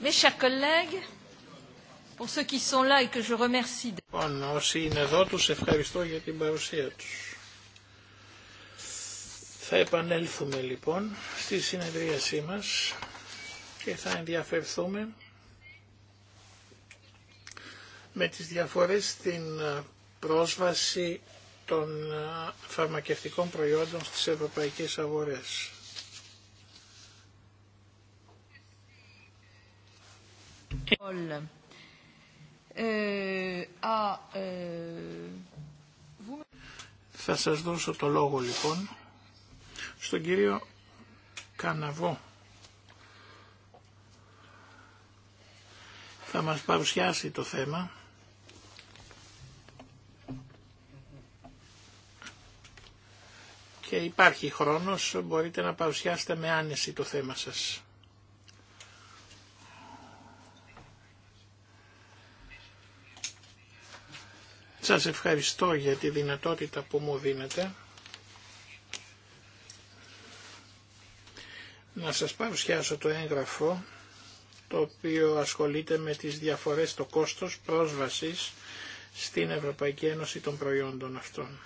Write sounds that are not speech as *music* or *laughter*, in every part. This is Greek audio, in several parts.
Mes chers collègues, pour ceux Λοιπόν, όσοι είναι εδώ τους ευχαριστώ για την παρουσία τους. Θα επανέλθουμε λοιπόν στη συνεδρίασή μας και θα ενδιαφερθούμε με τις διαφορές στην ε, πρόσβαση των ε, φαρμακευτικών προϊόντων στις ευρωπαϊκές αγορές. Euh, euh, Θα σας δώσω το λόγο λοιπόν στον κύριο Καναβό. Θα μας παρουσιάσει το θέμα. Και υπάρχει χρόνος, μπορείτε να παρουσιάσετε με άνεση το θέμα σας. Σας ευχαριστώ για τη δυνατότητα που μου δίνετε. Να σας παρουσιάσω το έγγραφο το οποίο ασχολείται με τις διαφορές το κόστος πρόσβασης στην Ευρωπαϊκή Ένωση των προϊόντων αυτών.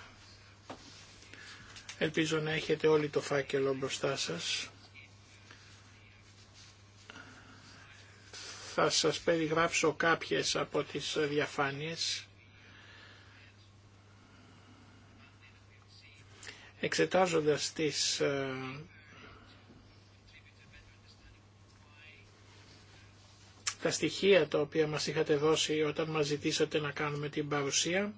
Ελπίζω να έχετε όλοι το φάκελο μπροστά σας. Θα σας περιγράψω κάποιες από τις διαφάνειες Εξετάζοντας τις ε, τα στοιχεία τα οποία μας είχατε δώσει όταν μας ζητήσατε να κάνουμε την παρουσία,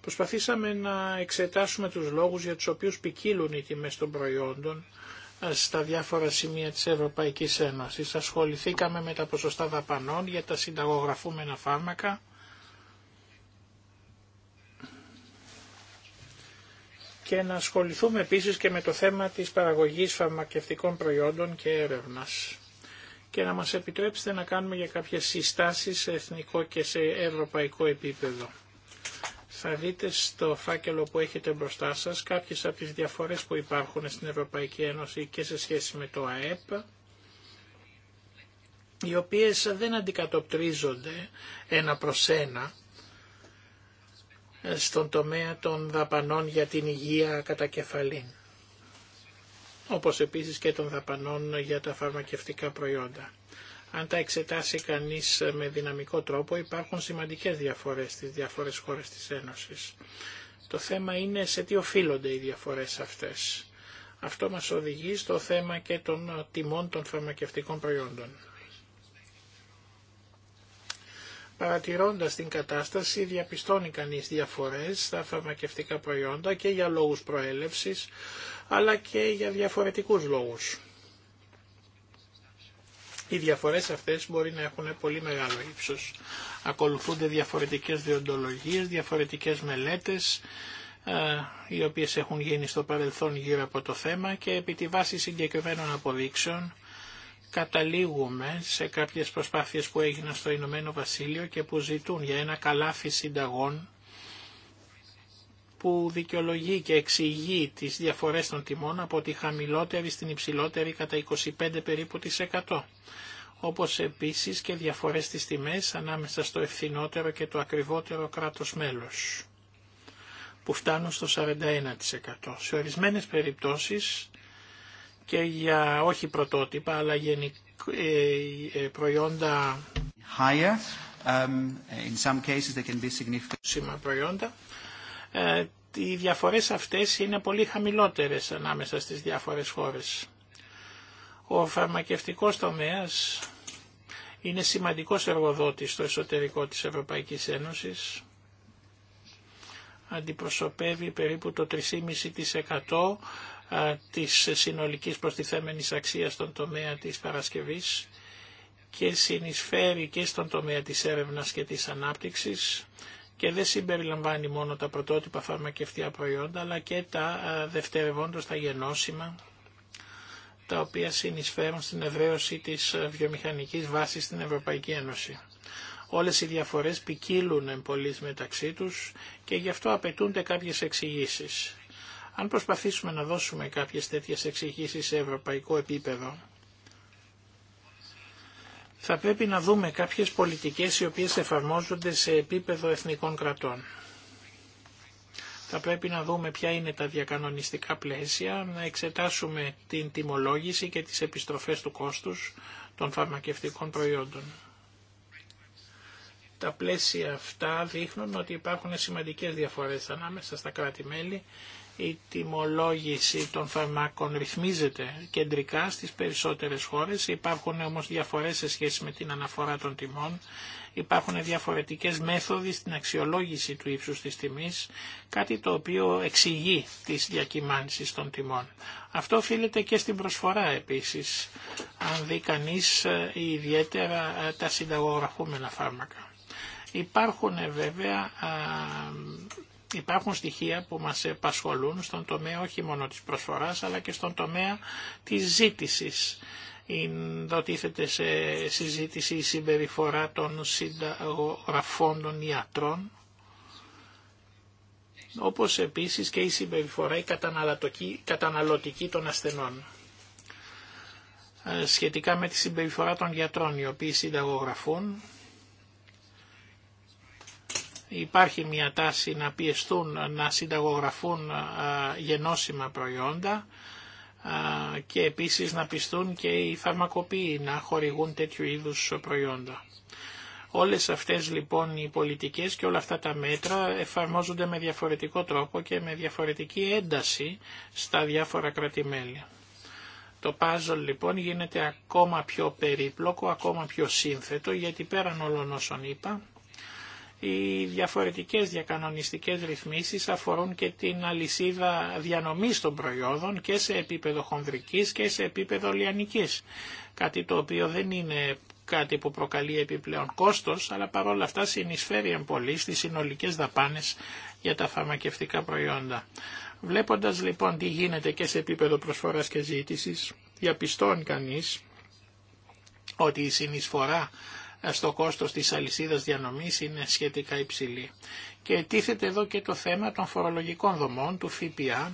προσπαθήσαμε να εξετάσουμε τους λόγους για τους οποίους ποικίλουν οι τιμές των προϊόντων ε, στα διάφορα σημεία της Ευρωπαϊκής Ένωσης. Ασχοληθήκαμε με τα ποσοστά δαπανών για τα συνταγογραφούμενα φάρμακα, και να ασχοληθούμε επίσης και με το θέμα της παραγωγής φαρμακευτικών προϊόντων και έρευνας και να μας επιτρέψετε να κάνουμε για κάποιες συστάσεις σε εθνικό και σε ευρωπαϊκό επίπεδο. Θα δείτε στο φάκελο που έχετε μπροστά σας κάποιες από τις διαφορές που υπάρχουν στην Ευρωπαϊκή Ένωση και σε σχέση με το ΑΕΠ, οι οποίες δεν αντικατοπτρίζονται ένα προς ένα, στον τομέα των δαπανών για την υγεία κατά κεφαλήν, όπως επίσης και των δαπανών για τα φαρμακευτικά προϊόντα. Αν τα εξετάσει κανείς με δυναμικό τρόπο υπάρχουν σημαντικές διαφορές στις διάφορες χώρες της Ένωσης. Το θέμα είναι σε τι οφείλονται οι διαφορές αυτές. Αυτό μας οδηγεί στο θέμα και των τιμών των φαρμακευτικών προϊόντων. Παρατηρώντας την κατάσταση διαπιστώνει κανείς διαφορές στα φαρμακευτικά προϊόντα και για λόγους προέλευσης αλλά και για διαφορετικούς λόγους. Οι διαφορές αυτές μπορεί να έχουν πολύ μεγάλο ύψος. Ακολουθούνται διαφορετικές διοντολογίες, διαφορετικές μελέτες, ε, οι οποίες έχουν γίνει στο παρελθόν γύρω από το θέμα και επί τη βάση συγκεκριμένων αποδείξεων καταλήγουμε σε κάποιες προσπάθειες που έγιναν στο Ηνωμένο Βασίλειο και που ζητούν για ένα καλάφι συνταγών που δικαιολογεί και εξηγεί τις διαφορές των τιμών από τη χαμηλότερη στην υψηλότερη κατά 25 περίπου τις 100 όπως επίσης και διαφορές στις τιμές ανάμεσα στο ευθυνότερο και το ακριβότερο κράτος μέλος, που φτάνουν στο 41%. Σε ορισμένες περιπτώσεις και για όχι πρωτότυπα αλλά γενικ... Ε, ε, προϊόντα higher. Um, in some cases they can be significant. προϊόντα. Ε, οι διαφορές αυτές είναι πολύ χαμηλότερες ανάμεσα στις διάφορες χώρες. Ο φαρμακευτικός τομέας είναι σημαντικός εργοδότης στο εσωτερικό της Ευρωπαϊκής Ένωσης. Αντιπροσωπεύει περίπου το 3,5% της συνολικής προστιθέμενης αξίας στον τομέα της παρασκευής και συνεισφέρει και στον τομέα της έρευνας και της ανάπτυξης και δεν συμπεριλαμβάνει μόνο τα πρωτότυπα φαρμακευτικά προϊόντα αλλά και τα δευτερευόντως τα γενώσιμα τα οποία συνεισφέρουν στην ευρέωση της βιομηχανικής βάσης στην Ευρωπαϊκή Ένωση. Όλες οι διαφορές ποικίλουν πολύ μεταξύ τους και γι' αυτό απαιτούνται κάποιες εξηγήσεις. Αν προσπαθήσουμε να δώσουμε κάποιες τέτοιες εξηγήσεις σε ευρωπαϊκό επίπεδο, θα πρέπει να δούμε κάποιες πολιτικές οι οποίες εφαρμόζονται σε επίπεδο εθνικών κρατών. Θα πρέπει να δούμε ποια είναι τα διακανονιστικά πλαίσια, να εξετάσουμε την τιμολόγηση και τις επιστροφές του κόστους των φαρμακευτικών προϊόντων. Τα πλαίσια αυτά δείχνουν ότι υπάρχουν σημαντικές διαφορές ανάμεσα στα κράτη-μέλη η τιμολόγηση των φαρμάκων ρυθμίζεται κεντρικά στις περισσότερες χώρες, υπάρχουν όμως διαφορές σε σχέση με την αναφορά των τιμών, υπάρχουν διαφορετικές μέθοδοι στην αξιολόγηση του ύψους της τιμής, κάτι το οποίο εξηγεί τις διακυμάνσεις των τιμών. Αυτό οφείλεται και στην προσφορά επίσης, αν δει κανείς ε, ιδιαίτερα ε, τα συνταγογραφούμενα φάρμακα. Υπάρχουν βέβαια ε, Υπάρχουν στοιχεία που μας επασχολούν στον τομέα όχι μόνο της προσφοράς αλλά και στον τομέα της ζήτησης. Δοτίθεται σε συζήτηση η συμπεριφορά των συνταγογραφών των ιατρών όπως επίσης και η συμπεριφορά η καταναλωτική των ασθενών. Ε, σχετικά με τη συμπεριφορά των γιατρών οι οποίοι συνταγογραφούν Υπάρχει μια τάση να πιεστούν να συνταγογραφούν γενώσιμα προϊόντα και επίσης να πιστούν και οι φαρμακοποιοί να χορηγούν τέτοιου είδους προϊόντα. Όλες αυτές λοιπόν οι πολιτικές και όλα αυτά τα μέτρα εφαρμόζονται με διαφορετικό τρόπο και με διαφορετική ένταση στα διάφορα κρατημέλη. Το πάζολ λοιπόν γίνεται ακόμα πιο περίπλοκο, ακόμα πιο σύνθετο, γιατί πέραν όλων όσων είπα, οι διαφορετικές διακανονιστικές ρυθμίσεις αφορούν και την αλυσίδα διανομής των προϊόντων και σε επίπεδο χονδρικής και σε επίπεδο λιανικής. Κάτι το οποίο δεν είναι κάτι που προκαλεί επιπλέον κόστος, αλλά παρόλα αυτά συνεισφέρει πολύ στις συνολικές δαπάνες για τα φαρμακευτικά προϊόντα. Βλέποντας λοιπόν τι γίνεται και σε επίπεδο προσφοράς και ζήτησης, διαπιστώνει κανείς ότι η συνεισφορά στο κόστος της αλυσίδας διανομής είναι σχετικά υψηλή. Και τίθεται εδώ και το θέμα των φορολογικών δομών του ΦΠΑ,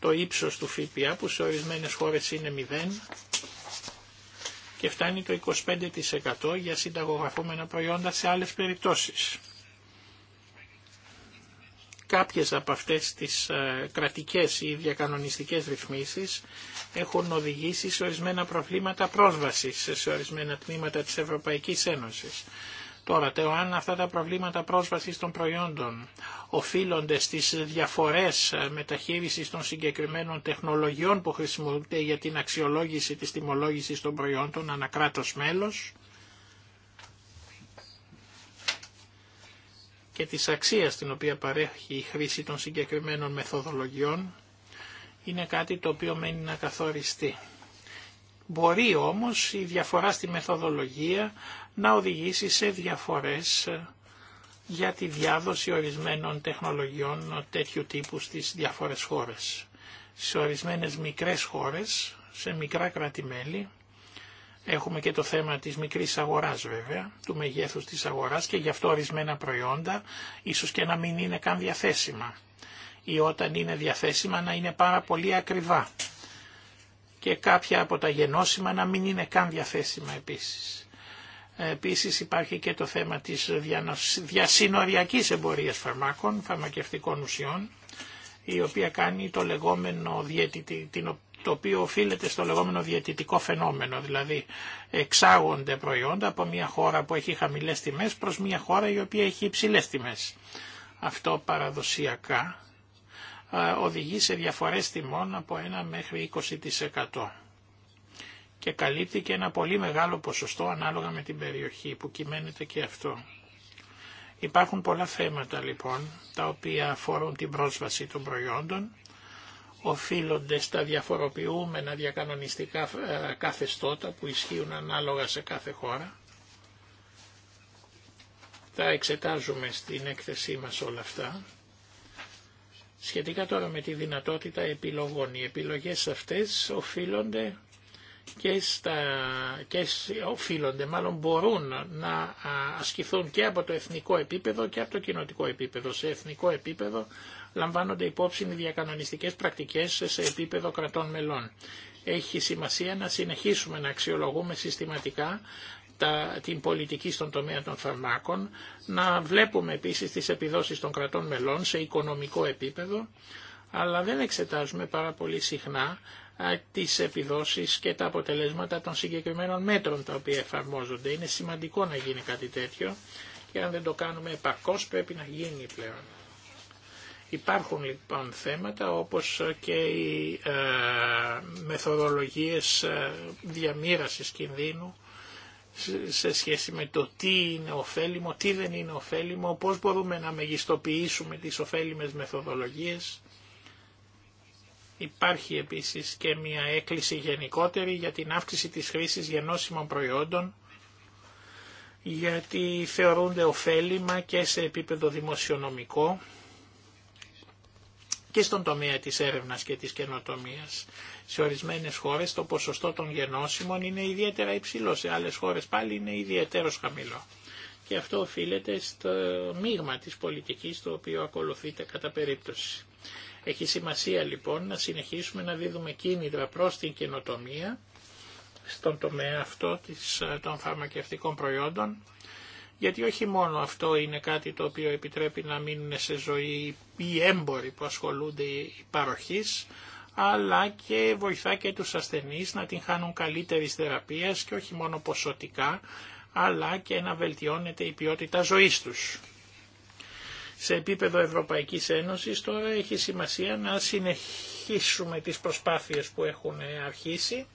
το ύψος του ΦΠΑ που σε ορισμένες χώρες είναι 0 και φτάνει το 25% για συνταγογραφούμενα προϊόντα σε άλλες περιπτώσεις. Κάποιες από αυτές τις ε, κρατικές ή διακανονιστικές ρυθμίσεις έχουν οδηγήσει σε ορισμένα προβλήματα πρόσβασης σε ορισμένα τμήματα της Ευρωπαϊκής Ένωσης. Τώρα, το αν αυτά τα προβλήματα πρόσβασης των προϊόντων οφείλονται στις διαφορές ε, μεταχείρισης των συγκεκριμένων τεχνολογιών που χρησιμοποιούνται για την αξιολόγηση της τιμολόγησης των προϊόντων ανακράτος μέλος, και της αξίας την οποία παρέχει η χρήση των συγκεκριμένων μεθοδολογιών είναι κάτι το οποίο μένει να καθοριστεί. Μπορεί όμως η διαφορά στη μεθοδολογία να οδηγήσει σε διαφορές ε, για τη διάδοση ορισμένων τεχνολογιών τέτοιου τύπου στις διάφορες χώρες. Σε ορισμένες μικρές χώρες, σε μικρά κρατημέλη, Έχουμε και το θέμα της μικρής αγοράς βέβαια, του μεγέθους της αγοράς και γι' αυτό ορισμένα προϊόντα ίσως και να μην είναι καν διαθέσιμα ή όταν είναι διαθέσιμα να είναι πάρα πολύ ακριβά και κάποια από τα γενώσιμα να μην είναι καν διαθέσιμα επίσης. Επίσης υπάρχει και το θέμα της διασύνοριακής εμπορίας φαρμάκων, φαρμακευτικών ουσιών, η οποία κάνει το λεγόμενο διαιτητή, το οποίο οφείλεται στο λεγόμενο διαιτητικό φαινόμενο, δηλαδή εξάγονται προϊόντα από μια χώρα που έχει χαμηλές τιμές προς μια χώρα η οποία έχει υψηλές τιμές. Αυτό παραδοσιακά οδηγεί σε διαφορές τιμών από 1 μέχρι 20% και καλύπτει και ένα πολύ μεγάλο ποσοστό ανάλογα με την περιοχή που κυμαίνεται και αυτό. Υπάρχουν πολλά θέματα λοιπόν τα οποία αφορούν την πρόσβαση των προϊόντων οφείλονται στα διαφοροποιούμενα διακανονιστικά ε, καθεστώτα που ισχύουν ανάλογα σε κάθε χώρα. Τα εξετάζουμε στην έκθεσή μας όλα αυτά. Σχετικά τώρα με τη δυνατότητα επιλογών. Οι επιλογές αυτές οφείλονται και, στα, και οφείλονται, μάλλον μπορούν να ασκηθούν και από το εθνικό επίπεδο και από το κοινοτικό επίπεδο. Σε εθνικό επίπεδο λαμβάνονται υπόψη οι διακανονιστικές πρακτικές σε επίπεδο κρατών μελών. Έχει σημασία να συνεχίσουμε να αξιολογούμε συστηματικά την πολιτική στον τομέα των φαρμάκων, να βλέπουμε επίσης τις επιδόσεις των κρατών μελών σε οικονομικό επίπεδο, αλλά δεν εξετάζουμε πάρα πολύ συχνά τις επιδόσεις και τα αποτελέσματα των συγκεκριμένων μέτρων τα οποία εφαρμόζονται. Είναι σημαντικό να γίνει κάτι τέτοιο και αν δεν το κάνουμε επαρκώς πρέπει να γίνει πλέον. Υπάρχουν λοιπόν θέματα όπως και οι ε, μεθοδολογίες ε, διαμήρασης κινδύνου σε σχέση με το τι είναι ωφέλιμο, τι δεν είναι ωφέλιμο, πώς μπορούμε να μεγιστοποιήσουμε τις ωφέλιμες μεθοδολογίες. Υπάρχει επίσης και μια έκκληση γενικότερη για την αύξηση της χρήσης γενώσιμων προϊόντων, γιατί θεωρούνται ωφέλιμα και σε επίπεδο δημοσιονομικό και στον τομέα της έρευνας και της καινοτομίας. Σε ορισμένες χώρες το ποσοστό των γενώσιμων είναι ιδιαίτερα υψηλό, σε άλλες χώρες πάλι είναι ιδιαίτερος χαμηλό. Και αυτό οφείλεται στο μείγμα της πολιτικής το οποίο ακολουθείται κατά περίπτωση. Έχει σημασία λοιπόν να συνεχίσουμε να δίδουμε κίνητρα προς την καινοτομία στον τομέα αυτό των φαρμακευτικών προϊόντων γιατί όχι μόνο αυτό είναι κάτι το οποίο επιτρέπει να μείνουν σε ζωή οι έμποροι που ασχολούνται οι παροχής, αλλά και βοηθά και τους ασθενείς να την χάνουν καλύτερης θεραπείας και όχι μόνο ποσοτικά, αλλά και να βελτιώνεται η ποιότητα ζωής τους. Σε επίπεδο Ευρωπαϊκής Ένωσης τώρα έχει σημασία να συνεχίσουμε τις προσπάθειες που έχουν αρχίσει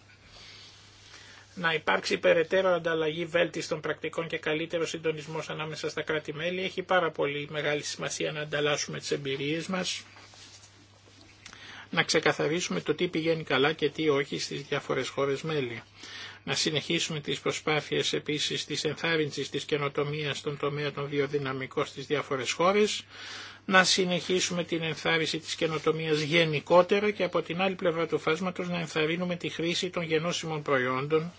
να υπάρξει περαιτέρω ανταλλαγή βέλτιστων πρακτικών και καλύτερο συντονισμό ανάμεσα στα κράτη-μέλη. Έχει πάρα πολύ μεγάλη σημασία να ανταλλάσσουμε τις εμπειρίες μας, να ξεκαθαρίσουμε το τι πηγαίνει καλά και τι όχι στις διάφορες χώρες μέλη. Να συνεχίσουμε τις προσπάθειες επίσης τη ενθάρρυνση τη καινοτομία στον τομέα των βιοδυναμικών στι διάφορε χώρε να συνεχίσουμε την ενθάρρυνση της καινοτομίας γενικότερα και από την άλλη πλευρά του φάσματος να ενθαρρύνουμε τη χρήση των γενώσιμων προϊόντων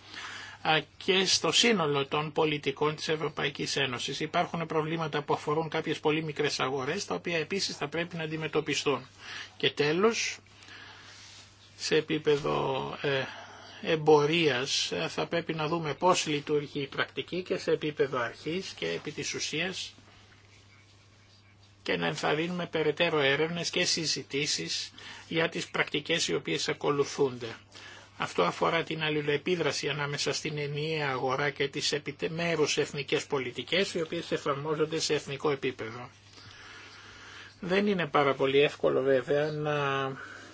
και στο σύνολο των πολιτικών της Ευρωπαϊκής Ένωσης. Υπάρχουν προβλήματα που αφορούν κάποιες πολύ μικρές αγορές, τα οποία επίσης θα πρέπει να αντιμετωπιστούν. Και τέλος, σε επίπεδο ε, εμπορίας ε, θα πρέπει να δούμε πώς λειτουργεί η πρακτική και σε επίπεδο αρχής και επί της ουσίας και να ενθαρρύνουμε περαιτέρω έρευνες και συζητήσεις για τις πρακτικές οι οποίες ακολουθούνται. Αυτό αφορά την αλληλοεπίδραση ανάμεσα στην ενιαία αγορά και τις επιμέρου εθνικές πολιτικές οι οποίες εφαρμόζονται σε εθνικό επίπεδο. Δεν είναι πάρα πολύ εύκολο βέβαια να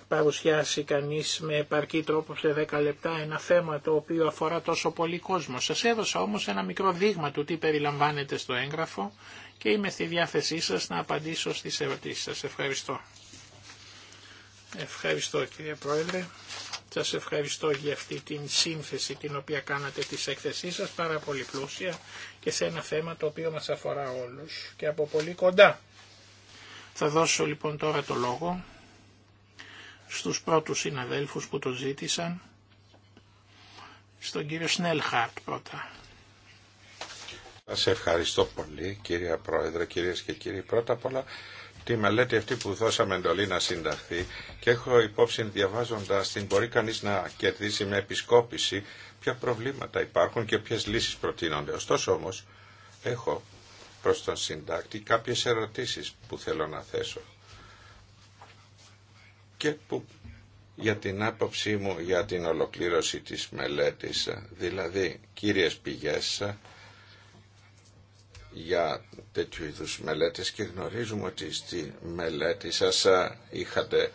παρουσιάσει κανείς με επαρκή τρόπο σε 10 λεπτά ένα θέμα το οποίο αφορά τόσο πολύ κόσμο. Σας έδωσα όμως ένα μικρό δείγμα του τι περιλαμβάνεται στο έγγραφο και είμαι στη διάθεσή σας να απαντήσω στις ερωτήσεις σας. Ευχαριστώ. Ευχαριστώ κύριε Πρόεδρε. Σας ευχαριστώ για αυτή την σύνθεση την οποία κάνατε της εκθεσή σας, πάρα πολύ πλούσια και σε ένα θέμα το οποίο μας αφορά όλους και από πολύ κοντά. Θα δώσω λοιπόν τώρα το λόγο στους πρώτους συναδέλφους που το ζήτησαν, στον κύριο Σνέλχαρτ πρώτα. Σας ευχαριστώ πολύ κύριε Πρόεδρε, κυρίες και κύριοι. Πρώτα απ' όλα τη μελέτη αυτή που δώσαμε εντολή να συνταχθεί και έχω υπόψη διαβάζοντας την μπορεί κανείς να κερδίσει με επισκόπηση ποια προβλήματα υπάρχουν και ποιες λύσεις προτείνονται. Ωστόσο όμως έχω προς τον συντάκτη κάποιες ερωτήσεις που θέλω να θέσω και που για την άποψή μου για την ολοκλήρωση της μελέτης, δηλαδή κύριες πηγές, για τέτοιου είδους μελέτες και γνωρίζουμε ότι στη μελέτη σας είχατε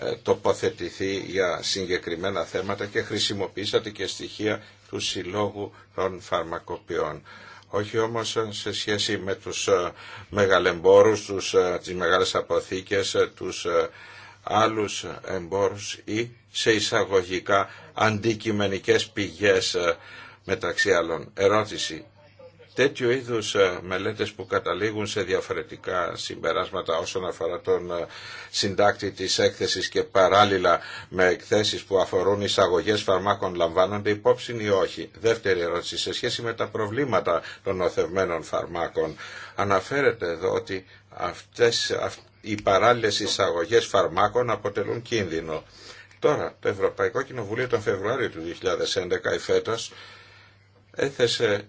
ε, τοποθετηθεί για συγκεκριμένα θέματα και χρησιμοποιήσατε και στοιχεία του Συλλόγου των Φαρμακοποιών. Όχι όμως ε, σε σχέση με τους ε, μεγαλεμπόρους, τους, τις μεγάλες αποθήκες, τους άλλους εμπόρους ή σε εισαγωγικά αντικειμενικές πηγές μεταξύ άλλων. Ερώτηση τέτοιου είδους ε, μελέτες που καταλήγουν σε διαφορετικά συμπεράσματα όσον αφορά τον ε, συντάκτη της έκθεσης και παράλληλα με εκθέσεις που αφορούν εισαγωγές φαρμάκων λαμβάνονται υπόψη ή όχι. Δεύτερη ερώτηση σε σχέση με τα προβλήματα των οθευμένων φαρμάκων. Αναφέρεται εδώ ότι αυτές, οι παράλληλες εισαγωγές φαρμάκων αποτελούν κίνδυνο. Τώρα, το Ευρωπαϊκό Κοινοβουλίο τον Φεβρουάριο του 2011 η φέτος έθεσε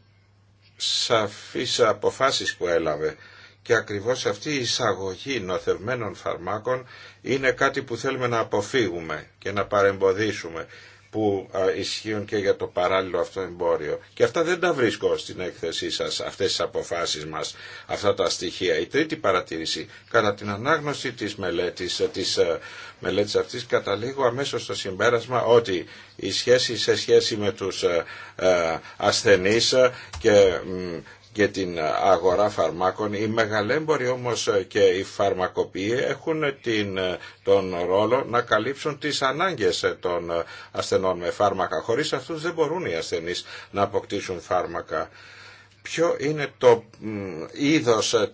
σαφείς αποφάσεις που έλαβε και ακριβώς αυτή η εισαγωγή νοθευμένων φαρμάκων είναι κάτι που θέλουμε να αποφύγουμε και να παρεμποδίσουμε που ισχύουν και για το παράλληλο αυτό εμπόριο. Και αυτά δεν τα βρίσκω στην έκθεσή σας, αυτές τις αποφάσεις μας, αυτά τα στοιχεία. Η τρίτη παρατήρηση, κατά την ανάγνωση της μελέτης, της ε, μελέτης αυτής, καταλήγω αμέσως στο συμπέρασμα ότι η σχέση σε σχέση με τους ε, ε, ασθενείς και για την αγορά φαρμάκων. Οι μεγαλέμποροι όμως και οι φαρμακοποιοί έχουν την, τον ρόλο να καλύψουν τις ανάγκες των ασθενών με φάρμακα. Χωρίς αυτούς δεν μπορούν οι ασθενείς να αποκτήσουν φάρμακα ποιο είναι το είδος ε,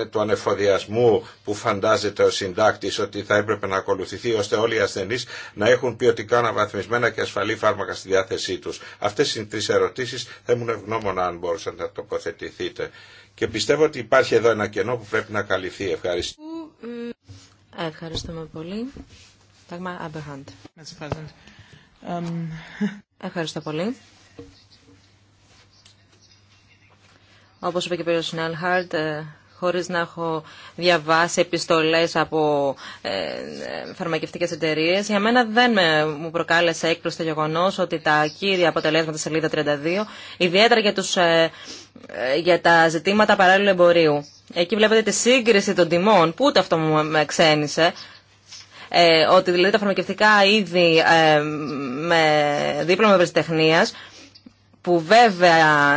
ε, του ανεφοδιασμού που φαντάζεται ο συντάκτης ότι θα έπρεπε να ακολουθηθεί ώστε όλοι οι ασθενείς να έχουν ποιοτικά αναβαθμισμένα και ασφαλή φάρμακα στη διάθεσή τους. Αυτές οι τρεις ερωτήσεις. Θα ήμουν ευγνώμων αν μπορούσατε να τοποθετηθείτε. Και πιστεύω ότι υπάρχει εδώ ένα κενό που πρέπει να καλυφθεί. Ευχαριστώ. Ευχαριστούμε πολύ. Ευχαριστώ πολύ. όπως είπε και ο κ. Σνέλχαρτ, ε, χωρίς να έχω διαβάσει επιστολές από ε, φαρμακευτικές εταιρείες. Για μένα δεν μου προκάλεσε έκπληξη το γεγονός ότι τα κύρια αποτελέσματα σελίδα 32, ιδιαίτερα για, τους, ε, για τα ζητήματα παράλληλου εμπορίου. Εκεί βλέπετε τη σύγκριση των τιμών, που ούτε αυτό μου με ξένησε, ότι δηλαδή τα φαρμακευτικά είδη με δίπλωμα ευρεσιτεχνίας που βέβαια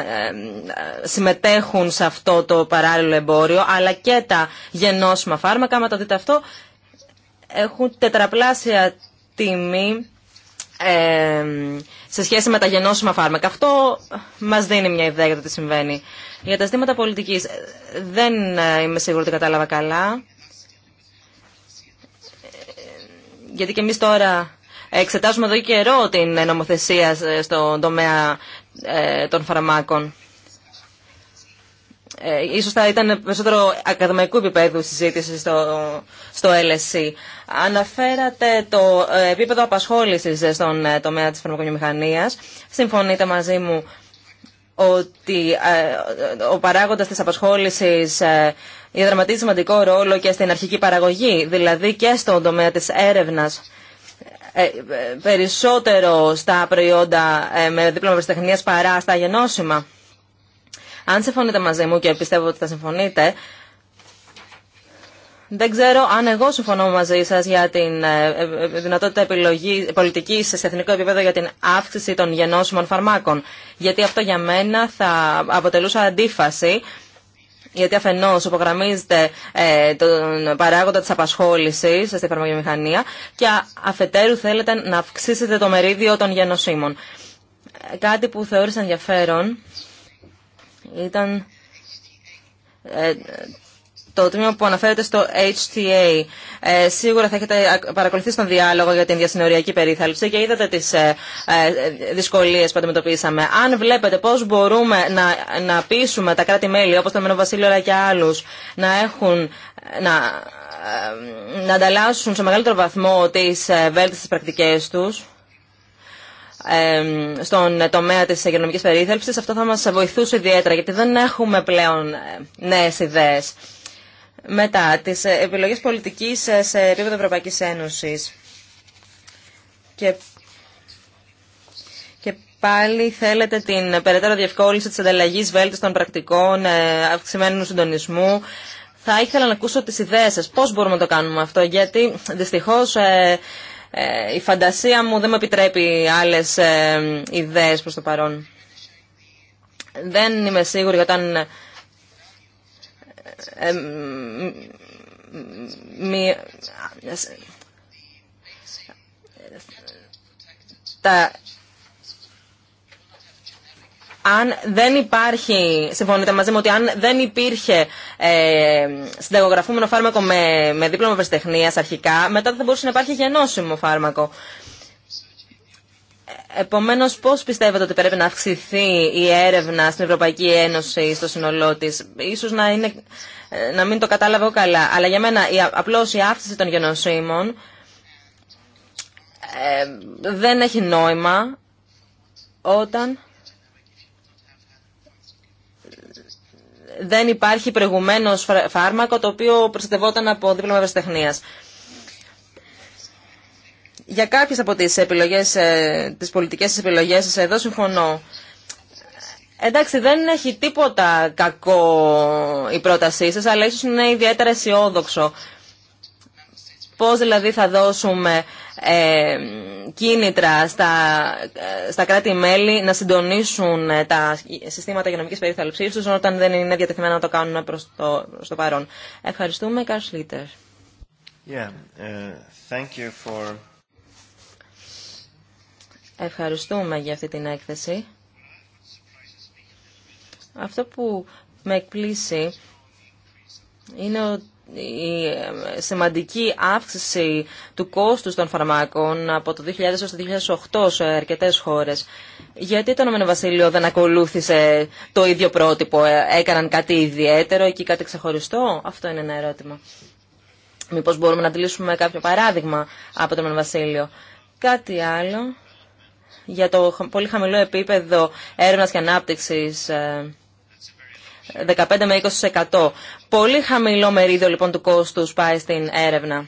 συμμετέχουν σε αυτό το παράλληλο εμπόριο, αλλά και τα γενώσιμα φάρμακα, άμα το δείτε αυτό, έχουν τετραπλάσια τιμή σε σχέση με τα γενώσιμα φάρμακα. Αυτό μας δίνει μια ιδέα για το τι συμβαίνει. Για τα ζητήματα πολιτικής, δεν ε, είμαι σίγουρη ότι κατάλαβα καλά. Ε, γιατί και εμείς τώρα εξετάζουμε εδώ και καιρό την νομοθεσία ε, στον τομέα ε, των φαρμάκων. Ε, ίσως θα ήταν περισσότερο ακαδημαϊκού επίπεδου συζήτηση στο, στο LSC. Αναφέρατε το ε, επίπεδο απασχόλησης στον ε, τομέα της φαρμακομιομηχανίας. Συμφωνείτε μαζί μου ότι ο παράγοντας της απασχόλησης διαδραματίζει σημαντικό ρόλο και στην αρχική παραγωγή, δηλαδή και στον τομέα της έρευνας ε, ε, περισσότερο στα προϊόντα ε, με δίπλωμα ευρεσιτεχνίας παρά στα γενώσιμα. Αν συμφωνείτε μαζί μου και πιστεύω ότι θα συμφωνείτε, δεν ξέρω αν εγώ συμφωνώ μαζί σα για την δυνατότητα επιλογή πολιτική σε εθνικό επίπεδο για την αύξηση των γενώσιμων φαρμάκων. Γιατί αυτό για μένα θα αποτελούσε αντίφαση γιατί αφενός υπογραμμίζεται ε, τον παράγοντα της απασχόλησης στην φαρμακομηχανία και αφετέρου θέλετε να αυξήσετε το μερίδιο των γενοσύμων. Ε, κάτι που θεώρησα ενδιαφέρον ήταν ε, το τμήμα που αναφέρεται στο HTA. Ε, σίγουρα θα έχετε παρακολουθήσει τον διάλογο για την διασυνοριακή περίθαλψη και είδατε τι ε, ε που αντιμετωπίσαμε. Αν βλέπετε πώ μπορούμε να, να πείσουμε τα κράτη-μέλη, όπω το Μενό Βασίλειο αλλά και άλλου, να έχουν... Να, ε, να ανταλλάσσουν σε μεγαλύτερο βαθμό τις ε, βέλτιστες πρακτικές τους στον τομέα της υγειονομικής περίθαλψης. Αυτό θα μας βοηθούσε ιδιαίτερα, γιατί δεν έχουμε πλέον νέες ιδέες. Μετά, τις ε, επιλογές πολιτικής ε, σε επίπεδο Ευρωπαϊκής Ένωσης. Και, και πάλι θέλετε την περαιτέρω διευκόλυνση της ανταλλαγής βέλτιστων των πρακτικών, ε, αυξημένου συντονισμού. Θα ήθελα να ακούσω τις ιδέες σας. Πώς μπορούμε να το κάνουμε αυτό, γιατί δυστυχώς... η φαντασία μου δεν με επιτρέπει άλλες ιδέες προς το παρόν. Δεν είμαι σίγουρη όταν αν δεν υπάρχει, συμφωνείτε μαζί μου ότι αν δεν υπήρχε ε, συνταγογραφούμενο φάρμακο με, με δίπλωμα ευρεσιτεχνία αρχικά, μετά δεν θα μπορούσε να υπάρχει γενώσιμο φάρμακο. Επομένω, πώ πιστεύετε ότι πρέπει να αυξηθεί η έρευνα στην Ευρωπαϊκή Ένωση στο σύνολό τη, ίσω να είναι ε, να μην το κατάλαβω καλά. Αλλά για μένα η, απλώς η αύξηση των γενοσύμων ε, δεν έχει νόημα όταν δεν υπάρχει προηγουμένως φάρμακο το οποίο προστατευόταν από δίπλωμα ευρεσιτεχνίας. Για κάποιες από τις επιλογές, ε, τις πολιτικές επιλογές εδώ συμφωνώ. Εντάξει, δεν έχει τίποτα κακό η πρότασή σας, αλλά ίσως είναι ιδιαίτερα αισιόδοξο. Πώς δηλαδή θα δώσουμε ε, κίνητρα στα, ε, στα κράτη-μέλη να συντονίσουν ε, τα συστήματα υγειονομικής περίθαλψης τους όταν δεν είναι διατεθειμένα να το κάνουν προς το, προς το παρόν. Ευχαριστούμε, Καρς Yeah, ε, for... Ευχαριστούμε για αυτή την έκθεση. Αυτό που με εκπλήσει είναι η ε, σημαντική αύξηση του κόστου των φαρμάκων από το 2000 στο το 2008 σε αρκετές χώρες. Γιατί το Ηνωμένο Βασίλειο δεν ακολούθησε το ίδιο πρότυπο, ε, έκαναν κάτι ιδιαίτερο εκεί κάτι ξεχωριστό. Αυτό είναι ένα ερώτημα. Μήπως μπορούμε να αντιλήσουμε κάποιο παράδειγμα από το Ηνωμένο Βασίλειο. Κάτι άλλο για το πολύ χαμηλό επίπεδο έρευνας και ανάπτυξης ε, 15 με 20%. Πολύ χαμηλό μερίδιο λοιπόν του κόστους πάει στην έρευνα.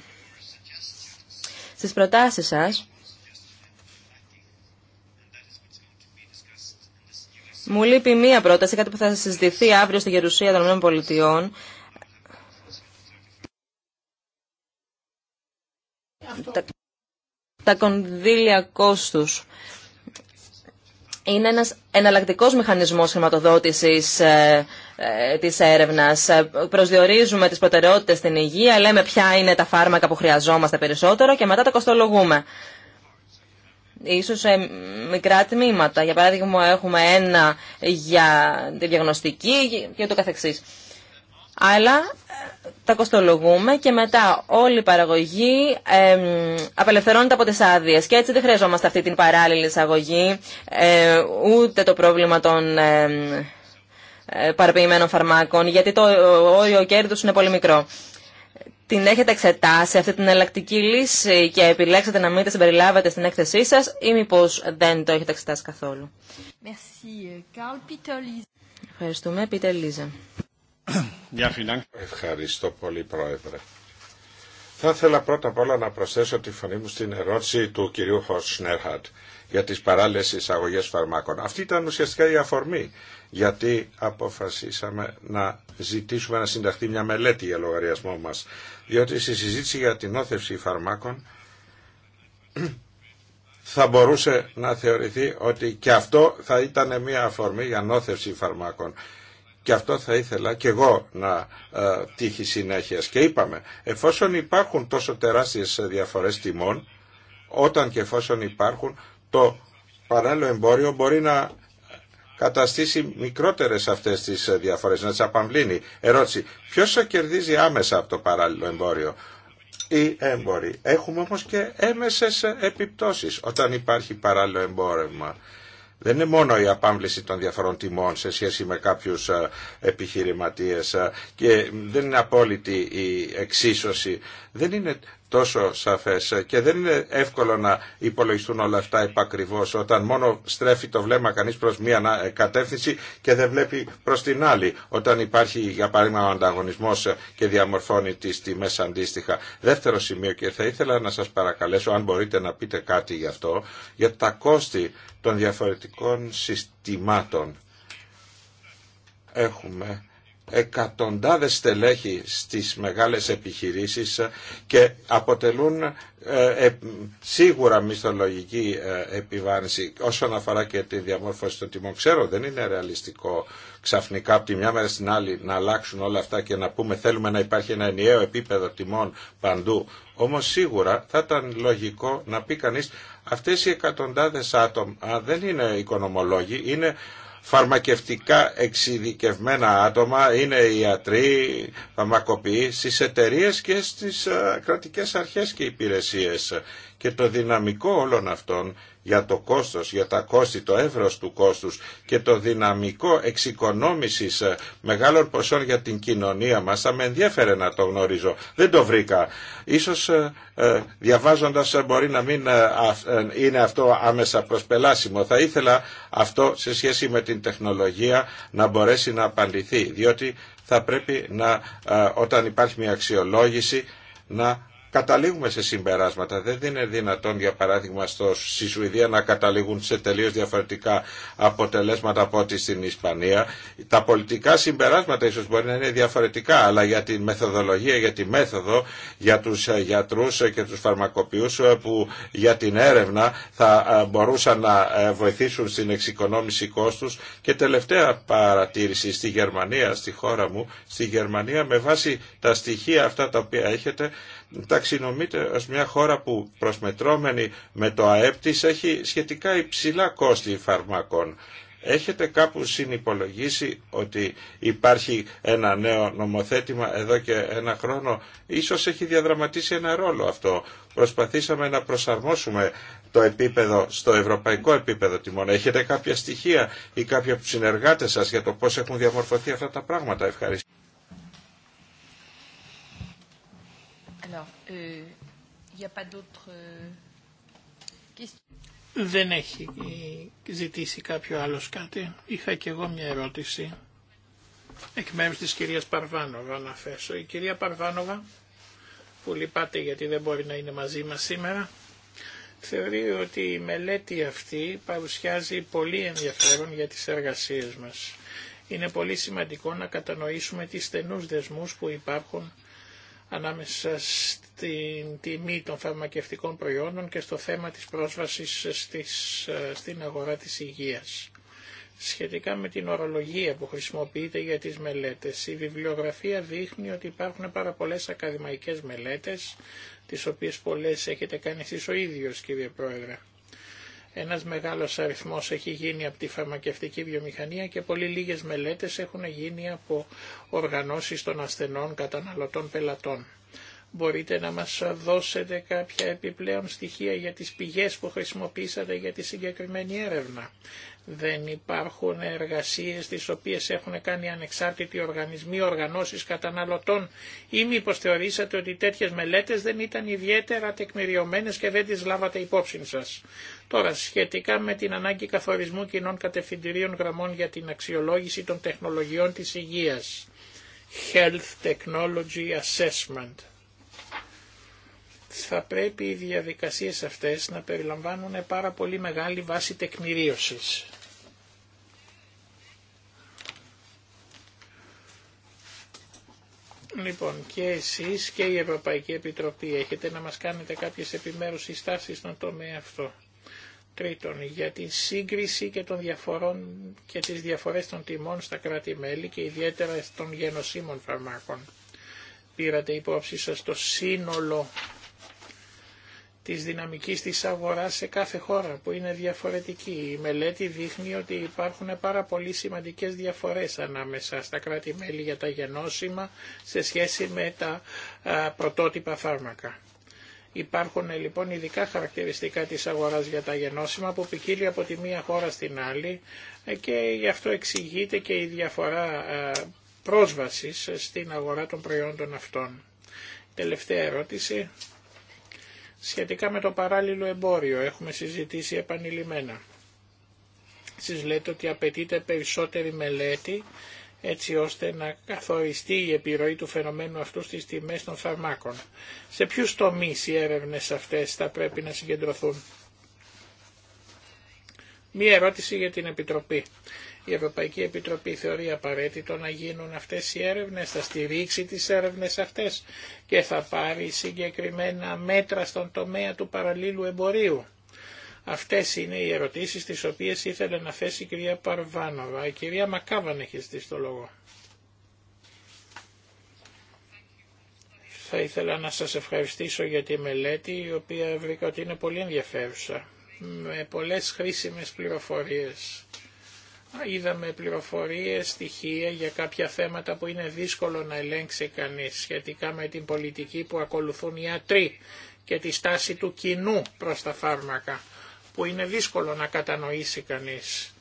Στις προτάσεις σας, μου λείπει μία πρόταση, κάτι που θα συζητηθεί αύριο στη Γερουσία των ΗΠΑ, τα, κονδύλια κόστους είναι ένας εναλλακτικός μηχανισμός χρηματοδότησης ε, ε, τη έρευνα. Ε, προσδιορίζουμε τις προτεραιότητε στην υγεία, λέμε ποια είναι τα φάρμακα που χρειαζόμαστε περισσότερο και μετά τα κοστολογούμε. Ίσως σε μικρά τμήματα. Για παράδειγμα έχουμε ένα για τη διαγνωστική και ούτω καθεξής. Αλλά ε, τα κοστολογούμε και μετά όλη η παραγωγή απελευθερώνεται από τις άδειε. Και έτσι δεν χρειαζόμαστε αυτή την παράλληλη εισαγωγή, ε, ούτε το πρόβλημα των... Ε, παραποιημένων φαρμάκων, γιατί το όριο κέρδους είναι πολύ μικρό. Την έχετε εξετάσει αυτή την ελλακτική λύση και επιλέξατε να μην τη συμπεριλάβετε στην έκθεσή σα ή μήπω δεν το έχετε εξετάσει καθόλου. Ευχαριστούμε. Πίτερ Λίζα. Ευχαριστώ πολύ, Πρόεδρε. Θα ήθελα πρώτα απ' όλα να προσθέσω τη φωνή μου στην ερώτηση του κυρίου Χορσνέρχαρτ για τις παράλληλες εισαγωγές φαρμάκων. Αυτή ήταν ουσιαστικά η αφορμή γιατί αποφασίσαμε να ζητήσουμε να συνταχθεί μια μελέτη για λογαριασμό μας. Διότι στη συζήτηση για την όθευση φαρμάκων θα μπορούσε να θεωρηθεί ότι και αυτό θα ήταν μια αφορμή για νόθευση φαρμάκων. Και αυτό θα ήθελα και εγώ να ε, τύχει συνέχεια. Και είπαμε, εφόσον υπάρχουν τόσο τεράστιες διαφορές τιμών, όταν και εφόσον υπάρχουν, το παράλληλο εμπόριο μπορεί να καταστήσει μικρότερες αυτές τις διαφορές, να τις απαμβλύνει. Ερώτηση, ποιος κερδίζει άμεσα από το παράλληλο εμπόριο ή έμποροι. Έχουμε όμως και έμεσες επιπτώσεις όταν υπάρχει παράλληλο εμπόρευμα. Δεν είναι μόνο η απάμβληση των διαφορών τιμών σε σχέση με κάποιους ε, επιχειρηματίες ε, και δεν είναι απόλυτη η εξίσωση. Δεν είναι τόσο σαφές και δεν είναι εύκολο να υπολογιστούν όλα αυτά επακριβώς όταν μόνο στρέφει το βλέμμα κανείς προς μία κατεύθυνση και δεν βλέπει προς την άλλη όταν υπάρχει για παράδειγμα ο ανταγωνισμός και διαμορφώνει τις τιμές αντίστοιχα. Δεύτερο σημείο και θα ήθελα να σας παρακαλέσω αν μπορείτε να πείτε κάτι γι' αυτό για τα κόστη των διαφορετικών συστημάτων. Έχουμε εκατοντάδες στελέχη στις μεγάλες επιχειρήσεις και αποτελούν ε, ε, σίγουρα μισθολογική ε, επιβάρυνση όσον αφορά και τη διαμόρφωση των τιμών. Ξέρω δεν είναι ρεαλιστικό ξαφνικά από τη μια μέρα στην άλλη να αλλάξουν όλα αυτά και να πούμε θέλουμε να υπάρχει ένα ενιαίο επίπεδο τιμών παντού. Όμως σίγουρα θα ήταν λογικό να πει κανείς αυτές οι εκατοντάδες άτομα δεν είναι οικονομολόγοι, είναι φαρμακευτικά εξειδικευμένα άτομα, είναι ιατροί, φαρμακοποιοί, στις εταιρείε και στις ε, κρατικές αρχές και υπηρεσίες. Και το δυναμικό όλων αυτών για το κόστος, για τα κόστη, το εύρος του κόστους και το δυναμικό εξοικονόμησης ε, μεγάλων ποσών για την κοινωνία μας θα με να το γνωρίζω. Δεν το βρήκα. Ίσως ε, ε, διαβάζοντας μπορεί να μην είναι αυτό άμεσα προσπελάσιμο. Θα ήθελα αυτό σε σχέση με την τεχνολογία να μπορέσει να απαντηθεί διότι θα πρέπει να όταν υπάρχει μια αξιολόγηση να καταλήγουμε σε συμπεράσματα. Δεν είναι δυνατόν, για παράδειγμα, στο, στη Σουηδία να καταλήγουν σε τελείως διαφορετικά αποτελέσματα από ό,τι στην Ισπανία. Τα πολιτικά συμπεράσματα ίσως μπορεί να είναι διαφορετικά, αλλά για τη μεθοδολογία, για τη μέθοδο, για τους ε, γιατρούς ε, και τους φαρμακοποιούς ε, που για την έρευνα θα μπορούσαν να βοηθήσουν στην εξοικονόμηση κόστους. Και τελευταία παρατήρηση στη Γερμανία, στη χώρα μου, στη Γερμανία με βάση τα στοιχεία αυτά τα οποία έχετε, ταξινομείται ως μια χώρα που προσμετρώμενη με το ΑΕΠ της έχει σχετικά υψηλά κόστη φαρμακών. Έχετε κάπου συνυπολογίσει ότι υπάρχει ένα νέο νομοθέτημα εδώ και ένα χρόνο. Ίσως έχει διαδραματίσει ένα ρόλο αυτό. Προσπαθήσαμε να προσαρμόσουμε το επίπεδο, στο ευρωπαϊκό επίπεδο τιμών. Έχετε κάποια στοιχεία ή κάποια συνεργάτες σας για το πώς έχουν διαμορφωθεί αυτά τα πράγματα. Ευχαριστώ. Euh, euh, δεν έχει ε, ζητήσει κάποιο άλλο κάτι. Είχα και εγώ μια ερώτηση εκ μέρου της κυρίας Παρβάνοβα να θέσω. Η κυρία Παρβάνοβα, που λυπάται γιατί δεν μπορεί να είναι μαζί μας σήμερα, θεωρεί ότι η μελέτη αυτή παρουσιάζει πολύ ενδιαφέρον για τις εργασίες μας. Είναι πολύ σημαντικό να κατανοήσουμε τις στενού δεσμούς που υπάρχουν ανάμεσα στην τιμή των φαρμακευτικών προϊόντων και στο θέμα της πρόσβασης στην αγορά της υγείας. Σχετικά με την ορολογία που χρησιμοποιείται για τις μελέτες, η βιβλιογραφία δείχνει ότι υπάρχουν πάρα πολλές ακαδημαϊκές μελέτες, τις οποίες πολλές έχετε κάνει εσείς ο ίδιος κύριε Πρόεδρε. Ένας μεγάλος αριθμός έχει γίνει από τη φαρμακευτική βιομηχανία και πολύ λίγες μελέτες έχουν γίνει από οργανώσεις των ασθενών καταναλωτών πελατών. Μπορείτε να μας δώσετε κάποια επιπλέον στοιχεία για τις πηγές που χρησιμοποίησατε για τη συγκεκριμένη έρευνα δεν υπάρχουν εργασίες τις οποίες έχουν κάνει ανεξάρτητοι οργανισμοί, οργανώσεις καταναλωτών ή μήπω θεωρήσατε ότι τέτοιες μελέτες δεν ήταν ιδιαίτερα τεκμηριωμένες και δεν τις λάβατε υπόψη σας. Τώρα, σχετικά με την ανάγκη καθορισμού κοινών κατευθυντηρίων γραμμών για την αξιολόγηση των τεχνολογιών της υγείας. Health Technology Assessment θα πρέπει οι διαδικασίες αυτές να περιλαμβάνουν πάρα πολύ μεγάλη βάση τεκμηρίωσης. Λοιπόν, και εσείς και η Ευρωπαϊκή Επιτροπή έχετε να μας κάνετε κάποιες επιμέρους συστάσεις στον τομέα αυτό. Τρίτον, για την σύγκριση και, των διαφορών, και τις διαφορές των τιμών στα κράτη-μέλη και ιδιαίτερα των γενοσύμων φαρμάκων. Πήρατε υπόψη σας το σύνολο της δυναμικής της αγοράς σε κάθε χώρα που είναι διαφορετική. Η μελέτη δείχνει ότι υπάρχουν πάρα πολύ σημαντικές διαφορές ανάμεσα στα κράτη-μέλη για τα γενώσιμα σε σχέση με τα πρωτότυπα φάρμακα. Υπάρχουν λοιπόν ειδικά χαρακτηριστικά της αγοράς για τα γενώσιμα που ποικίλει από τη μία χώρα στην άλλη και γι' αυτό εξηγείται και η διαφορά πρόσβασης στην αγορά των προϊόντων αυτών. Τελευταία ερώτηση. Σχετικά με το παράλληλο εμπόριο έχουμε συζητήσει επανειλημμένα. Σας λέτε ότι απαιτείται περισσότερη μελέτη έτσι ώστε να καθοριστεί η επιρροή του φαινομένου αυτού στις τιμές των φαρμάκων. Σε ποιους τομείς οι έρευνες αυτές θα πρέπει να συγκεντρωθούν. Μία ερώτηση για την Επιτροπή. Η Ευρωπαϊκή Επιτροπή θεωρεί απαραίτητο να γίνουν αυτές οι έρευνες, θα στηρίξει τις έρευνες αυτές και θα πάρει συγκεκριμένα μέτρα στον τομέα του παραλλήλου εμπορίου. Αυτές είναι οι ερωτήσεις τις οποίες ήθελε να θέσει η κυρία Παρβάνοβα. Η κυρία Μακάβαν έχει στήσει το λόγο. Θα ήθελα να σας ευχαριστήσω για τη μελέτη η οποία βρήκα ότι είναι πολύ ενδιαφέρουσα με πολλές χρήσιμες πληροφορίες είδαμε πληροφορίες, στοιχεία για κάποια θέματα που είναι δύσκολο να ελέγξει κανείς σχετικά με την πολιτική που ακολουθούν οι ιατροί και τη στάση του κοινού προς τα φάρμακα που είναι δύσκολο να κατανοήσει κανείς.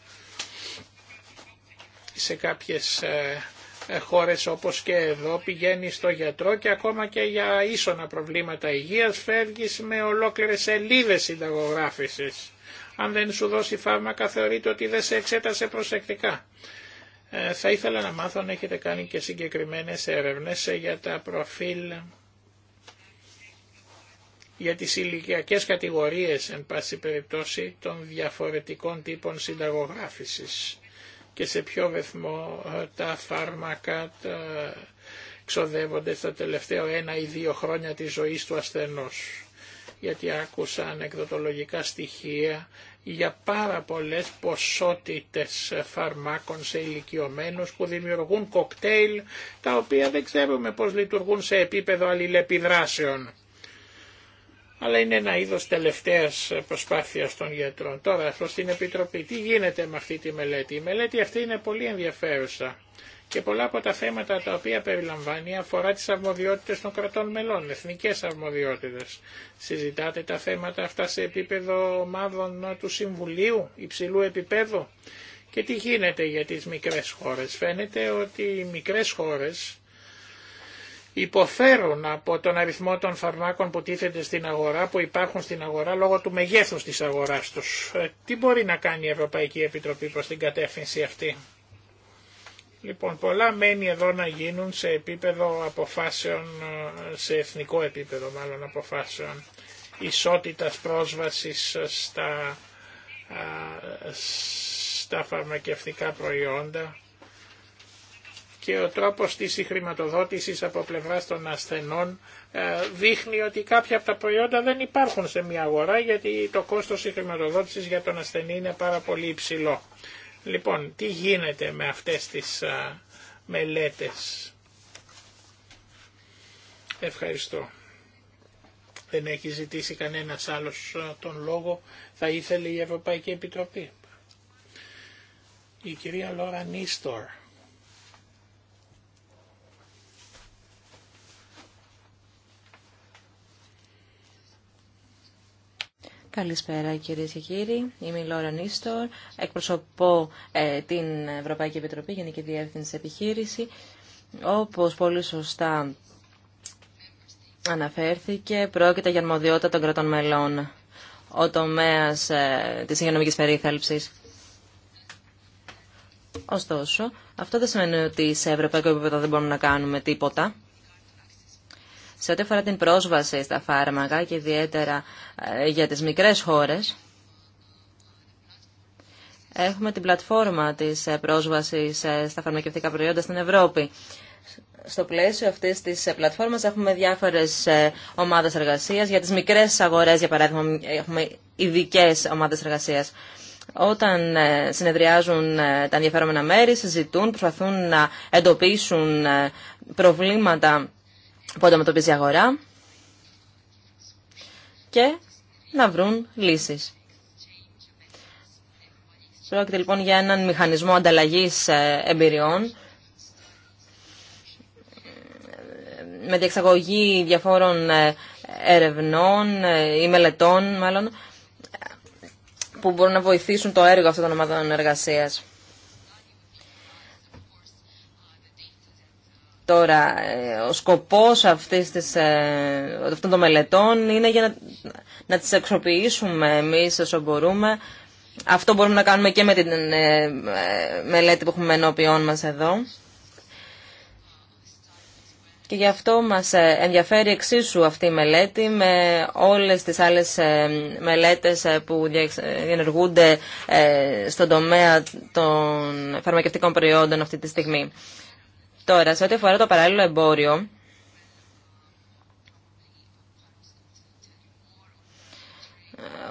Σε κάποιες ε, ε, χώρες όπως και εδώ πηγαίνει στο γιατρό και ακόμα και για ίσονα προβλήματα υγείας φεύγεις με ολόκληρες σελίδες συνταγογράφησης αν δεν σου δώσει φάρμακα θεωρείται ότι δεν σε εξέτασε προσεκτικά. Ε, θα ήθελα να μάθω αν έχετε κάνει και συγκεκριμένες έρευνες για τα προφίλ για τις ηλικιακέ κατηγορίες, εν πάση περιπτώσει, των διαφορετικών τύπων συνταγογράφησης και σε ποιο βεθμό ε, τα φάρμακα τα... Ε, ξοδεύονται στα τελευταία ένα ή δύο χρόνια της ζωής του ασθενούς γιατί άκουσα ανεκδοτολογικά στοιχεία για πάρα πολλές ποσότητες φαρμάκων σε ηλικιωμένους που δημιουργούν κοκτέιλ τα οποία δεν ξέρουμε πώς λειτουργούν σε επίπεδο αλληλεπιδράσεων αλλά είναι ένα είδος τελευταίας προσπάθειας των γιατρών. Τώρα, προς την Επιτροπή, τι γίνεται με αυτή τη μελέτη. Η μελέτη αυτή είναι πολύ ενδιαφέρουσα και πολλά από τα θέματα τα οποία περιλαμβάνει αφορά τις αρμοδιότητες των κρατών μελών, εθνικές αρμοδιότητες. Συζητάτε τα θέματα αυτά σε επίπεδο ομάδων του Συμβουλίου υψηλού επίπεδου. Και τι γίνεται για τις μικρές χώρες. Φαίνεται ότι οι μικρές χώρες υποφέρουν από τον αριθμό των φαρμάκων που τίθεται στην αγορά, που υπάρχουν στην αγορά λόγω του μεγέθους της αγοράς τους. Ε, τι μπορεί να κάνει η Ευρωπαϊκή Επιτροπή προς την κατεύθυνση αυτή. Λοιπόν, πολλά μένει εδώ να γίνουν σε επίπεδο αποφάσεων, ε, σε εθνικό επίπεδο μάλλον αποφάσεων, ισότητας πρόσβασης στα, στα φαρμακευτικά προϊόντα, και ο τρόπος της χρηματοδότησης από πλευράς των ασθενών ε, δείχνει ότι κάποια από τα προϊόντα δεν υπάρχουν σε μια αγορά γιατί το κόστος συγχρηματοδότησης για τον ασθενή είναι πάρα πολύ υψηλό. Λοιπόν, τι γίνεται με αυτές τις ε, μελέτες. Ευχαριστώ. Δεν έχει ζητήσει κανένας άλλος ε, τον λόγο. Θα ήθελε η Ευρωπαϊκή Επιτροπή. Η κυρία Λόρα Νίστορ. Καλησπέρα κυρίε και κύριοι. Είμαι η Λόρα Νίστορ. Εκπροσωπώ ε, την Ευρωπαϊκή Επιτροπή Γενική Διεύθυνση Επιχείρηση. Όπω πολύ σωστά αναφέρθηκε, πρόκειται για αρμοδιότητα των κρατών μελών ο τομέα ε, τη υγειονομική περίθαλψη. Ωστόσο, αυτό δεν σημαίνει ότι σε ευρωπαϊκό επίπεδο δεν μπορούμε να κάνουμε τίποτα. Σε ό,τι αφορά την πρόσβαση στα φάρμακα και ιδιαίτερα ε, για τις μικρές χώρες, έχουμε την πλατφόρμα της ε, πρόσβασης ε, στα φαρμακευτικά προϊόντα στην Ευρώπη. Στο πλαίσιο αυτή τη πλατφόρμα έχουμε διάφορε ομάδε εργασία. Για τι μικρέ αγορέ, για παράδειγμα, έχουμε ειδικέ ομάδε εργασία. Όταν συνεδριάζουν τα ενδιαφέρομενα μέρη, συζητούν, προσπαθούν να εντοπίσουν προβλήματα που αντιμετωπίζει η αγορά και να βρουν λύσεις. Πρόκειται λοιπόν για έναν μηχανισμό ανταλλαγής ε, εμπειριών ε, με διεξαγωγή διαφόρων ε, ερευνών ή μελετών μάλλον που μπορούν να βοηθήσουν το έργο αυτών των ομάδων εργασίας. Τώρα, ε, ο σκοπός αυτής της, ε, αυτών των μελετών είναι για να, να τις εξοποιήσουμε εμείς όσο μπορούμε. Αυτό μπορούμε να κάνουμε και με την ε, μελέτη που έχουμε ενώπιόν μας εδώ. Και γι' αυτό μας ενδιαφέρει εξίσου αυτή η μελέτη με όλες τις άλλες μελέτες που διενεργούνται στον τομέα των φαρμακευτικών προϊόντων αυτή τη στιγμή. Τώρα, σε ό,τι αφορά το παράλληλο εμπόριο,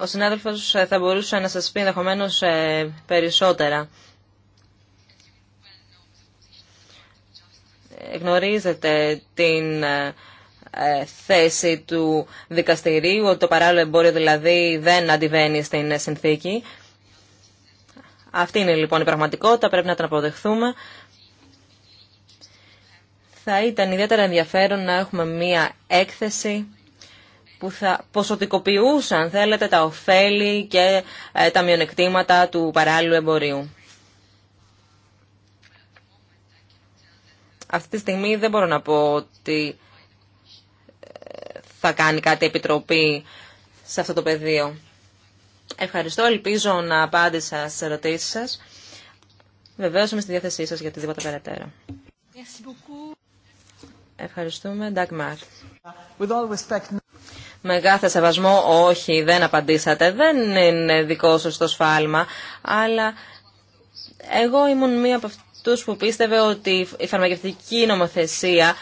ο συνάδελφος θα μπορούσε να σας πει ενδεχομένω ε, περισσότερα. Γνωρίζετε την ε, θέση του δικαστηρίου, ότι το παράλληλο εμπόριο δηλαδή δεν αντιβαίνει στην συνθήκη. Αυτή είναι λοιπόν η πραγματικότητα, πρέπει να την αποδεχθούμε θα ήταν ιδιαίτερα ενδιαφέρον να έχουμε μία έκθεση που θα ποσοτικοποιούσε, αν θέλετε, τα ωφέλη και ε, τα μειονεκτήματα του παράλληλου εμπορίου. Αυτή τη στιγμή δεν μπορώ να πω ότι ε, θα κάνει κάτι επιτροπή σε αυτό το πεδίο. Ευχαριστώ, ελπίζω να απάντησα στις ερωτήσεις σας. Βεβαίως είμαι στη διάθεσή σας για οτιδήποτε περαιτέρω. Ευχαριστούμε. Ντακμάρ. Με κάθε σεβασμό, όχι, δεν απαντήσατε. Δεν είναι δικό σας το σφάλμα, αλλά εγώ ήμουν μία από αυτούς που πίστευε ότι η φαρμακευτική νομοθεσία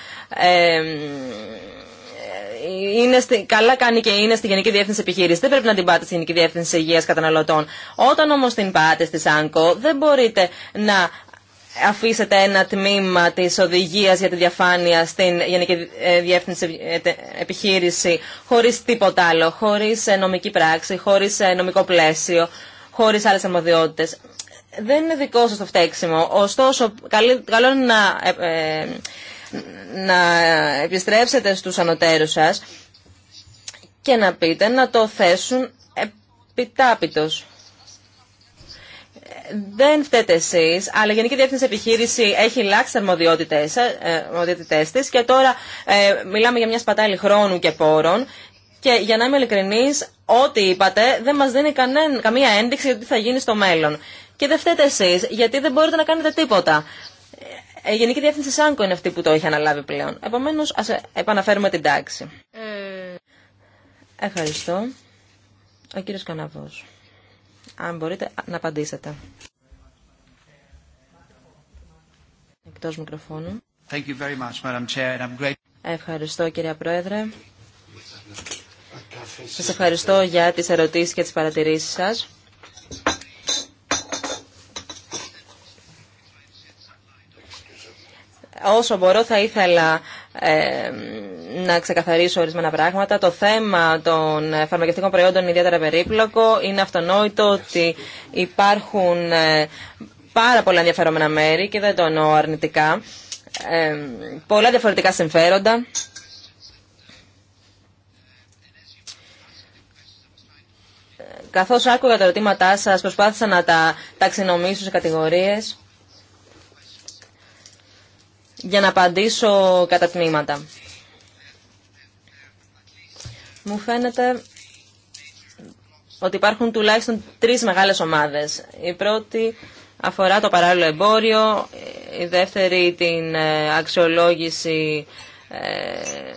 είναι στη, καλά κάνει και είναι στη Γενική Διεύθυνση Επιχείρηση. Δεν πρέπει να την πάτε στη Γενική Διεύθυνση Υγεία Καταναλωτών. Όταν όμω την πάτε στη ΣΑΝΚΟ, δεν μπορείτε να αφήσετε ένα τμήμα της οδηγίας για τη διαφάνεια στην Γενική Διεύθυνση Επιχείρηση χωρίς τίποτα άλλο, χωρίς ε, νομική πράξη, χωρίς ε, νομικό πλαίσιο, χωρίς άλλες αρμοδιότητες. Δεν είναι δικό σας το φταίξιμο. Ωστόσο, καλό είναι να, ε, να επιστρέψετε στους ανωτέρους σας και να πείτε να το θέσουν επιτάπητος δεν φταίτε εσεί, αλλά η Γενική Διεύθυνση Επιχείρηση έχει λάξει τι αρμοδιότητέ ε, τη και τώρα ε, μιλάμε για μια σπατάλη χρόνου και πόρων. Και για να είμαι ειλικρινή, ό,τι είπατε δεν μα δίνει κανέν, καμία ένδειξη για τι θα γίνει στο μέλλον. Και δεν φταίτε εσεί, γιατί δεν μπορείτε να κάνετε τίποτα. Ε, η Γενική Διεύθυνση ΣΑΝΚΟ είναι αυτή που το έχει αναλάβει πλέον. Επομένω, α ε, επαναφέρουμε την τάξη. Ε... Ευχαριστώ. Ο κύριο Καναβός αν μπορείτε να απαντήσετε. Thank you very much, Madam Chair, I'm great. Ευχαριστώ κυρία Πρόεδρε. Σας ευχαριστώ για τις ερωτήσεις και τις παρατηρήσεις σας. Όσο μπορώ θα ήθελα ε, να ξεκαθαρίσω ορισμένα πράγματα. Το θέμα των φαρμακευτικών προϊόντων είναι ιδιαίτερα περίπλοκο. Είναι αυτονόητο ότι υπάρχουν ε, πάρα πολλά ενδιαφερόμενα μέρη και δεν το εννοώ αρνητικά. Ε, πολλά διαφορετικά συμφέροντα. Καθώς άκουγα τα ερωτήματά σας, προσπάθησα να τα ταξινομήσω σε κατηγορίες για να απαντήσω κατά τμήματα. Μου φαίνεται ότι υπάρχουν τουλάχιστον τρεις μεγάλες ομάδες. Η πρώτη αφορά το παράλληλο εμπόριο, η δεύτερη την ε, αξιολόγηση, ε,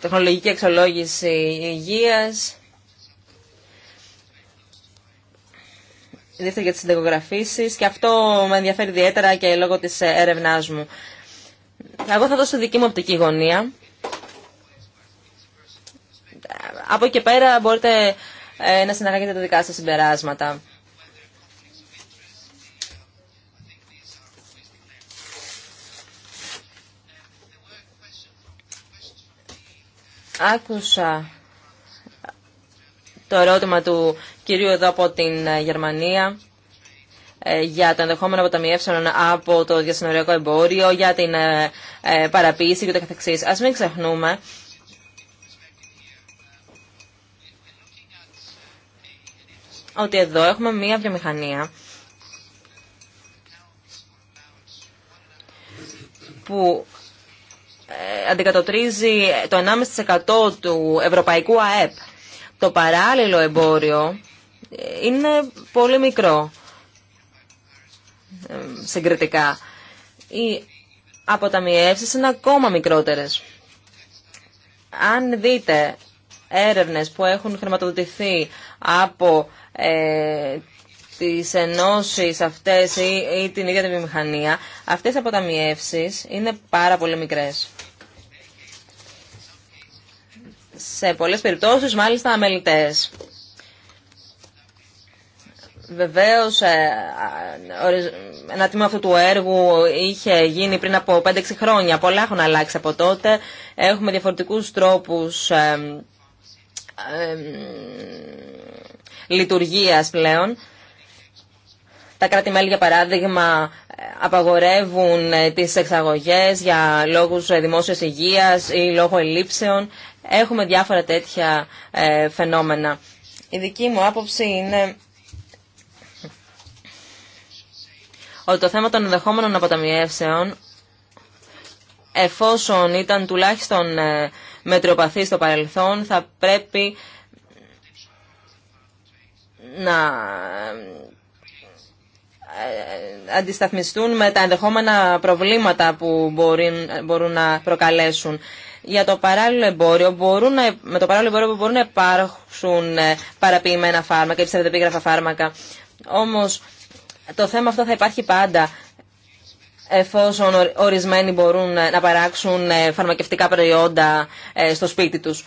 τεχνολογική αξιολόγηση υγείας, η δεύτερη για τις και αυτό με ενδιαφέρει ιδιαίτερα και λόγω της έρευνάς μου. Εγώ θα δώσω τη δική μου οπτική γωνία. Από εκεί πέρα μπορείτε ε, να συναλλαγείτε τα δικά σας συμπεράσματα. Άκουσα το ερώτημα του κυρίου εδώ από την ε, Γερμανία. Ε, για το ενδεχόμενο αποταμιεύσεων από το διασυνοριακό εμπόριο, για την ε, ε, παραποίηση κ.ο.κ. Ας μην ξεχνούμε ότι εδώ έχουμε μία βιομηχανία που αντικατοτρίζει το 1,5% του ευρωπαϊκού ΑΕΠ. Το παράλληλο εμπόριο είναι πολύ μικρό. Ε, συγκριτικά. Οι αποταμιεύσεις είναι ακόμα μικρότερες. Αν δείτε έρευνες που έχουν χρηματοδοτηθεί από ε, τις ενώσεις αυτές ή, την ίδια τη βιομηχανία, αυτές οι αποταμιεύσεις είναι πάρα πολύ μικρές. Σε πολλές περιπτώσεις μάλιστα αμελητές. Βεβαίως, ε, ένα τμήμα αυτού του έργου είχε γίνει πριν από 5-6 χρόνια. Πολλά έχουν αλλάξει από τότε. Έχουμε διαφορετικούς τρόπους ε, ε, λειτουργίας πλέον. Τα κράτη-μέλη, για παράδειγμα, απαγορεύουν τις εξαγωγές για λόγους δημόσιας υγείας ή λόγω ελλείψεων. Έχουμε διάφορα τέτοια φαινόμενα. Η δική μου άποψη είναι ότι το θέμα των ενδεχόμενων αποταμιεύσεων, εφόσον ήταν τουλάχιστον ε, μετριοπαθή στο παρελθόν, θα πρέπει να ε, αντισταθμιστούν με τα ενδεχόμενα προβλήματα που μπορεί, μπορούν να προκαλέσουν. Για το παράλληλο εμπόριο μπορούν να, με το παράλληλο εμπόριο μπορούν να υπάρξουν ε, παραποιημένα φάρμακα, ψευδεπίγραφα φάρμακα. Όμως το θέμα αυτό θα υπάρχει πάντα εφόσον ορισμένοι μπορούν ε, να παράξουν ε, φαρμακευτικά προϊόντα ε, στο σπίτι τους.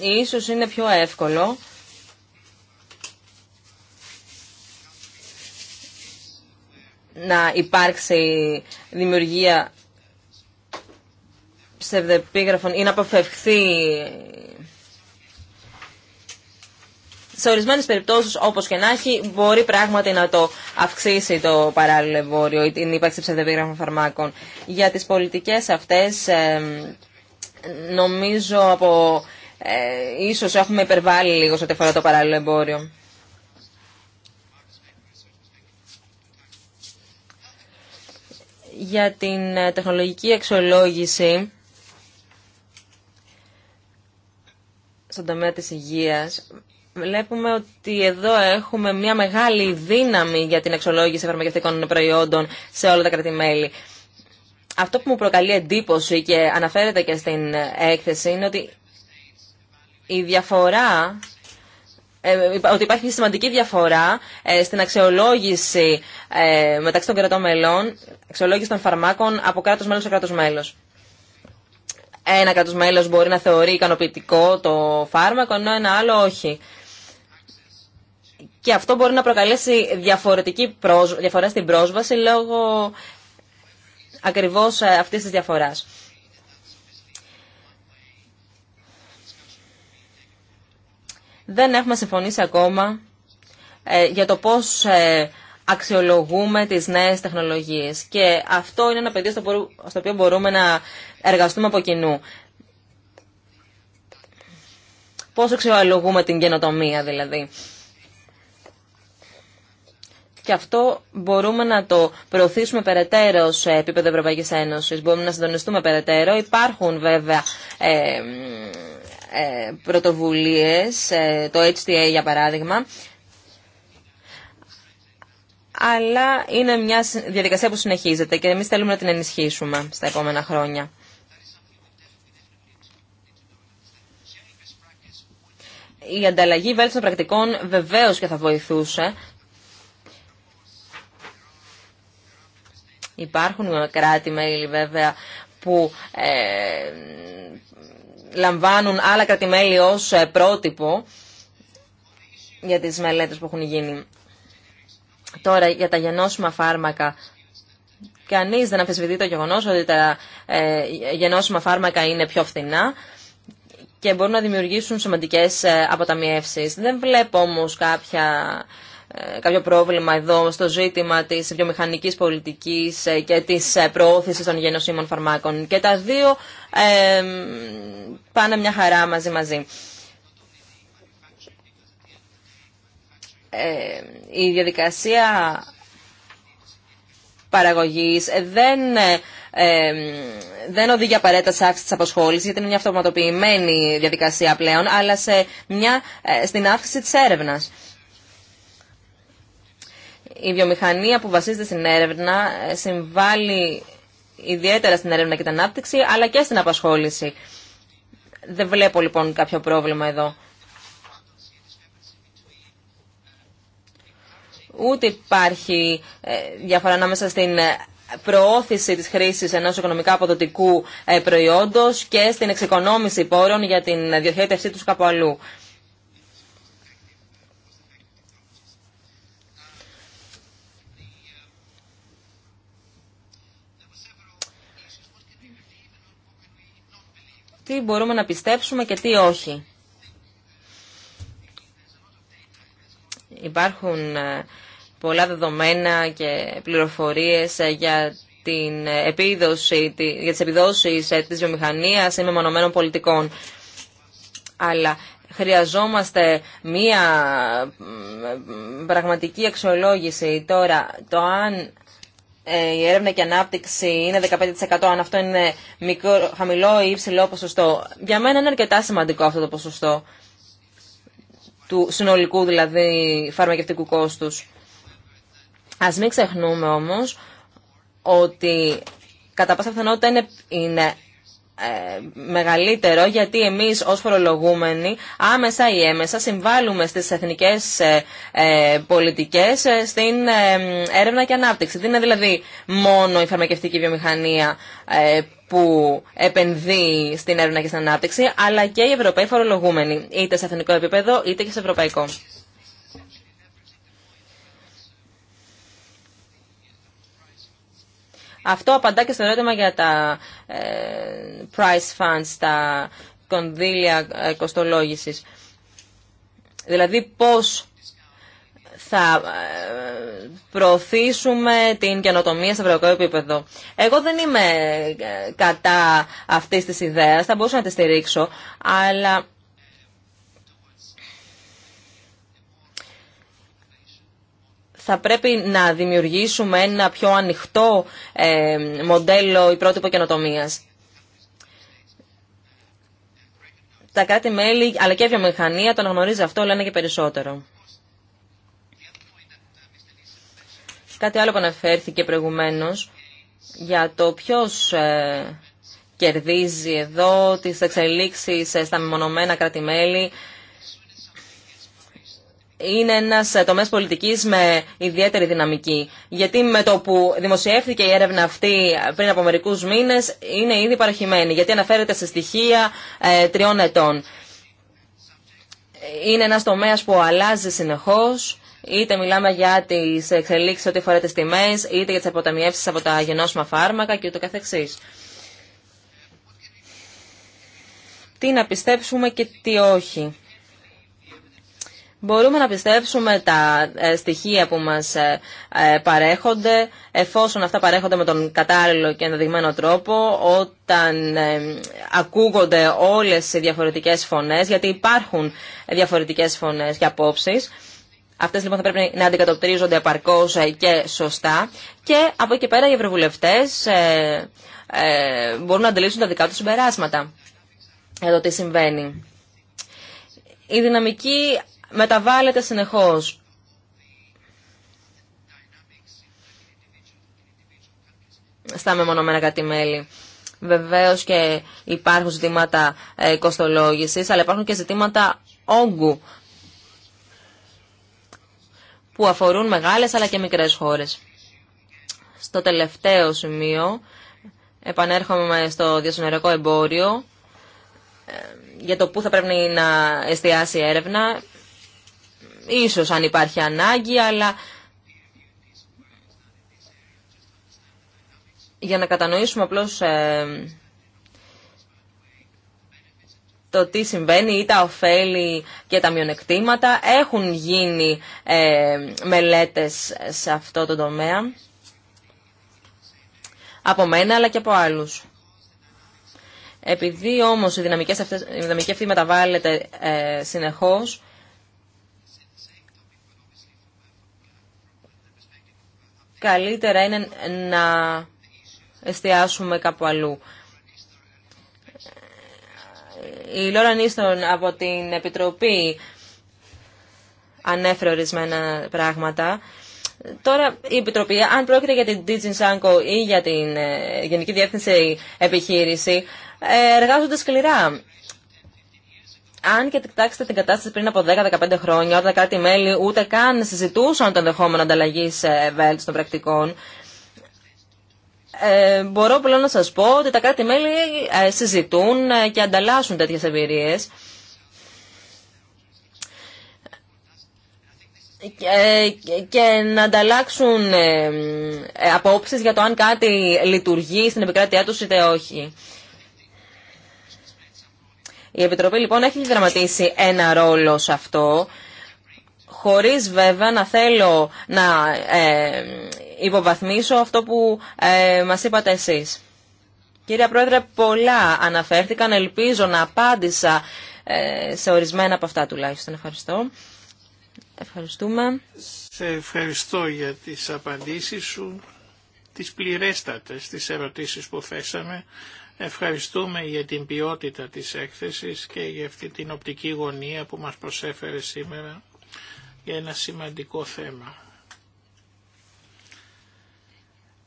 Ίσως είναι πιο εύκολο να υπάρξει δημιουργία ψευδεπίγραφων ή να αποφευχθεί σε ορισμένε περιπτώσει, όπω και να έχει, μπορεί πράγματι να το αυξήσει το παράλληλο εμπόριο ή την ύπαρξη ψευδεπίγραφων φαρμάκων. Για τι πολιτικέ αυτέ, νομίζω από. Ε, ίσως έχουμε υπερβάλει λίγο σε ό,τι αφορά το παράλληλο εμπόριο. Για την ε, τεχνολογική αξιολόγηση στον τομέα της υγείας Βλέπουμε ότι εδώ έχουμε μια μεγάλη δύναμη για την αξιολόγηση φαρμακευτικών προϊόντων σε όλα τα κρατημέλη. Αυτό που μου προκαλεί εντύπωση και αναφέρεται και στην έκθεση είναι ότι η διαφορά, ε, ότι υπάρχει σημαντική διαφορά ε, στην αξιολόγηση ε, μεταξύ των κρατών μελών, αξιολόγηση των φαρμάκων από κράτος μέλος σε κράτος μέλος ένα κράτο μέλο μπορεί να θεωρεί ικανοποιητικό το φάρμακο, ενώ ένα άλλο όχι και αυτό μπορεί να προκαλέσει διαφορετική διαφορά στην πρόσβαση λόγω ακριβώς ε, αυτής της διαφοράς. Δεν έχουμε συμφωνήσει ακόμα ε, για το πώς ε, αξιολογούμε τις νέες τεχνολογίες. Και αυτό είναι ένα πεδίο στο οποίο μπορούμε να εργαστούμε από κοινού. Πώς αξιολογούμε την καινοτομία δηλαδή και αυτό μπορούμε να το προωθήσουμε περαιτέρω σε επίπεδο Ευρωπαϊκή Ένωση. Μπορούμε να συντονιστούμε περαιτέρω. Υπάρχουν βέβαια ε, ε πρωτοβουλίες, ε, το HTA για παράδειγμα, αλλά είναι μια διαδικασία που συνεχίζεται και εμείς θέλουμε να την ενισχύσουμε στα επόμενα χρόνια. Η ανταλλαγή βέλτιστων πρακτικών βεβαίω και θα βοηθούσε Υπάρχουν κράτη-μέλη βέβαια που ε, λαμβάνουν άλλα κράτη-μέλη ως ε, πρότυπο για τις μελέτες που έχουν γίνει. Τώρα για τα γενώσιμα φάρμακα. Κανεί δεν αμφισβητεί το γεγονός ότι τα ε, φάρμακα είναι πιο φθηνά και μπορούν να δημιουργήσουν σημαντικές ε, αποταμιεύσεις. Δεν βλέπω όμως κάποια ε, κάποιο πρόβλημα εδώ στο ζήτημα της βιομηχανικής πολιτικής ε, και της ε, προώθησης των γενοσύμων φαρμάκων. Και τα δύο ε, πάνε μια χαρά μαζί μαζί. η διαδικασία παραγωγής δεν, ε, δεν οδηγεί απαραίτητα σε αύξηση της αποσχόλησης γιατί είναι μια αυτοματοποιημένη διαδικασία πλέον, αλλά σε μια, στην αύξηση της έρευνας η βιομηχανία που βασίζεται στην έρευνα ε, συμβάλλει ιδιαίτερα στην έρευνα και την ανάπτυξη, αλλά και στην απασχόληση. Δεν βλέπω λοιπόν κάποιο πρόβλημα εδώ. Ούτε υπάρχει ε, διαφορά ανάμεσα στην ε, προώθηση της χρήσης ενός οικονομικά αποδοτικού προϊόντος και στην εξοικονόμηση πόρων για την διοχέτευσή τους κάπου αλλού. τι μπορούμε να πιστέψουμε και τι όχι. Υπάρχουν ε, πολλά δεδομένα και πληροφορίες ε, για την επίδοση, για τις επιδόσεις ε, της βιομηχανίας ή μεμονωμένων πολιτικών. Αλλά χρειαζόμαστε μία πραγματική αξιολόγηση. Τώρα, το αν ε, η έρευνα και η ανάπτυξη είναι 15%, αν αυτό είναι μικρό, χαμηλό ή υψηλό ποσοστό. Για μένα είναι αρκετά σημαντικό αυτό το ποσοστό του συνολικού δηλαδή φαρμακευτικού κόστους. Ας μην ξεχνούμε όμως ότι κατά πάσα πιθανότητα είναι, είναι ε, μεγαλύτερο γιατί εμείς ως φορολογούμενοι άμεσα ή έμεσα συμβάλλουμε στις εθνικές ε, ε, πολιτικές στην έρευνα και ανάπτυξη. Δεν είναι δηλαδή μόνο η φαρμακευτική βιομηχανία που επενδύει στην έρευνα και στην ανάπτυξη αλλά και οι ευρωπαίοι φορολογούμενοι είτε σε εθνικό επίπεδο είτε και σε ευρωπαϊκό. Αυτό απαντά και στο ερώτημα για τα ε, price funds, τα κονδύλια ε, κοστολόγησης. Δηλαδή πώς θα ε, προωθήσουμε την καινοτομία σε ευρωπαϊκό επίπεδο. Εγώ δεν είμαι κατά αυτής της ιδέας, θα μπορούσα να τη στηρίξω, αλλά θα πρέπει να δημιουργήσουμε ένα πιο ανοιχτό ε, μοντέλο ή πρότυπο καινοτομίας. Τα κράτη-μέλη αλλά και η βιομηχανία το αναγνωρίζει αυτό, λένε και περισσότερο. Κάτι άλλο που αναφέρθηκε προηγουμένως για το ποιος ε, κερδίζει εδώ τις εξελίξεις ε, στα μεμονωμένα κράτη-μέλη είναι ένας τομέας πολιτικής με ιδιαίτερη δυναμική. Γιατί με το που δημοσιεύθηκε η έρευνα αυτή πριν από μερικού μήνε είναι ήδη παροχημένη. Γιατί αναφέρεται σε στοιχεία ε, τριών ετών. Είναι ένας τομέας που αλλάζει συνεχώς. Είτε μιλάμε για τις εξελίξεις ό,τι αφορά τι τιμέ, είτε για τι αποταμιεύσει από τα γενώσιμα φάρμακα και ούτω καθεξής. Τι να πιστέψουμε και τι όχι μπορούμε να πιστέψουμε τα ε, στοιχεία που μας ε, ε, παρέχονται, εφόσον αυτά παρέχονται με τον κατάλληλο και ενδεδειγμένο τρόπο, όταν ακούγονται όλες οι διαφορετικές φωνές, γιατί υπάρχουν διαφορετικές φωνές και απόψεις. Αυτές λοιπόν θα πρέπει να αντικατοπτρίζονται επαρκώς και σωστά. Και από εκεί πέρα οι ευρωβουλευτές μπορούν να αντιλήσουν τα δικά τους συμπεράσματα για το τι συμβαίνει. Η δυναμική μεταβάλλεται συνεχώς. στα μεμονωμένα κατημέλη. Βεβαίως και υπάρχουν ζητήματα ε, κοστολόγηση, αλλά υπάρχουν και ζητήματα όγκου που αφορούν μεγάλες αλλά και μικρές χώρες. Στο τελευταίο σημείο επανέρχομαι στο διασυνοριακό εμπόριο ε, για το πού θα πρέπει να εστιάσει η έρευνα ίσως αν υπάρχει ανάγκη, αλλά για να κατανοήσουμε απλώς ε, το τι συμβαίνει ή τα ωφέλη και τα μειονεκτήματα. Έχουν γίνει ε, μελέτες σε αυτό το τομέα από μένα αλλά και από άλλους. Επειδή όμως η δυναμική αυτή, η δυναμική συνεχώς, καλύτερα είναι να εστιάσουμε κάπου αλλού. Η Λόρα Νίστον από την Επιτροπή ανέφερε ορισμένα πράγματα. Τώρα η Επιτροπή, αν πρόκειται για την Digin Σάνκο ή για την ε, Γενική Διεύθυνση Επιχείρηση, ε, εργάζονται σκληρά αν και κοιτάξετε την κατάσταση πριν από 10-15 χρόνια, όταν κάτι μέλη ούτε καν συζητούσαν το ενδεχόμενο ανταλλαγή ε, βέλτιστων πρακτικών, ε, μπορώ πλέον να σας πω ότι τα κράτη-μέλη ε, συζητούν ε, και ανταλλάσσουν τέτοιες εμπειρίες. και να ανταλλάξουν απόψεις για το αν κάτι λειτουργεί στην επικράτειά τους είτε όχι. Η Επιτροπή λοιπόν έχει δραματίσει ένα ρόλο σε αυτό, χωρίς βέβαια να θέλω να ε, υποβαθμίσω αυτό που ε, μας είπατε εσείς. Κύριε Πρόεδρε, πολλά αναφέρθηκαν. Ελπίζω να απάντησα ε, σε ορισμένα από αυτά τουλάχιστον. Ευχαριστώ. Ευχαριστούμε. Σε ευχαριστώ για τις απαντήσεις σου, τις πληρέστατες, τις ερωτήσεις που θέσαμε. Ευχαριστούμε για την ποιότητα της έκθεσης και για αυτή την οπτική γωνία που μας προσέφερε σήμερα για ένα σημαντικό θέμα.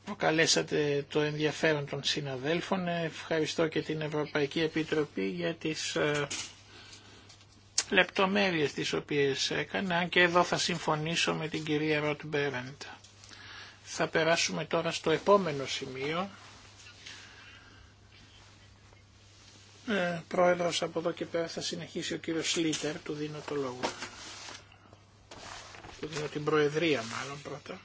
Προκαλέσατε το ενδιαφέρον των συναδέλφων. Ευχαριστώ και την Ευρωπαϊκή Επιτροπή για τις ε, λεπτομέρειες τις οποίες έκανε, αν και εδώ θα συμφωνήσω με την κυρία Ροτ Θα περάσουμε τώρα στο επόμενο σημείο, ε, πρόεδρος από εδώ και πέρα θα συνεχίσει ο κύριος Σλίτερ, του δίνω το λόγο. Του δίνω την προεδρία μάλλον πρώτα.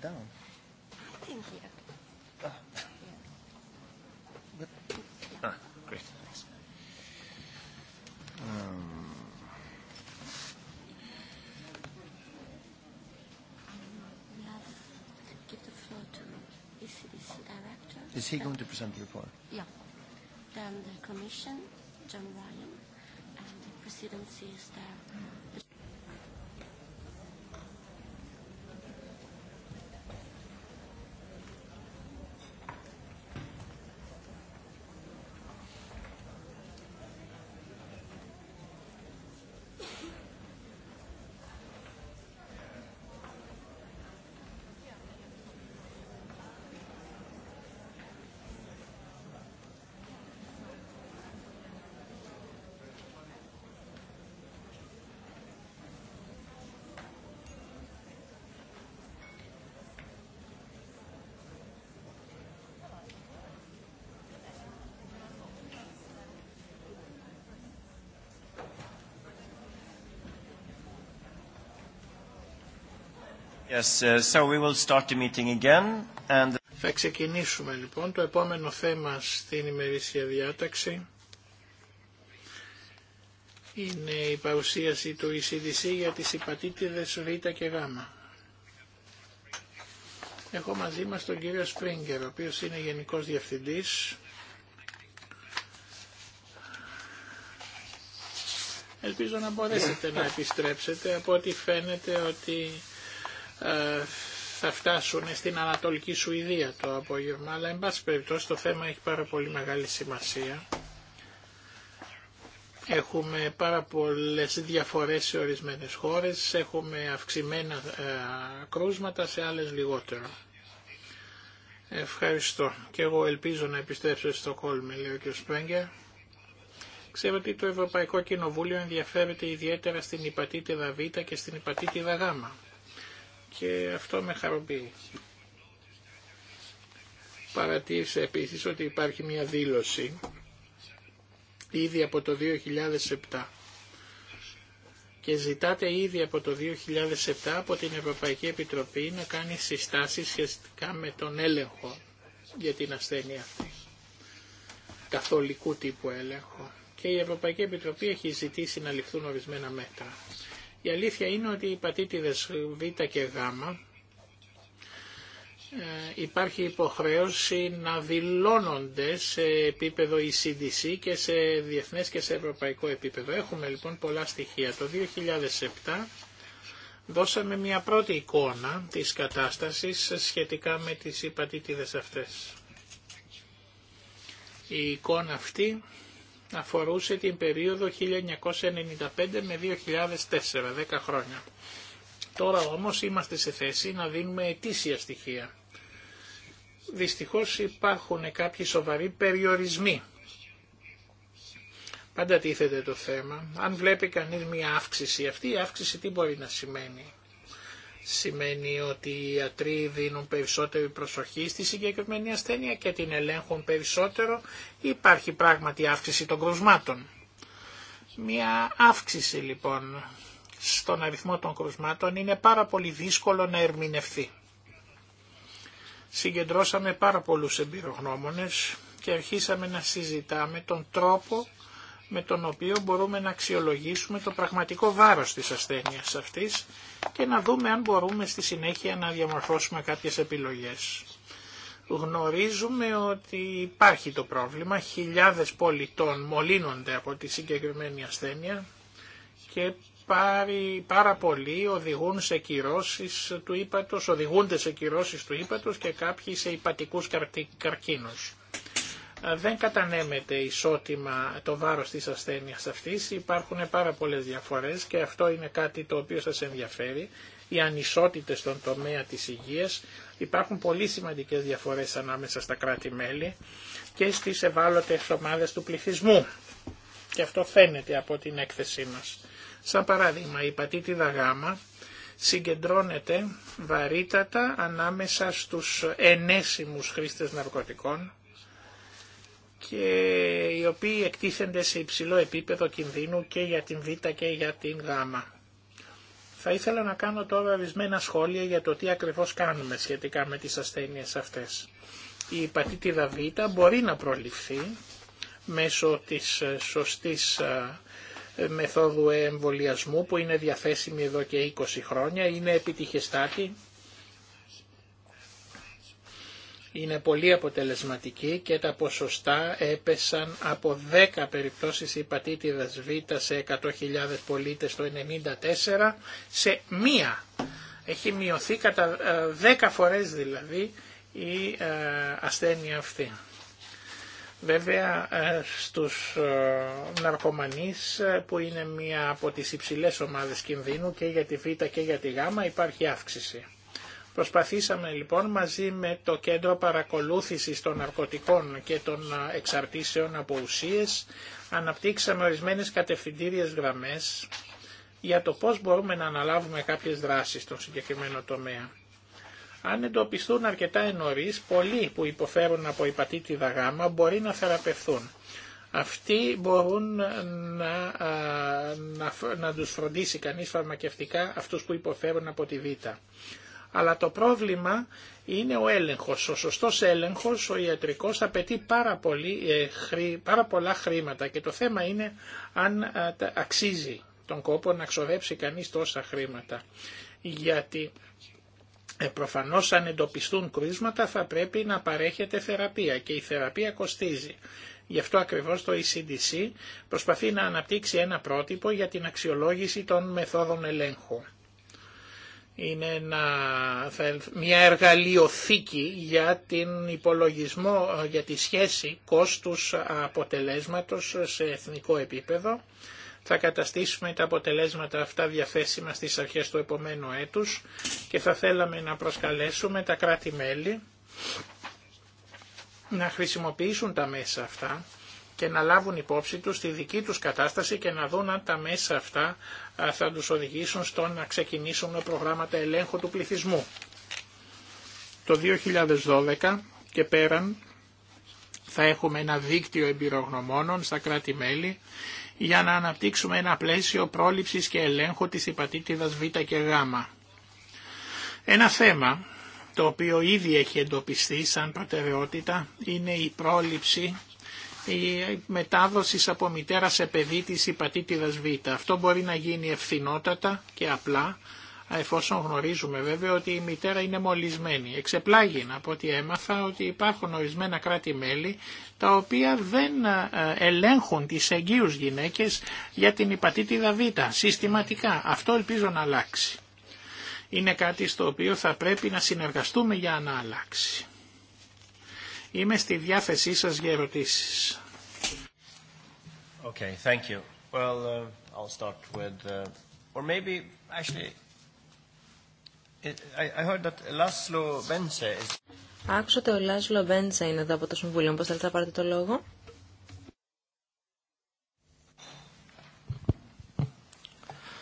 down. I Ah, here. Ah, great. Thanks. Give is Is he going to present the report? Yeah. Then the Commission, John Ryan, and the Presidency is there. Θα ξεκινήσουμε λοιπόν το επόμενο θέμα στην ημερήσια διάταξη. Είναι η παρουσίαση του ECDC για τις υπατήτηδες Β και Γ. Έχω μαζί μας τον κύριο Σπρίγκερ, ο οποίος είναι Γενικός Διευθυντής Ελπίζω να μπορέσετε να επιστρέψετε. Από ό,τι φαίνεται ότι ε, θα φτάσουν στην Ανατολική Σουηδία το απόγευμα, αλλά εν πάση περιπτώσει το θέμα έχει πάρα πολύ μεγάλη σημασία. Έχουμε πάρα πολλές διαφορές σε ορισμένες χώρες, έχουμε αυξημένα ε, κρούσματα, σε άλλες λιγότερο. Ευχαριστώ. Και εγώ ελπίζω να επιστρέψω στο Κόλμη, λέει ο κ. Σπρέγκερ. Ξέρω ότι το Ευρωπαϊκό Κοινοβούλιο ενδιαφέρεται ιδιαίτερα στην υπατήτηδα Β και στην υπατήτηδα Γ και αυτό με χαροποιεί. Παρατήρησε επίσης ότι υπάρχει μια δήλωση ήδη από το 2007 και ζητάτε ήδη από το 2007 από την Ευρωπαϊκή Επιτροπή να κάνει συστάσεις σχετικά με τον έλεγχο για την ασθένεια αυτή. Καθολικού τύπου έλεγχο. Και η Ευρωπαϊκή Επιτροπή έχει ζητήσει να ληφθούν ορισμένα μέτρα. Η αλήθεια είναι ότι οι πατήτηδες Β και Γ ε, υπάρχει υποχρέωση να δηλώνονται σε επίπεδο ECDC και σε διεθνές και σε ευρωπαϊκό επίπεδο. Έχουμε λοιπόν πολλά στοιχεία. Το 2007 δώσαμε μια πρώτη εικόνα της κατάστασης σχετικά με τις υπατήτηδες αυτές. Η εικόνα αυτή αφορούσε την περίοδο 1995 με 2004, 10 χρόνια. Τώρα όμως είμαστε σε θέση να δίνουμε ετήσια στοιχεία. Δυστυχώς υπάρχουν κάποιοι σοβαροί περιορισμοί. Πάντα τίθεται το θέμα. Αν βλέπει κανείς μια αύξηση, αυτή η αύξηση τι μπορεί να σημαίνει. Σημαίνει ότι οι ιατροί δίνουν περισσότερη προσοχή στη συγκεκριμένη ασθένεια και την ελέγχουν περισσότερο. Υπάρχει πράγματι αύξηση των κρουσμάτων. Μια αύξηση λοιπόν στον αριθμό των κρουσμάτων είναι πάρα πολύ δύσκολο να ερμηνευθεί. Συγκεντρώσαμε πάρα πολλούς εμπειρογνώμονες και αρχίσαμε να συζητάμε τον τρόπο με τον οποίο μπορούμε να αξιολογήσουμε το πραγματικό βάρος της ασθένειας αυτής και να δούμε αν μπορούμε στη συνέχεια να διαμορφώσουμε κάποιες επιλογές. Γνωρίζουμε ότι υπάρχει το πρόβλημα, χιλιάδες πολιτών μολύνονται από τη συγκεκριμένη ασθένεια και πάρα πολλοί οδηγούν σε κυρώσεις του ύπατος, οδηγούνται σε κυρώσεις του ύπατος και κάποιοι σε υπατικούς καρκίνους δεν κατανέμεται ισότιμα το βάρος της ασθένειας αυτής. Υπάρχουν πάρα πολλές διαφορές και αυτό είναι κάτι το οποίο σας ενδιαφέρει. Οι ανισότητες στον τομέα της υγείας υπάρχουν πολύ σημαντικές διαφορές ανάμεσα στα κράτη-μέλη και στις ευάλωτες ομάδες του πληθυσμού. Και αυτό φαίνεται από την έκθεσή μας. Σαν παράδειγμα, η πατήτηδα γάμα συγκεντρώνεται βαρύτατα ανάμεσα στους ενέσιμους χρήστες ναρκωτικών, και οι οποίοι εκτίθενται σε υψηλό επίπεδο κινδύνου και για την Β και για την Γ. Θα ήθελα να κάνω τώρα ορισμένα σχόλια για το τι ακριβώς κάνουμε σχετικά με τις ασθένειες αυτές. Η υπατήτηδα Β μπορεί να προληφθεί μέσω της ε, σωστής ε, μεθόδου εμβολιασμού που είναι διαθέσιμη εδώ και 20 χρόνια, είναι επιτυχεστάτη είναι πολύ αποτελεσματική και τα ποσοστά έπεσαν από 10 περιπτώσεις υπατήτηδας Β σε 100.000 πολίτες το 1994 σε μία. Έχει μειωθεί κατά 10 ε, φορές δηλαδή η ε, ασθένεια αυτή. Βέβαια ε, στους ναρκωμανείς που είναι μία από τις υψηλές ομάδες κινδύνου και για τη Β και για τη Γ υπάρχει αύξηση. Προσπαθήσαμε λοιπόν μαζί με το Κέντρο Παρακολούθησης των Ναρκωτικών και των Εξαρτήσεων από Ουσίες, αναπτύξαμε ορισμένες κατευθυντήριες γραμμές για το πώς μπορούμε να αναλάβουμε κάποιες δράσεις στον συγκεκριμένο τομέα. Αν εντοπιστούν αρκετά ενωρίς, πολλοί που υποφέρουν από υπατήτηδα γάμα μπορεί να θεραπευθούν. Αυτοί μπορούν να, να, να τους φροντίσει κανείς φαρμακευτικά αυτούς που υποφέρουν από τη β αλλά το πρόβλημα είναι ο έλεγχος. Ο σωστός έλεγχος, ο ιατρικός, απαιτεί πάρα, ε, πολλά χρήματα και το θέμα είναι αν ε, αξίζει τον κόπο να ξοδέψει κανείς τόσα χρήματα. Γιατί ε, αν εντοπιστούν κρούσματα θα πρέπει να παρέχεται θεραπεία και η θεραπεία κοστίζει. Γι' αυτό ακριβώς το ECDC προσπαθεί να αναπτύξει ένα πρότυπο για την αξιολόγηση των μεθόδων ελέγχου είναι ένα, μια εργαλειοθήκη για την υπολογισμό, για τη σχέση κόστους αποτελέσματος σε εθνικό επίπεδο. Θα καταστήσουμε τα αποτελέσματα αυτά διαθέσιμα στις αρχές του επομένου έτους και θα θέλαμε να προσκαλέσουμε τα κράτη-μέλη να χρησιμοποιήσουν τα μέσα αυτά και να λάβουν υπόψη τους τη δική τους κατάσταση και να δουν αν τα μέσα αυτά θα τους οδηγήσουν στο να ξεκινήσουν προγράμματα ελέγχου του πληθυσμού. Το 2012 και πέραν θα έχουμε ένα δίκτυο εμπειρογνωμόνων στα κράτη-μέλη για να αναπτύξουμε ένα πλαίσιο πρόληψης και ελέγχου της υπατήτηδας Β και Γ. Ένα θέμα το οποίο ήδη έχει εντοπιστεί σαν προτεραιότητα είναι η πρόληψη η μετάδοση από μητέρα σε παιδί τη υπατήτηδα Β. Αυτό μπορεί να γίνει ευθυνότατα και απλά, εφόσον γνωρίζουμε βέβαια ότι η μητέρα είναι μολυσμένη. Εξεπλάγει από ότι έμαθα ότι υπάρχουν ορισμένα κράτη-μέλη τα οποία δεν ε, ελέγχουν τις εγγύου γυναίκες για την υπατήτηδα Β συστηματικά. Αυτό ελπίζω να αλλάξει. Είναι κάτι στο οποίο θα πρέπει να συνεργαστούμε για να αλλάξει. Είμαι στη διάθεσή σας για ερωτήσεις. Okay, thank you. Well, uh, I'll start with, uh, or maybe actually, it, I, I heard that Laszlo Benze is. Άκουσα ότι Laszlo Λάσλο Μπέντσα είναι εδώ από το Συμβούλιο. Πώς θέλετε να πάρετε το λόγο.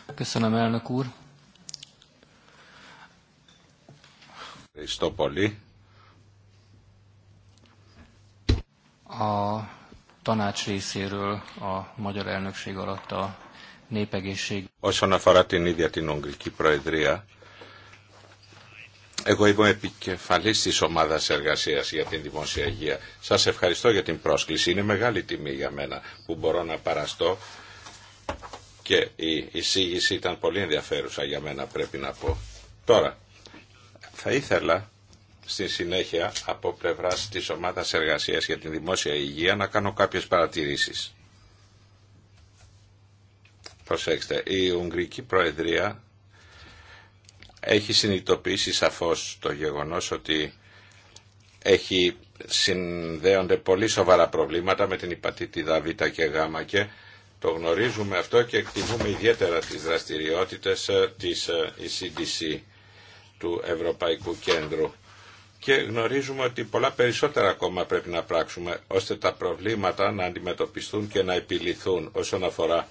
Ευχαριστώ πολύ. a tanács részéről a magyar elnökség alatt a népegészség. Όσον αφορά την ίδια την Προεδρία, εγώ είμαι επικεφαλή τη ομάδα εργασία για την δημόσια υγεία. Σα ευχαριστώ για την πρόσκληση. Είναι μεγάλη τιμή για μένα που μπορώ να παραστώ και η εισήγηση ήταν πολύ ενδιαφέρουσα για μένα, πρέπει να πω. Τώρα, θα ήθελα στη συνέχεια από πλευρά τη ομάδα Εργασίας για την Δημόσια Υγεία να κάνω κάποιες παρατηρήσεις. Προσέξτε, η Ουγγρική Προεδρία έχει συνειδητοποιήσει σαφώς το γεγονός ότι έχει συνδέονται πολύ σοβαρά προβλήματα με την υπατήτη Β και Γ και το γνωρίζουμε αυτό και εκτιμούμε ιδιαίτερα τις δραστηριότητες ε, της ECDC ε, του Ευρωπαϊκού Κέντρου και γνωρίζουμε ότι πολλά περισσότερα ακόμα πρέπει να πράξουμε ώστε τα προβλήματα να αντιμετωπιστούν και να επιληθούν όσον αφορά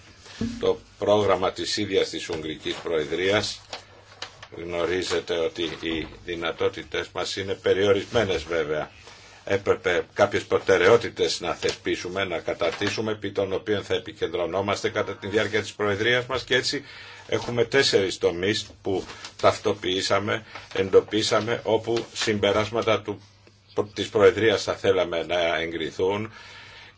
το πρόγραμμα της ίδιας της Ουγγρικής Προεδρίας γνωρίζετε ότι οι δυνατότητες μας είναι περιορισμένες βέβαια έπρεπε κάποιες προτεραιότητες να θεσπίσουμε, να καταρτήσουμε, επί των οποίων θα επικεντρωνόμαστε κατά τη διάρκεια της Προεδρίας μας και έτσι έχουμε τέσσερις τομείς που ταυτοποιήσαμε, εντοπίσαμε όπου συμπεράσματα του, της Προεδρίας θα θέλαμε να εγκριθούν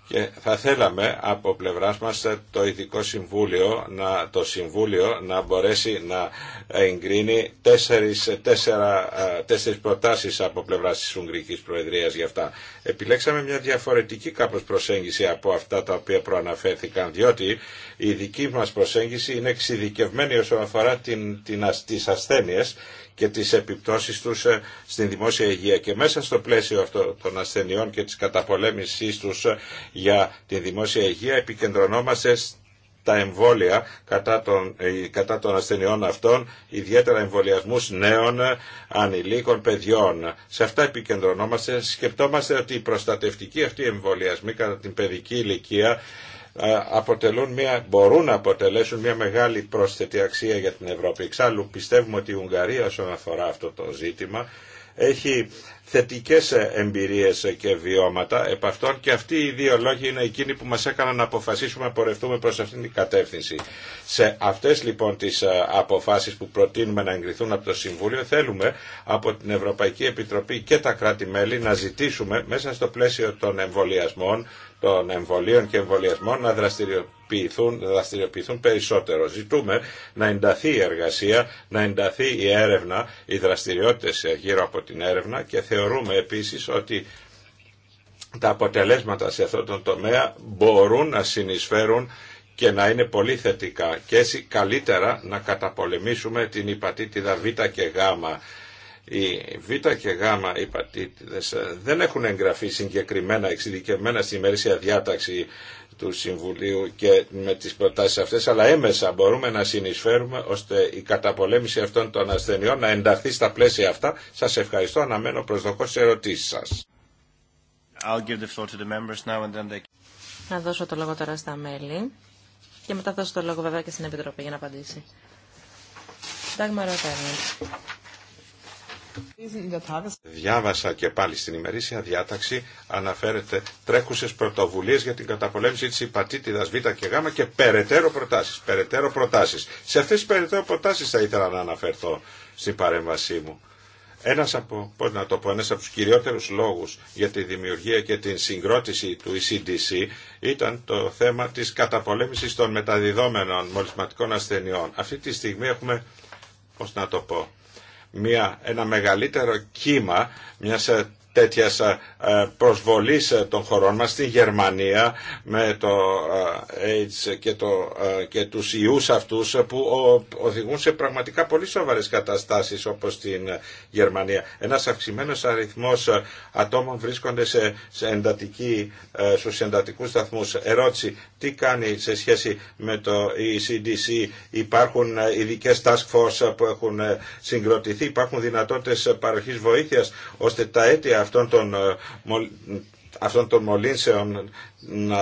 και θα θέλαμε από πλευράς μας το Ειδικό Συμβούλιο, να, το Συμβούλιο να μπορέσει να εγκρίνει τέσσερις, τέσσερα, τέσσερις προτάσεις από πλευράς της Ουγγρικής Προεδρίας για αυτά. Επιλέξαμε μια διαφορετική κάπως προσέγγιση από αυτά τα οποία προαναφέρθηκαν, διότι η δική μας προσέγγιση είναι εξειδικευμένη όσον αφορά την, την, τις ασθένειες και τις επιπτώσεις τους ε, στην δημόσια υγεία. Και μέσα στο πλαίσιο αυτό των ασθενειών και της καταπολέμησής τους ε, για τη δημόσια υγεία επικεντρωνόμαστε τα εμβόλια κατά των, ε, κατά των ασθενειών αυτών, ιδιαίτερα εμβολιασμούς νέων ανηλίκων παιδιών. Σε αυτά επικεντρωνόμαστε, σκεπτόμαστε ότι οι προστατευτικοί αυτοί εμβολιασμοί κατά την παιδική ηλικία ε, αποτελούν μια, μπορούν να αποτελέσουν μια μεγάλη πρόσθετη αξία για την Ευρώπη. Εξάλλου πιστεύουμε ότι η Ουγγαρία όσον αφορά αυτό το ζήτημα έχει θετικές ε, εμπειρίες ε, και βιώματα επ' αυτών και αυτοί οι δύο λόγοι είναι εκείνοι που μας έκαναν να αποφασίσουμε να πορευτούμε προς αυτήν την κατεύθυνση. Σε αυτές λοιπόν τις αποφάσεις που προτείνουμε να εγκριθούν από το Συμβούλιο θέλουμε από την Ευρωπαϊκή Επιτροπή και τα κράτη-μέλη να ζητήσουμε μέσα στο πλαίσιο των εμβολιασμών των εμβολίων και εμβολιασμών να δραστηριοποιηθούν, δραστηριοποιηθούν περισσότερο. Ζητούμε να ενταθεί η εργασία, να ενταθεί η έρευνα, οι δραστηριότητες γύρω από την έρευνα και θεωρούμε επίσης ότι τα αποτελέσματα σε αυτό τον τομέα μπορούν να συνεισφέρουν και να είναι πολύ θετικά και έτσι καλύτερα να καταπολεμήσουμε την υπατήτηδα Β και Γ οι Β και Γ υπατήτηδες ε, δεν έχουν εγγραφεί συγκεκριμένα εξειδικευμένα στη μέρησια διάταξη του Συμβουλίου και με τις προτάσεις αυτές, αλλά έμεσα μπορούμε να συνεισφέρουμε ώστε η καταπολέμηση αυτών των ασθενειών να ενταχθεί στα πλαίσια αυτά. Σας ευχαριστώ, αναμένω προσδοκώ σε ερωτήσεις σας. Να δώσω το λόγο τώρα στα μέλη και μετά δώσω το λόγο βέβαια και στην Επιτροπή για να απαντήσει. Διάβασα και πάλι στην ημερήσια διάταξη αναφέρεται τρέχουσες πρωτοβουλίες για την καταπολέμηση της υπατήτηδας Β και Γ και περαιτέρω προτάσεις. Περαιτέρω προτάσεις. Σε αυτές τις περαιτέρω προτάσεις θα ήθελα να αναφερθώ στην παρέμβασή μου. Ένας από, να το πω, από τους κυριότερους λόγους για τη δημιουργία και την συγκρότηση του ECDC ήταν το θέμα της καταπολέμησης των μεταδιδόμενων μολυσματικών ασθενειών. Αυτή τη στιγμή έχουμε, πώς να το πω, μια, ένα μεγαλύτερο κύμα μιας ε, τέτοιας ε, ε, προσβολής των χωρών μας στη Γερμανία με το AIDS και, το, και τους ιούς αυτούς που οδηγούν σε πραγματικά πολύ σοβαρές καταστάσεις όπως στην Γερμανία. Ένας αυξημένος αριθμός ατόμων βρίσκονται σε, σε εντατική, στους εντατικούς Ερώτηση, τι κάνει σε σχέση με το ECDC, υπάρχουν ε, ειδικέ task force που έχουν ε, συγκροτηθεί, υπάρχουν δυνατότητες ε, παροχής βοήθειας ώστε τα αίτια αυτών των, αυτών των μολύνσεων να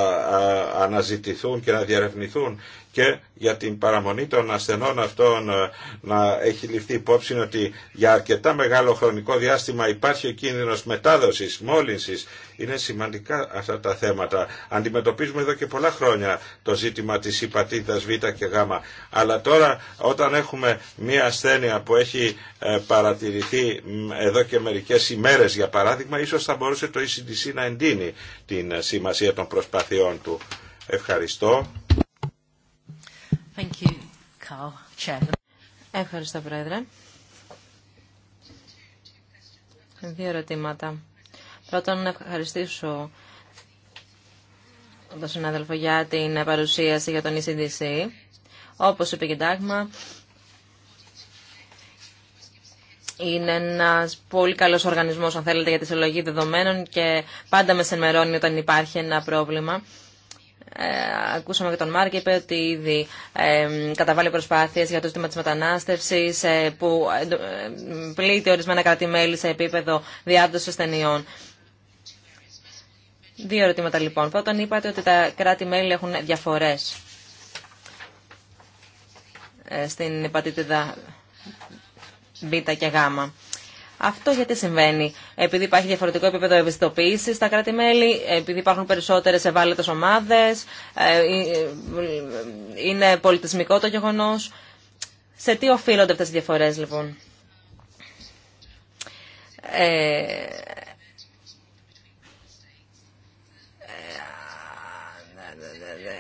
αναζητηθούν και να διαρευνηθούν και για την παραμονή των ασθενών αυτών ε, να έχει ληφθεί υπόψη ότι για αρκετά μεγάλο χρονικό διάστημα υπάρχει ο κίνδυνος μετάδοσης, μόλυνσης. Είναι σημαντικά αυτά τα θέματα. Αντιμετωπίζουμε εδώ και πολλά χρόνια το ζήτημα της υπατήτας Β και Γ. Αλλά τώρα όταν έχουμε μία ασθένεια που έχει ε, παρατηρηθεί εδώ και μερικές ημέρες για παράδειγμα, ίσως θα μπορούσε το ECDC να εντείνει την ε, σημασία των προσπαθειών του. Ευχαριστώ. Ευχαριστώ, Πρόεδρε. Δύο ερωτήματα. Πρώτον, να ευχαριστήσω τον συνάδελφο για την παρουσίαση για τον ECDC. Όπως είπε και Ντάγμα, είναι ένας πολύ καλός οργανισμός, αν θέλετε, για τη συλλογή δεδομένων και πάντα με ενημερώνει όταν υπάρχει ένα πρόβλημα. Ε, ακούσαμε και τον Μάρκ, είπε ότι ήδη καταβάλει προσπάθειες για το ζήτημα της μετανάστευσης ε, που ε, πλήττει ορισμένα σε επίπεδο διάδοσης ασθενειών. Δύο ερωτήματα λοιπόν. Πρώτον είπατε ότι τα κράτη-μέλη έχουν διαφορές στην υπατήτηδα Β και Γ. Αυτό γιατί συμβαίνει. Επειδή υπάρχει διαφορετικό επίπεδο ευαισθητοποίηση στα κράτη-μέλη, επειδή υπάρχουν περισσότερε ευάλωτε ομάδε, ε, ε, ε, είναι πολιτισμικό το γεγονό. Σε τι οφείλονται αυτέ οι διαφορέ, λοιπόν. Ε,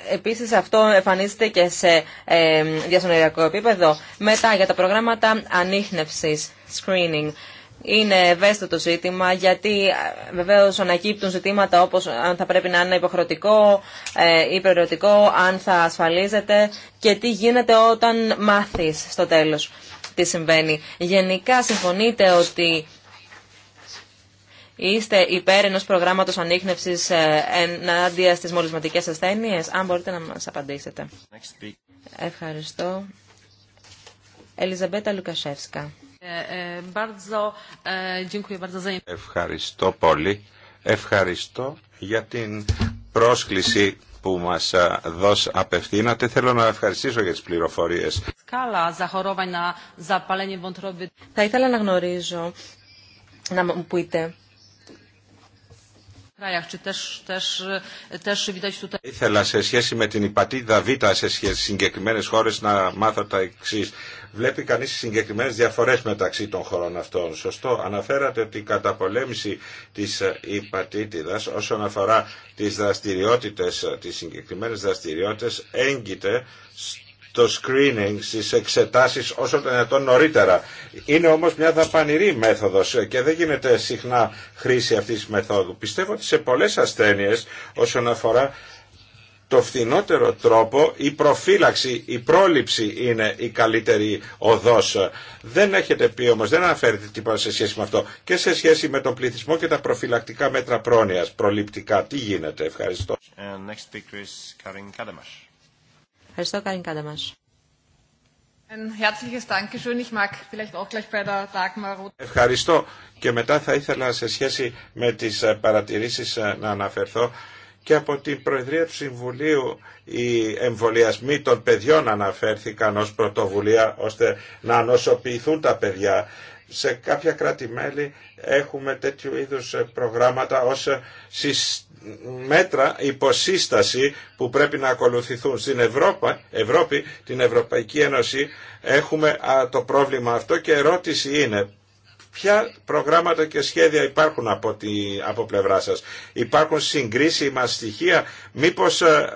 Επίσης αυτό εμφανίζεται και σε ε, διασυνοριακό επίπεδο. Μετά για τα προγράμματα ανείχνευσης, screening είναι ευαίσθητο ζήτημα γιατί ε, βεβαίως ανακύπτουν ζητήματα όπως αν θα πρέπει να είναι υποχρεωτικό ή ε, προαιρετικό, αν θα ασφαλίζεται και τι γίνεται όταν μάθεις στο τέλος τι συμβαίνει. Γενικά συμφωνείτε ότι είστε υπέρ ενός προγράμματος ανείχνευσης ε, ενάντια στις μολυσματικές ασθένειες. Αν μπορείτε να μας απαντήσετε. Ευχαριστώ. Ελιζαμπέτα Λουκασεύσκα. E, e, e, Ευχαριστώ πολύ. Ευχαριστώ για την πρόσκληση που μας ε, δώσε απευθύνατε. Θέλω να ευχαριστήσω για τις πληροφορίες. Θα ήθελα να γνωρίζω, να μου πείτε, Ήθελα σε σχέση με την υπατήτητα Β σε σχέση συγκεκριμένες χώρες να μάθω τα εξή. Βλέπει κανείς συγκεκριμένες διαφορές μεταξύ των χωρών αυτών. Σωστό, αναφέρατε ότι η καταπολέμηση της ε, υπατήτηδας όσον αφορά τις δραστηριότητες, ε, τις συγκεκριμένες δραστηριότητες έγκυται το screening στις εξετάσεις όσο το δυνατόν νωρίτερα. Είναι όμως μια δαπανηρή μέθοδος και δεν γίνεται συχνά χρήση αυτής της μεθόδου. Πιστεύω ότι σε πολλές ασθένειες όσον αφορά το φθηνότερο τρόπο η προφύλαξη, η πρόληψη είναι η καλύτερη οδός. Δεν έχετε πει όμως, δεν αναφέρετε τίποτα σε σχέση με αυτό και σε σχέση με τον πληθυσμό και τα προφυλακτικά μέτρα πρόνοιας, προληπτικά. Τι γίνεται, ευχαριστώ. Ευχαριστώ, Καρίν Κάνταμας. Ευχαριστώ και μετά θα ήθελα σε σχέση με τις ε, παρατηρήσεις ε, να αναφερθώ και από την Προεδρία του Συμβουλίου οι εμβολιασμοί των παιδιών αναφέρθηκαν ως πρωτοβουλία ώστε να ανοσοποιηθούν τα παιδιά σε κάποια κράτη-μέλη έχουμε τέτοιου είδους ε, προγράμματα ως ε, μέτρα υποσύσταση που πρέπει να ακολουθηθούν. Στην Ευρώπη, Ευρώπη την Ευρωπαϊκή Ένωση, έχουμε το πρόβλημα αυτό και ερώτηση είναι ποια προγράμματα και σχέδια υπάρχουν από, τη, από πλευρά σας. Υπάρχουν συγκρίσιμα στοιχεία, μήπως ε,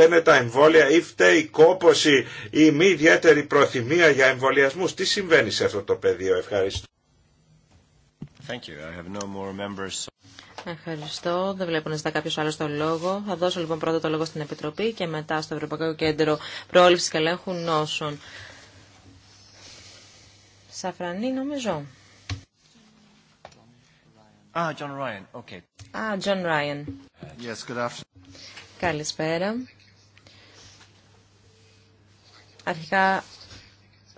φταίνε τα εμβόλια ή φταίει η κόποση ή μη ιδιαίτερη προθυμία για εμβολιασμού. Τι συμβαίνει σε αυτό το πεδίο. Ευχαριστώ. Thank you. I have no more members. Ευχαριστώ. Δεν βλέπω να ζητά κάποιο άλλο το λόγο. Θα δώσω λοιπόν πρώτα το λόγο στην Επιτροπή και μετά στο Ευρωπαϊκό Κέντρο Πρόληψη και Ελέγχου Νόσων. Σαφρανή, νομίζω. Α, ah, John Ryan. Καλησπέρα. Αρχικά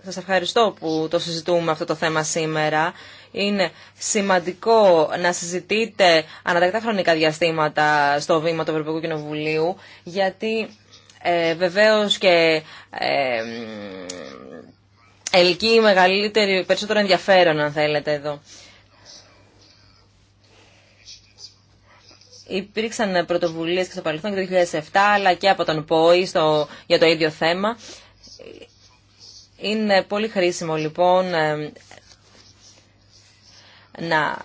σας ευχαριστώ που το συζητούμε αυτό το θέμα σήμερα. Είναι σημαντικό να συζητείτε ανατακτά χρονικά διαστήματα στο βήμα του Ευρωπαϊκού Κοινοβουλίου, γιατί ε, βεβαίως και ε, ελκύει μεγαλύτερη, περισσότερο ενδιαφέρον, αν θέλετε, εδώ. Υπήρξαν πρωτοβουλίες και στο παρελθόν και το 2007, αλλά και από τον ΠΟΗ για το ίδιο θέμα. Είναι πολύ χρήσιμο λοιπόν ε, να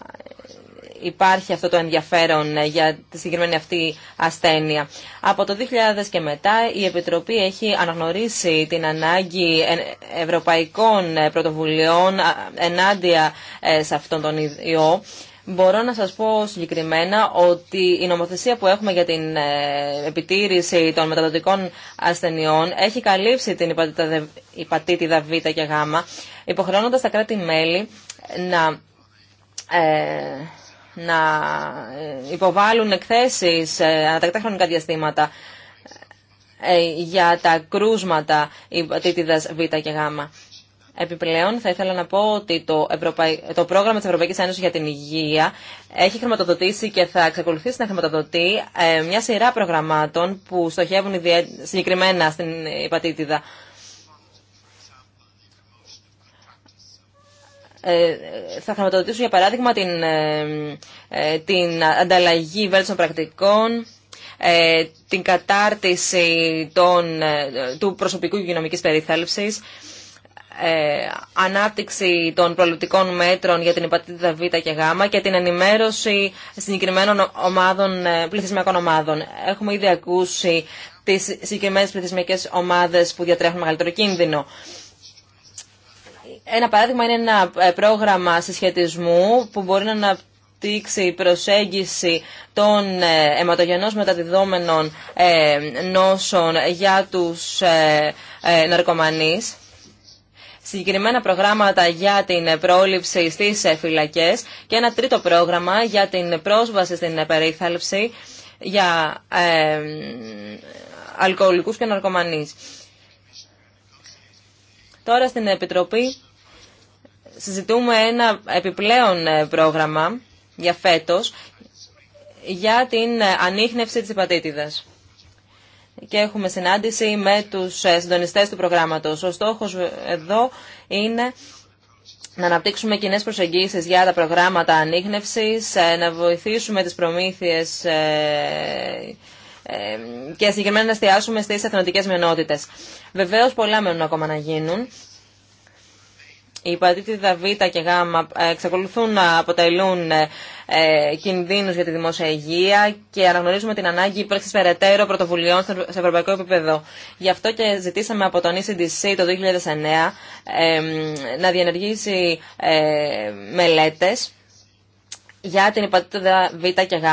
υπάρχει αυτό το ενδιαφέρον ε, για τη συγκεκριμένη αυτή ασθένεια. Από το 2000 και μετά η Επιτροπή έχει αναγνωρίσει την ανάγκη ε, ευρωπαϊκών πρωτοβουλειών ενάντια σε αυτόν τον ιό Μπορώ να σας πω συγκεκριμένα ότι η νομοθεσία που έχουμε για την ε, επιτήρηση των μεταδοτικών ασθενειών έχει καλύψει την υπατήτηδα Β και Γ, υποχρεώνοντας τα κράτη-μέλη να, ε, να ε, υποβάλουν εκθέσεις ε, ανατακτά χρονικά διαστήματα για τα κρούσματα υπατήτηδας Β και Γ. Επιπλέον, θα ήθελα να πω ότι το, Ευρωπαϊ... το πρόγραμμα της Ευρωπαϊκής Ένωσης για την Υγεία έχει χρηματοδοτήσει και θα εξακολουθήσει να χρηματοδοτεί ε, μια σειρά προγραμμάτων που στοχεύουν συγκεκριμένα στην υπατήτηδα. Ε, θα χρηματοδοτήσουν για παράδειγμα την, ε, την ανταλλαγή βέλτιστων πρακτικών, την κατάρτιση των, του προσωπικού υγειονομικής περιθάλψης, ε, ανάπτυξη των προληπτικών μέτρων για την υπατήτητα Β και Γ και την ενημέρωση συγκεκριμένων ομάδων, ε, πληθυσμιακών ομάδων. Έχουμε ήδη ακούσει τις συγκεκριμένες πληθυσμιακές ομάδες που διατρέχουν μεγαλύτερο κίνδυνο. Ένα παράδειγμα είναι ένα ε, πρόγραμμα συσχετισμού που μπορεί να αναπτύξει προσέγγιση των αιματογενώς μεταδιδόμενων νόσων για τους ναρκωμανείς συγκεκριμένα προγράμματα για την πρόληψη στις φυλακές και ένα τρίτο πρόγραμμα για την πρόσβαση στην περίθαλψη για ε, αλκοολικούς και ναρκωμανείς. Τώρα στην Επιτροπή συζητούμε ένα επιπλέον ε, πρόγραμμα για φέτος για την ανείχνευση της υπατήτηδας και έχουμε συνάντηση με τους ε, συντονιστές του προγράμματος. Ο στόχος ε, εδώ είναι να αναπτύξουμε κοινέ προσεγγίσεις για τα προγράμματα ανείχνευσης, ε, να βοηθήσουμε τις προμήθειες και συγκεκριμένα να εστιάσουμε στις εθνωτικές μειονότητες. Βεβαίως πολλά μένουν ακόμα να γίνουν η πατήτητα Β και Γ ε, εξακολουθούν να αποτελούν ε, ε, κινδύνους για τη δημόσια υγεία και αναγνωρίζουμε την ανάγκη υπέρξης περαιτέρω πρωτοβουλειών σε ευρωπαϊκό επίπεδο. Γι' αυτό και ζητήσαμε από τον ECDC το 2009 να διενεργήσει μελέτες για την υπατήτητα Β και Γ.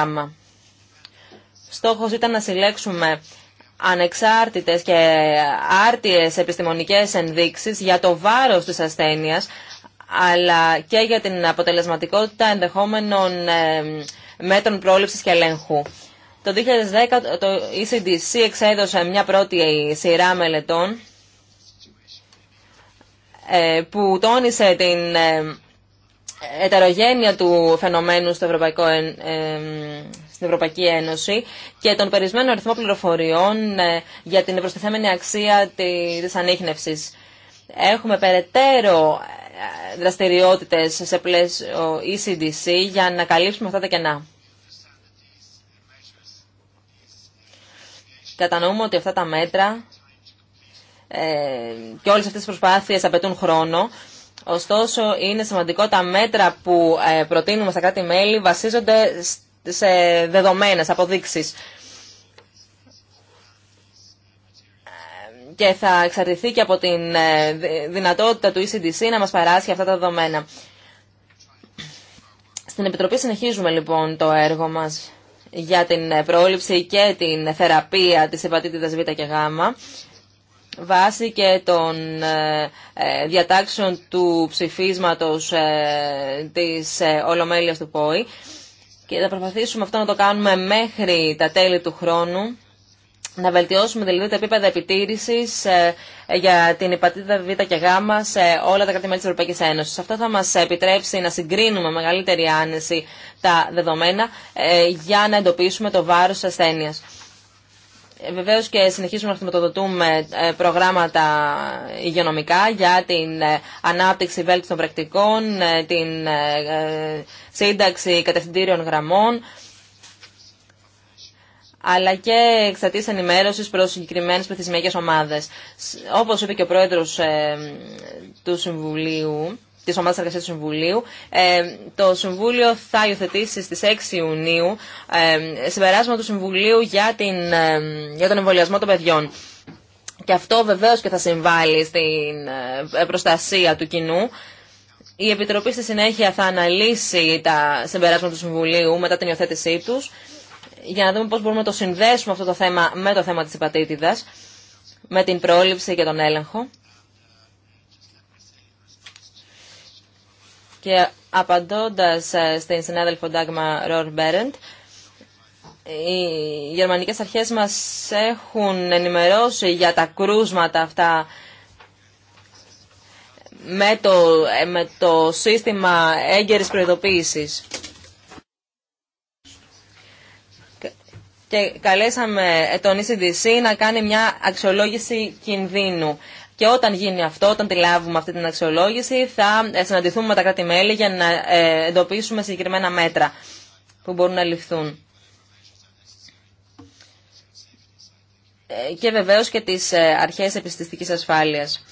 Στόχος ήταν να συλλέξουμε ανεξάρτητες και άρτιες επιστημονικές ενδείξεις για το βάρος της ασθένειας, αλλά και για την αποτελεσματικότητα ενδεχόμενων μέτρων πρόληψης και ελέγχου. Το 2010 το ECDC εξέδωσε μια πρώτη σειρά μελετών ε, που τόνισε την ετερογένεια του φαινομένου στο Ευρωπαϊκό στην Ευρωπαϊκή Ένωση και τον περισμένο αριθμό πληροφοριών ε, για την προστιθέμενη αξία της ανείχνευσης. Έχουμε περαιτέρω ε, δραστηριότητες σε πλαίσιο ECDC για να καλύψουμε αυτά τα κενά. Κατανοούμε ότι αυτά τα μέτρα ε, και όλες αυτές τις προσπάθειες απαιτούν χρόνο. Ωστόσο, είναι σημαντικό τα μέτρα που προτείνουμε στα κράτη-μέλη βασίζονται σε δεδομένες αποδείξεις. Και θα εξαρτηθεί και από την ε, δυνατότητα του ECDC να μας παράσχει αυτά τα δεδομένα. Στην Επιτροπή συνεχίζουμε λοιπόν το έργο μας για την πρόληψη και την θεραπεία της επατήτητας Β και Γ βάσει και των ε, ε, διατάξεων του ψηφίσματος της Ολομέλειας του ΠΟΗ και θα προσπαθήσουμε αυτό να το κάνουμε μέχρι τα τέλη του χρόνου. Να βελτιώσουμε δηλαδή τα επίπεδα επιτήρηση ε, για την υπατήτητα Β και Γ σε όλα τα κράτη-μέλη τη Ευρωπαϊκή Ένωση. Αυτό θα μα επιτρέψει να συγκρίνουμε μεγαλύτερη άνεση τα δεδομένα ε, για να εντοπίσουμε το βάρο τη ασθένεια. Ε, Βεβαίω και συνεχίζουμε να χρηματοδοτούμε προγράμματα υγειονομικά για την ανάπτυξη βέλτιστων πρακτικών, την σύνταξη κατευθυντήριων γραμμών, αλλά και εξαρτή ενημέρωση προ συγκεκριμένε πληθυσμιακέ ομάδε. Όπω είπε και ο πρόεδρο ε, του Συμβουλίου, τη Ομάδα Εργασία του Συμβουλίου, ε, το Συμβούλιο θα υιοθετήσει στι 6 Ιουνίου ε, συμπεράσματα του Συμβουλίου για, την, για τον εμβολιασμό των παιδιών. Και αυτό βεβαίω και θα συμβάλλει στην προστασία του κοινού η Επιτροπή στη συνέχεια θα αναλύσει τα συμπεράσματα του Συμβουλίου μετά την υιοθέτησή του για να δούμε πώς μπορούμε να το συνδέσουμε αυτό το θέμα με το θέμα της υπατήτηδα, με την πρόληψη και τον έλεγχο. Και απαντώντα ε, στην συνάδελφο Ντάγμα Ρορ Μπέρεντ, οι γερμανικές αρχές μας έχουν ενημερώσει για τα κρούσματα αυτά με το, ε, με το σύστημα έγκαιρης προειδοποίησης. Και καλέσαμε ε, τον ECDC να κάνει μια αξιολόγηση κινδύνου. Και όταν γίνει αυτό, όταν τη λάβουμε αυτή την αξιολόγηση, θα ε, συναντηθούμε με τα κράτη-μέλη για να εντοπίσουμε συγκεκριμένα μέτρα που μπορούν να ληφθούν. Και βεβαίως και τις αρχές επιστηστικής ασφάλειας.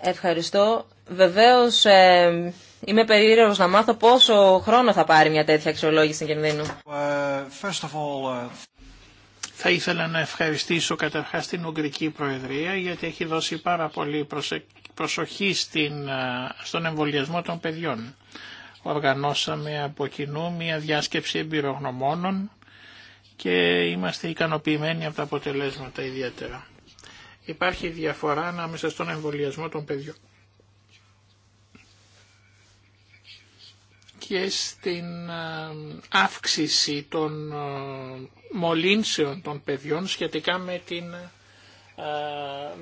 Ευχαριστώ. Βεβαίως ε, είμαι περίεργος να μάθω πόσο χρόνο θα πάρει μια τέτοια αξιολόγηση κινδύνου. Ε, ε, θα ήθελα να ευχαριστήσω καταρχάς την Ουγγρική Προεδρία γιατί έχει δώσει πάρα πολύ προσοχή στην, στον εμβολιασμό των παιδιών. Οργανώσαμε από κοινού μια διάσκεψη εμπειρογνωμόνων και είμαστε ικανοποιημένοι από τα αποτελέσματα ιδιαίτερα. Υπάρχει διαφορά ανάμεσα στον εμβολιασμό των παιδιών και στην ε, αύξηση των ε, μολύνσεων των παιδιών σχετικά με την, ε,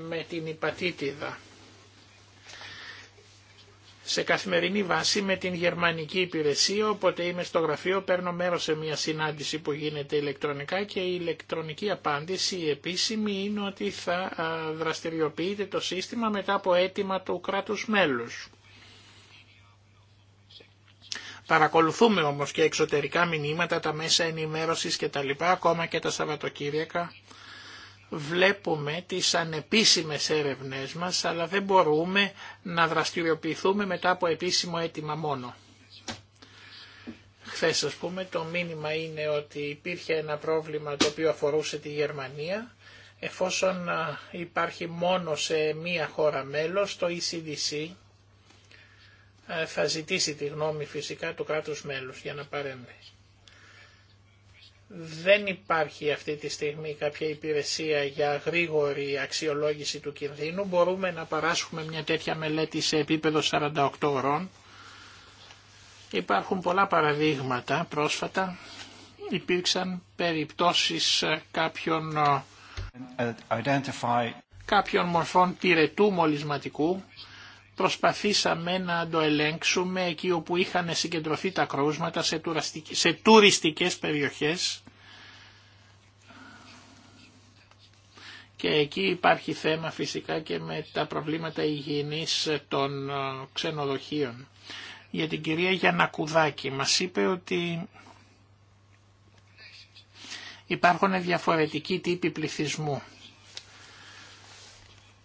με την υπατήτηδα σε καθημερινή βάση με την γερμανική υπηρεσία, όποτε είμαι στο γραφείο παίρνω μέρος σε μια συνάντηση που γίνεται ηλεκτρονικά και η ηλεκτρονική απάντηση επίσημη είναι ότι θα δραστηριοποιείται το σύστημα μετά από αίτημα του κράτους μέλους. Παρακολουθούμε όμως και εξωτερικά μηνύματα, τα μέσα ενημέρωσης και τα λοιπά, ακόμα και τα Σαββατοκύριακα βλέπουμε τις ανεπίσημες έρευνές μας, αλλά δεν μπορούμε να δραστηριοποιηθούμε μετά από επίσημο αίτημα μόνο. Χθε ας πούμε το μήνυμα είναι ότι υπήρχε ένα πρόβλημα το οποίο αφορούσε τη Γερμανία, εφόσον υπάρχει μόνο σε μία χώρα μέλος, το ECDC θα ζητήσει τη γνώμη φυσικά του κράτους μέλους για να παρέμβει. Δεν υπάρχει αυτή τη στιγμή κάποια υπηρεσία για γρήγορη αξιολόγηση του κινδύνου. Μπορούμε να παράσχουμε μια τέτοια μελέτη σε επίπεδο 48 ώρων. Υπάρχουν πολλά παραδείγματα πρόσφατα. Υπήρξαν περιπτώσεις ε, κάποιων, ε, uh, κάποιων μορφών πυρετού μολυσματικού προσπαθήσαμε να το ελέγξουμε εκεί όπου είχαν συγκεντρωθεί τα κρούσματα σε, σε τουριστικές περιοχές και εκεί υπάρχει θέμα φυσικά και με τα προβλήματα υγιεινής των ε, ξενοδοχείων. Για την κυρία Γιανακουδάκη μας είπε ότι υπάρχουν διαφορετικοί τύποι πληθυσμού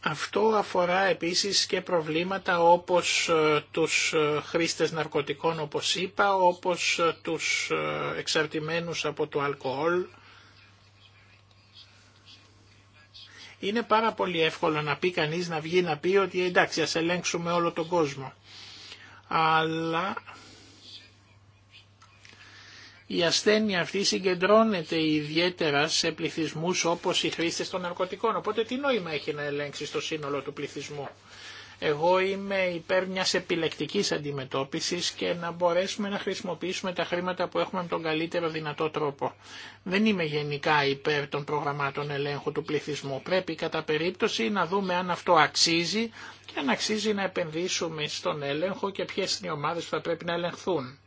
αυτό αφορά επίσης και προβλήματα όπως ε, τους ε, χρήστες ναρκωτικών όπως είπα, όπως ε, τους εξαρτημένους από το αλκοόλ. Είναι πάρα πολύ εύκολο να πει κανείς να βγει να πει ότι εντάξει ας ελέγξουμε όλο τον κόσμο. Αλλά η ασθένεια αυτή συγκεντρώνεται ιδιαίτερα σε πληθυσμού όπω οι χρήστε των ναρκωτικών, οπότε τι νόημα έχει να ελέγξει το σύνολο του πληθυσμού. Εγώ είμαι υπέρ μια επιλεκτική αντιμετώπιση και να μπορέσουμε να χρησιμοποιήσουμε τα χρήματα που έχουμε με τον καλύτερο δυνατό τρόπο. Δεν είμαι γενικά υπέρ των προγραμμάτων ελέγχου του πληθυσμού. Πρέπει κατά περίπτωση να δούμε αν αυτό αξίζει και αν αξίζει να επενδύσουμε στον έλεγχο και ποιε είναι οι ομάδε που θα πρέπει να ελεγχθούν.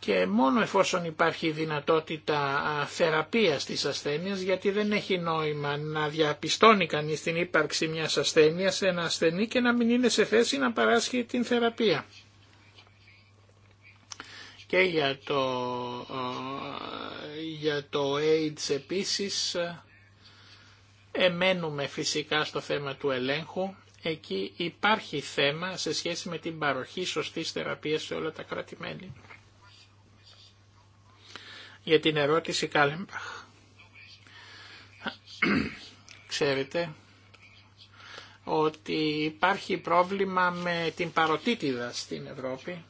και μόνο εφόσον υπάρχει δυνατότητα θεραπείας της ασθένειας, γιατί δεν έχει νόημα να διαπιστώνει κανείς την ύπαρξη μιας ασθένειας σε ένα ασθενή και να μην είναι σε θέση να παράσχει την θεραπεία. Και για το, για το AIDS επίσης εμένουμε φυσικά στο θέμα του ελέγχου. Εκεί υπάρχει θέμα σε σχέση με την παροχή σωστής θεραπείας σε όλα τα κρατη για την ερώτηση Κάλεμπαχ. Ξέρετε ότι υπάρχει πρόβλημα με την παροτίτιδα στην Ευρώπη.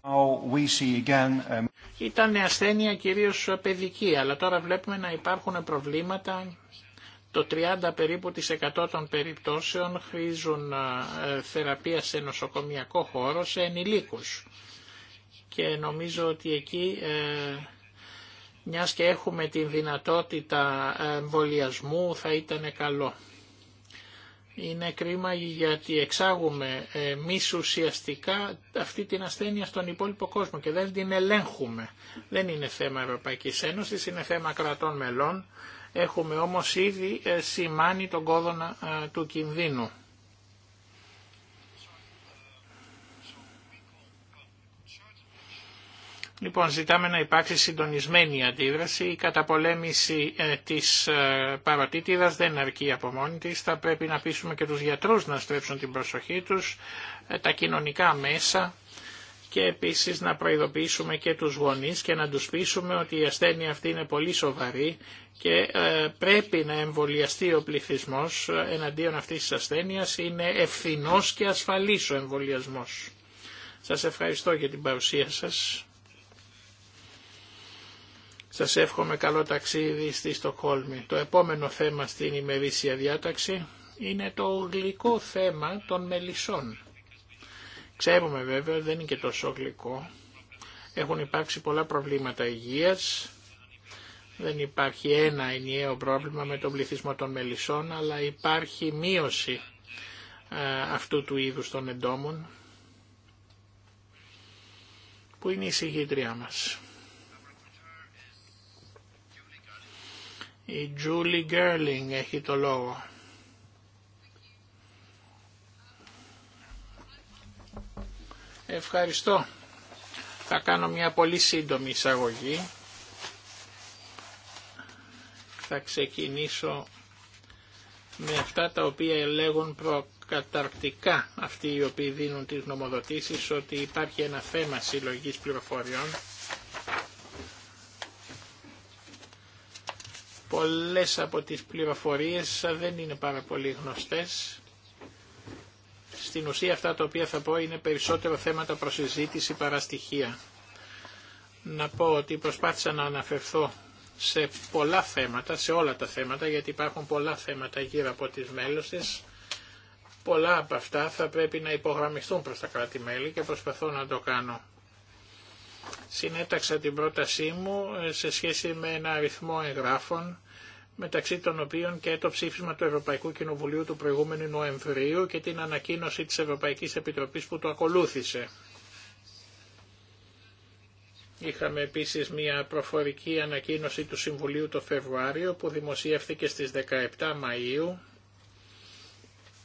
Oh, um, Ήταν ασθένεια κυρίως παιδική, αλλά τώρα βλέπουμε να υπάρχουν προβλήματα. Το 30 περίπου της 100 των περιπτώσεων χρήζουν ε, θεραπεία σε νοσοκομιακό χώρο σε ενηλίκους και νομίζω ότι εκεί ε, μιας και έχουμε την δυνατότητα εμβολιασμού θα ήταν καλό. Είναι κρίμα γιατί εξάγουμε εμεί ουσιαστικά αυτή την ασθένεια στον υπόλοιπο κόσμο και δεν την ελέγχουμε. Δεν είναι θέμα Ευρωπαϊκής Ένωσης, είναι θέμα κρατών μελών. Έχουμε όμως ήδη ε, σημάνει τον κόδωνα ε, του κινδύνου. Λοιπόν, ζητάμε να υπάρξει συντονισμένη αντίδραση. Η καταπολέμηση ε, της ε, παροτίτιδας δεν αρκεί από μόνη της. Θα πρέπει να πείσουμε και τους γιατρούς να στρέψουν την προσοχή τους, ε, τα κοινωνικά μέσα και επίσης να προειδοποιήσουμε και τους γονείς και να τους πείσουμε ότι η ασθένεια αυτή είναι πολύ σοβαρή και πρέπει να εμβολιαστεί ο πληθυσμός εναντίον αυτής της ασθένειας. Είναι ευθυνός και ασφαλής ο εμβολιασμός. Σας ευχαριστώ για την παρουσία σας. Σας εύχομαι καλό ταξίδι στη Στοκόλμη. Το επόμενο θέμα στην ημερήσια διάταξη είναι το γλυκό θέμα των μελισσών. Ξέρουμε βέβαια δεν είναι και τόσο γλυκό. Έχουν υπάρξει πολλά προβλήματα υγείας. Δεν υπάρχει ένα ενιαίο πρόβλημα με τον πληθυσμό των μελισσών, αλλά υπάρχει μείωση ε, αυτού του είδους των εντόμων, που είναι η συγχύτριά μας. Η Τζούλι Γκέρλινγκ έχει το λόγο. Ευχαριστώ. Θα κάνω μια πολύ σύντομη εισαγωγή. Θα ξεκινήσω με αυτά τα οποία λέγουν προκαταρκτικά αυτοί οι οποίοι δίνουν τις νομοδοτήσεις ότι υπάρχει ένα θέμα συλλογής πληροφοριών Πολλές από τις πληροφορίες δεν είναι πάρα πολύ γνωστές. Στην ουσία αυτά τα οποία θα πω είναι περισσότερο θέματα προσυζήτηση παρά στοιχεία. Να πω ότι προσπάθησα να αναφερθώ σε πολλά θέματα, σε όλα τα θέματα, γιατί υπάρχουν πολλά θέματα γύρω από τις μέλωσες. Πολλά από αυτά θα πρέπει να υπογραμμιστούν προς τα κράτη-μέλη και προσπαθώ να το κάνω συνέταξα την πρότασή μου ε, σε σχέση με ένα αριθμό εγγράφων μεταξύ των οποίων και το ψήφισμα του Ευρωπαϊκού Κοινοβουλίου του προηγούμενου Νοεμβρίου και την ανακοίνωση της Ευρωπαϊκής Επιτροπής που το ακολούθησε. Είχαμε επίσης μια προφορική ανακοίνωση του Συμβουλίου το Φεβρουάριο που δημοσιεύθηκε στις 17 Μαΐου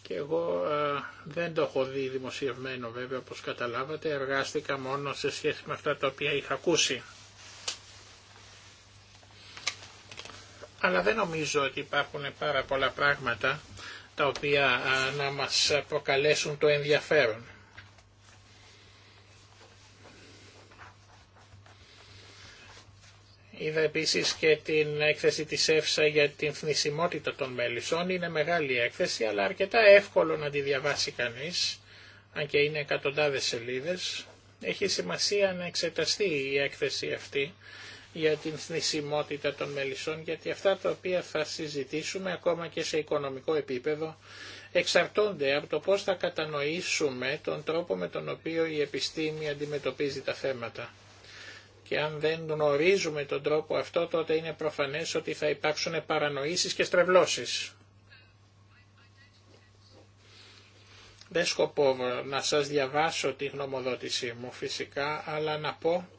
και εγώ ε, δεν το έχω δει δημοσιευμένο βέβαια όπως καταλάβατε, εργάστηκα μόνο σε σχέση με αυτά τα οποία είχα ακούσει. Αλλά δεν νομίζω ότι υπάρχουν πάρα πολλά πράγματα τα οποία ε, να μας προκαλέσουν το ενδιαφέρον. Είδα επίση και την έκθεση της ΕΦΣΑ για την θνησιμότητα των μέλισσών. Είναι μεγάλη έκθεση, αλλά αρκετά εύκολο να τη διαβάσει κανείς, αν και είναι εκατοντάδε σελίδες. Έχει σημασία να εξεταστεί η έκθεση αυτή για την θνησιμότητα των μελισσών, γιατί αυτά τα οποία θα συζητήσουμε ακόμα και σε οικονομικό επίπεδο εξαρτώνται από το πώς θα κατανοήσουμε τον τρόπο με τον οποίο η επιστήμη αντιμετωπίζει τα θέματα. Και αν δεν γνωρίζουμε τον τρόπο αυτό, τότε είναι προφανές ότι θα υπάρξουν παρανοήσεις και στρεβλώσεις. Δεν σκοπό να σας διαβάσω τη γνωμοδότησή μου φυσικά, αλλά να πω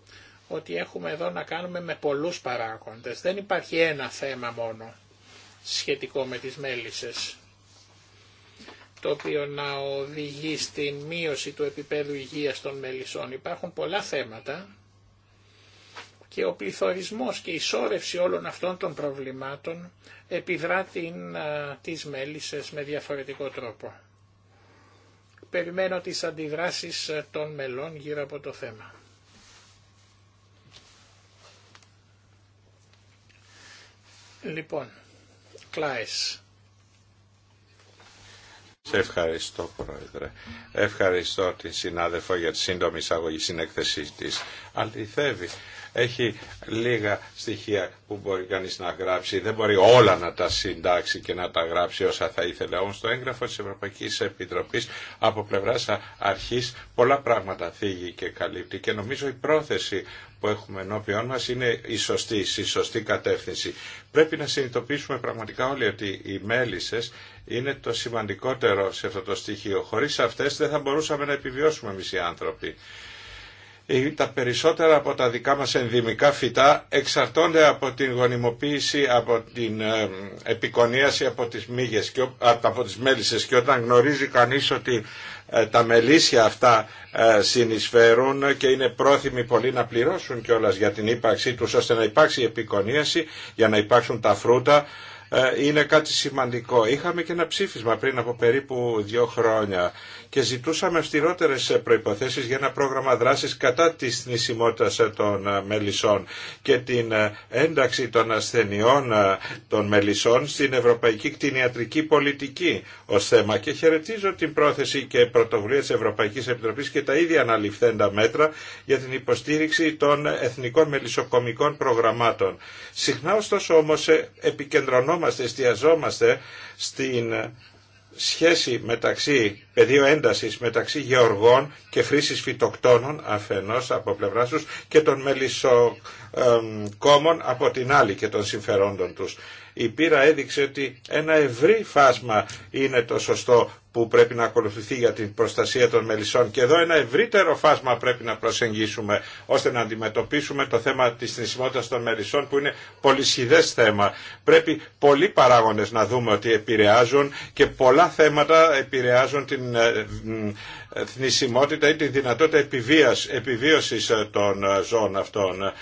ότι έχουμε εδώ να κάνουμε με πολλούς παράγοντες. Δεν υπάρχει ένα θέμα μόνο σχετικό με τις μέλισσες, το οποίο να οδηγεί στην μείωση του επίπεδου υγείας των μελισσών. Υπάρχουν πολλά θέματα και ο πληθωρισμός και η σόρευση όλων αυτών των προβλημάτων επιδρά την, τις μέλισσες με διαφορετικό τρόπο. Περιμένω τις αντιδράσεις των μελών γύρω από το θέμα. Λοιπόν, κλάες. Σε ευχαριστώ Πρόεδρε. Ευχαριστώ την συνάδελφο για τη σύντομη εισαγωγή στην έκθεσή της. Αληθεύει έχει λίγα στοιχεία που μπορεί κανείς να γράψει. Δεν μπορεί όλα να τα συντάξει και να τα γράψει όσα θα ήθελε. Όμως το έγγραφο της Ευρωπαϊκής Επιτροπής από πλευράς αρχής πολλά πράγματα θίγει και καλύπτει και νομίζω η πρόθεση που έχουμε ενώπιόν μας είναι η σωστή, η σωστή κατεύθυνση. Πρέπει να συνειδητοποιήσουμε πραγματικά όλοι ότι οι μέλησες είναι το σημαντικότερο σε αυτό το στοιχείο. Χωρίς αυτές δεν θα μπορούσαμε να επιβιώσουμε εμείς οι άνθρωποι. Ε, τα περισσότερα από τα δικά μας ενδυμικά φυτά εξαρτώνται από την γονιμοποίηση, από την ε, επικονίαση από τις, μύγες, από τις μέλισσες και όταν γνωρίζει κανείς ότι ε, τα μελίσια αυτά συνεισφέρουν και είναι πρόθυμοι πολύ να πληρώσουν κιόλας για την ύπαρξή τους ώστε να υπάρξει επικονίαση για να υπάρξουν τα φρούτα ε, είναι κάτι σημαντικό. Είχαμε και ένα ψήφισμα πριν από περίπου δύο χρόνια και ζητούσαμε αυστηρότερε προποθέσει για ένα πρόγραμμα δράση κατά τη θνησιμότητα των ε, μελισσών και την ε, ένταξη των ασθενειών των μελισσών στην ευρωπαϊκή κτηνιατρική πολιτική ω θέμα. Και χαιρετίζω την πρόθεση και πρωτοβουλία τη Ευρωπαϊκή Επιτροπή και τα ίδια αναλυφθέντα μέτρα για την υποστήριξη των εθνικών μελισσοκομικών προγραμμάτων. Συχνά ωστόσο όμω επικεντρωνόμαστε εστιαζόμαστε στην σχέση μεταξύ πεδίο έντασης μεταξύ γεωργών και χρήσης φυτοκτόνων αφενός από πλευρά τους και των μελισσοκόμων από την άλλη και των συμφερόντων τους. Η πείρα έδειξε ότι ένα ευρύ φάσμα είναι το σωστό που πρέπει να ακολουθηθεί για την προστασία των μελισσών. Και εδώ ένα ευρύτερο φάσμα πρέπει να προσεγγίσουμε ώστε να αντιμετωπίσουμε το θέμα της θνησιμότητας των μελισσών που είναι πολυσχηδές θέμα. Πρέπει πολλοί παράγοντες να δούμε ότι επηρεάζουν και πολλά θέματα επηρεάζουν την ε, ε, θνησιμότητα ή τη δυνατότητα επιβίωσης ε, των ζώων αυτών.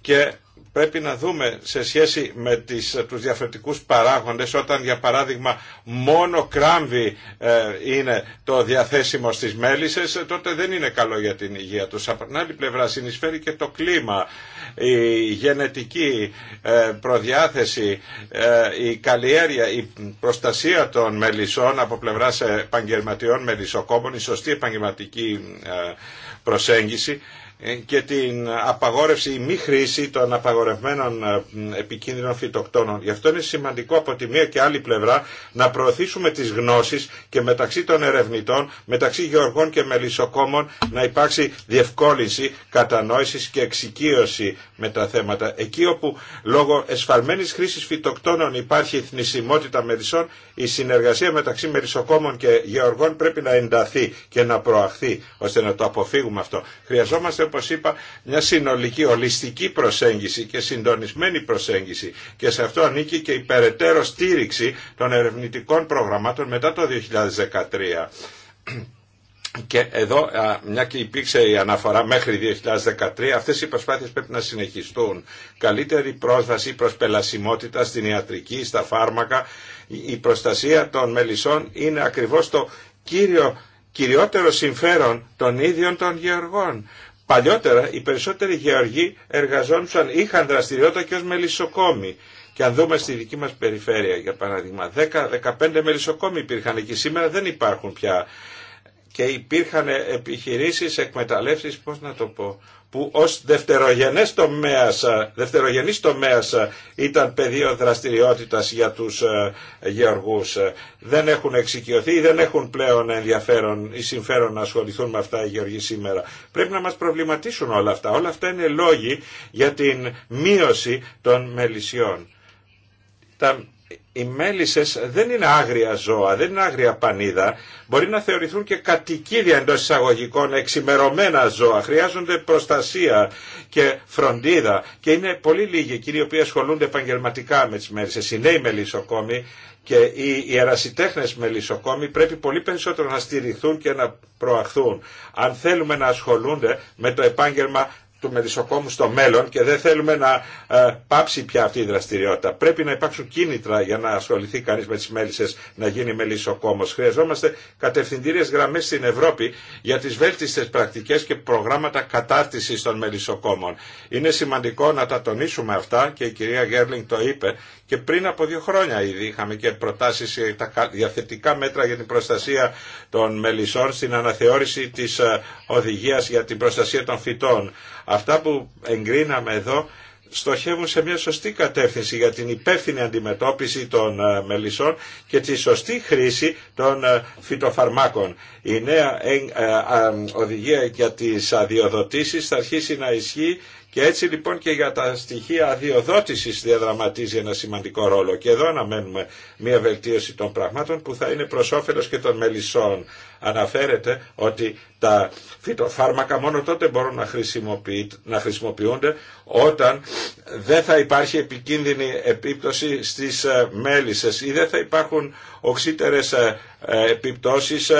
Και πρέπει να δούμε σε σχέση με τις, τους διαφορετικούς παράγοντες όταν για παράδειγμα μόνο κράμβι ε, είναι το διαθέσιμο στις μέλισσες τότε δεν είναι καλό για την υγεία τους. Από την άλλη πλευρά συνεισφέρει και το κλίμα, η γενετική ε, προδιάθεση, ε, η καλλιέργεια, η προστασία των μελισσών από πλευράς επαγγελματιών μελισσοκόμων, η σωστή επαγγελματική προσέγγιση ε, και την απαγόρευση ή μη χρήση των απαγορευμένων ε, επικίνδυνων φυτοκτόνων. Γι' αυτό είναι σημαντικό από τη μία και άλλη πλευρά να προωθήσουμε τις γνώσεις και μεταξύ των ερευνητών, μεταξύ γεωργών και μελισσοκόμων να υπάρξει διευκόλυνση, κατανόησης και εξοικείωση με τα θέματα. Εκεί όπου λόγω εσφαλμένης χρήσης φυτοκτόνων υπάρχει θνησιμότητα μελισσών, η συνεργασία μεταξύ μελισσοκόμων και γεωργών πρέπει να ενταθεί και να προαχθεί ώστε να το αποφύγουμε αυτό. Χρειαζόμαστε όπως είπα, μια συνολική, ολιστική προσέγγιση και συντονισμένη προσέγγιση. Και σε αυτό ανήκει και η περαιτέρω στήριξη των ερευνητικών προγραμμάτων μετά το 2013. Και εδώ, μια και υπήρξε η αναφορά μέχρι 2013, αυτές οι προσπάθειες πρέπει να συνεχιστούν. Καλύτερη πρόσβαση, πελασιμότητα στην ιατρική, στα φάρμακα, η προστασία των μελισσών είναι ακριβώς το κύριο, κυριότερο συμφέρον των ίδιων των γεωργών. Παλιότερα οι περισσότεροι γεωργοί εργαζόντουσαν, είχαν δραστηριότητα και ως μελισσοκόμοι. Και αν δούμε στη δική μας περιφέρεια, για παράδειγμα, 10-15 μελισσοκόμοι υπήρχαν εκεί. Σήμερα δεν υπάρχουν πια. Και υπήρχαν επιχειρήσεις, εκμεταλλεύσεις, πώς να το πω, που ως δευτερογενές τομέας, ε, δευτερογενής τομέας ε, ήταν πεδίο δραστηριότητας για τους ε, γεωργούς. Δεν έχουν εξοικειωθεί ή δεν έχουν πλέον ενδιαφέρον ή συμφέρον να ασχοληθούν με αυτά οι γεωργοί σήμερα. Πρέπει να μας προβληματίσουν όλα αυτά. Όλα αυτά είναι λόγοι για την μείωση των μελισσιών οι μέλισσες δεν είναι άγρια ζώα, δεν είναι άγρια πανίδα. Μπορεί να θεωρηθούν και κατοικίδια εντό εισαγωγικών, εξημερωμένα ζώα. Χρειάζονται προστασία και φροντίδα. Και είναι πολύ λίγοι εκείνοι οι οποίοι ασχολούνται επαγγελματικά με τις μέλισσες. Οι νέοι μελισσοκόμοι και οι, οι ερασιτέχνες μελισσοκόμοι πρέπει πολύ περισσότερο να στηριχθούν και να προαχθούν. Αν θέλουμε να ασχολούνται με το επάγγελμα του μελισσοκόμου στο μέλλον και δεν θέλουμε να ε, πάψει πια αυτή η δραστηριότητα. Πρέπει να υπάρξουν κίνητρα για να ασχοληθεί κανεί με τι μέλισσε να γίνει μελισσοκόμο. Χρειαζόμαστε κατευθυντήριε γραμμέ στην Ευρώπη για τι βέλτιστε πρακτικέ και προγράμματα κατάρτιση των μελισσοκόμων. Είναι σημαντικό να τα τονίσουμε αυτά και η κυρία Γέρλινγκ το είπε και πριν από δύο χρόνια ήδη είχαμε και προτάσει για τα διαθετικά μέτρα για την προστασία των μελισσών στην αναθεώρηση της ε, οδηγίας για την προστασία των φυτών. Αυτά που εγκρίναμε εδώ στοχεύουν σε μια σωστή κατεύθυνση για την υπεύθυνη αντιμετώπιση των ε, μελισσών και τη σωστή χρήση των ε, φυτοφαρμάκων. Η νέα ε, ε, οδηγία για τις αδειοδοτήσεις θα αρχίσει να ισχύει και έτσι λοιπόν και για τα στοιχεία αδειοδότησης διαδραματίζει ένα σημαντικό ρόλο. Και εδώ αναμένουμε μια βελτίωση των πραγμάτων που θα είναι προς όφελος και των μελισσών. Αναφέρεται ότι τα φυτοφάρμακα μόνο τότε μπορούν να, να χρησιμοποιούνται όταν δεν θα υπάρχει επικίνδυνη επίπτωση στις ε, μέλισσες ή δεν θα υπάρχουν οξύτερες επιπτώσεις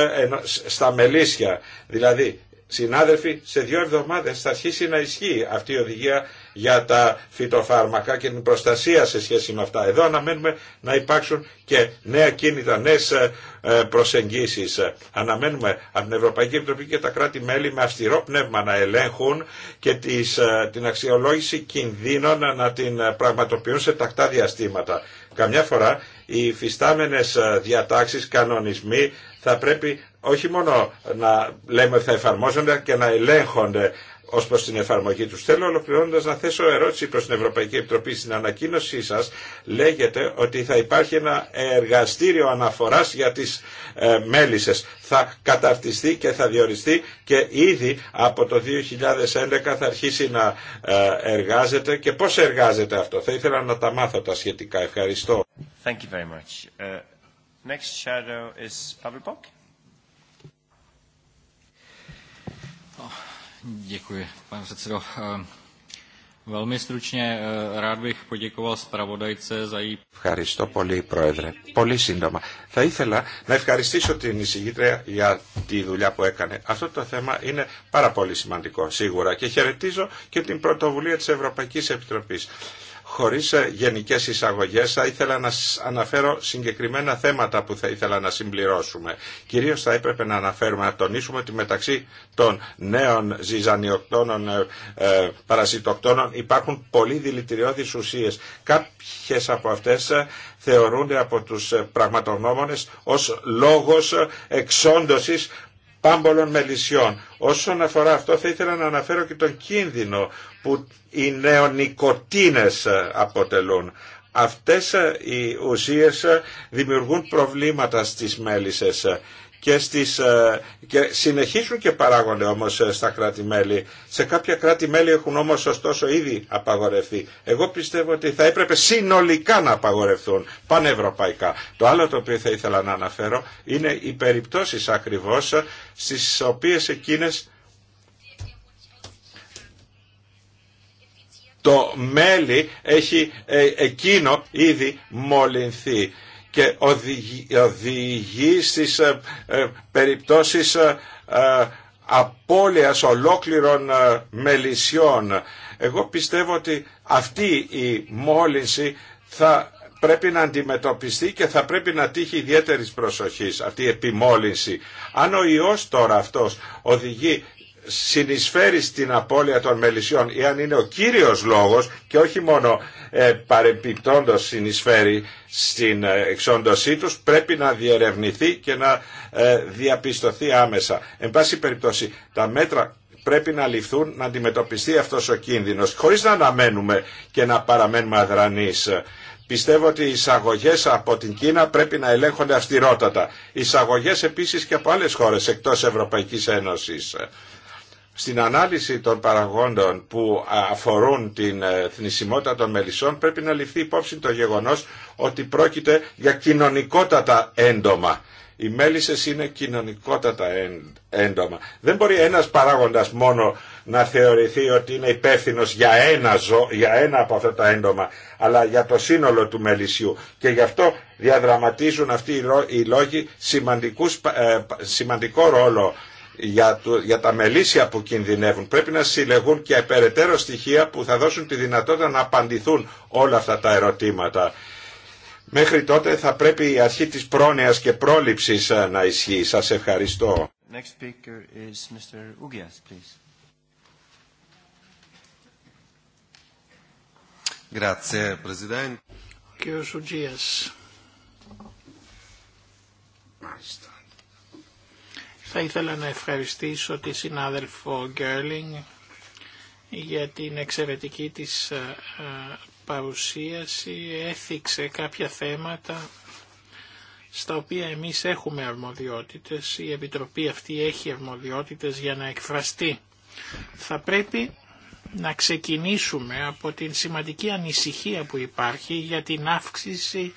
στα μελίσια. Δηλαδή, συνάδελφοι, σε δύο εβδομάδες θα αρχίσει να ισχύει αυτή η οδηγία για τα φυτοφάρμακα και την προστασία σε σχέση με αυτά. Εδώ αναμένουμε να υπάρξουν και νέα κίνητα, νέες ε, ε, προσεγγίσεις. Αναμένουμε από την Ευρωπαϊκή Επιτροπή και τα κράτη-μέλη με αυστηρό πνεύμα να ελέγχουν και τις, ε, την αξιολόγηση κινδύνων να την πραγματοποιούν σε τακτά διαστήματα. Καμιά φορά οι φυστάμενες διατάξεις, κανονισμοί θα πρέπει όχι μόνο να λέμε ότι θα εφαρμόζονται και να ελέγχονται ως προς την εφαρμογή τους. Θέλω ολοκληρώνοντας να θέσω ερώτηση προς την Ευρωπαϊκή Επιτροπή. Στην ανακοίνωσή σας λέγεται ότι θα υπάρχει ένα εργαστήριο αναφοράς για τις ε, μέλισσες. Θα καταρτιστεί και θα διοριστεί και ήδη από το 2011 θα αρχίσει να ε, εργάζεται. Και πώς εργάζεται αυτό. Θα ήθελα να τα μάθω τα σχετικά. Ευχαριστώ. Thank you very much. Uh, next shadow is Děkuji, pane předsedo. Ehm, velmi stručně eh, Ευχαριστώ πολύ, Πρόεδρε. Πολύ σύντομα. Θα ήθελα να ευχαριστήσω την εισηγήτρια για τη δουλειά που έκανε. Αυτό το θέμα είναι πάρα πολύ σημαντικό, σίγουρα, και χαιρετίζω και την πρωτοβουλία της Ευρωπαϊκής Επιτροπής. Χωρίς ε, γενικές εισαγωγές θα ήθελα να αναφέρω συγκεκριμένα θέματα που θα ήθελα να συμπληρώσουμε. Κυρίως θα έπρεπε να αναφέρουμε, να τονίσουμε ότι μεταξύ των νέων ζυζανιοκτώνων, ε, ε παρασιτοκτώνων υπάρχουν πολύ δηλητηριώδεις ουσίες. Κάποιες από αυτές ε, θεωρούνται από τους πραγματογνώμονες ως λόγος εξόντωσης πάμπολων μελισσιών. Όσον αφορά αυτό θα ήθελα να αναφέρω και τον κίνδυνο που οι νεονικοτίνες αποτελούν. Αυτές οι ουσίες δημιουργούν προβλήματα στις μέλισσες και, στις, ε, και συνεχίζουν και παράγονται όμως στα κράτη-μέλη. Σε κάποια κράτη-μέλη έχουν όμως ωστόσο ήδη απαγορευτεί. Εγώ πιστεύω ότι θα έπρεπε συνολικά να απαγορευτούν πανευρωπαϊκά. Το άλλο το οποίο θα ήθελα να αναφέρω είναι οι περιπτώσεις ακριβώς στις οποίες εκείνες το μέλι έχει ε, εκείνο ήδη μολυνθεί και οδηγεί στις ε, ε, περιπτώσεις απώλειας ολόκληρων μελισσιών. Εγώ πιστεύω ότι αυτή η μόλυνση θα πρέπει να αντιμετωπιστεί και θα πρέπει να τύχει ιδιαίτερης προσοχής αυτή η επιμόλυνση. Αν ο ιός τώρα αυτός οδηγεί συνεισφέρει στην απώλεια των μελισσιών ή αν είναι ο κύριος λόγος και όχι μόνο ε, παρεμπιπτόντος συνεισφέρει στην ε, εξόντωσή τους πρέπει να διερευνηθεί και να ε, διαπιστωθεί άμεσα. Εν πάση περιπτώσει τα μέτρα πρέπει να ληφθούν να αντιμετωπιστεί αυτός ο κίνδυνος χωρίς να αναμένουμε και να παραμένουμε αδρανείς. Πιστεύω ότι οι εισαγωγέ από την Κίνα πρέπει να ελέγχονται αυστηρότατα. Οι εισαγωγέ επίση και από άλλε χώρε εκτό Ευρωπαϊκή Ένωση στην ανάλυση των παραγόντων που αφορούν την ε, θνησιμότητα των μελισσών πρέπει να ληφθεί υπόψη το γεγονός ότι πρόκειται για κοινωνικότατα έντομα. Οι μέλισσες είναι κοινωνικότατα έντομα. Δεν μπορεί ένας παράγοντας μόνο να θεωρηθεί ότι είναι υπεύθυνο για, ένα για ένα από αυτά τα έντομα, αλλά για το σύνολο του μελισσιού. Και γι' αυτό διαδραματίζουν αυτοί οι λόγοι ε, σημαντικό ρόλο για, το, για τα μελίσια που κινδυνεύουν. Πρέπει να συλλεγούν και περαιτέρω στοιχεία που θα δώσουν τη δυνατότητα να απαντηθούν όλα αυτά τα ερωτήματα. Μέχρι τότε θα πρέπει η αρχή της πρόνοιας και πρόληψης ε, να ισχύει. Σας ευχαριστώ. Next speaker Grazie, Presidente. Θα ήθελα να ευχαριστήσω τη συνάδελφο Γκέρλινγκ για την εξαιρετική της ε, παρουσίαση, έθιξε κάποια θέματα στα οποία εμείς έχουμε αρμοδιότητες, η Επιτροπή αυτή έχει αρμοδιότητες για να εκφραστεί. Θα πρέπει να ξεκινήσουμε από την σημαντική ανησυχία που υπάρχει για την αύξηση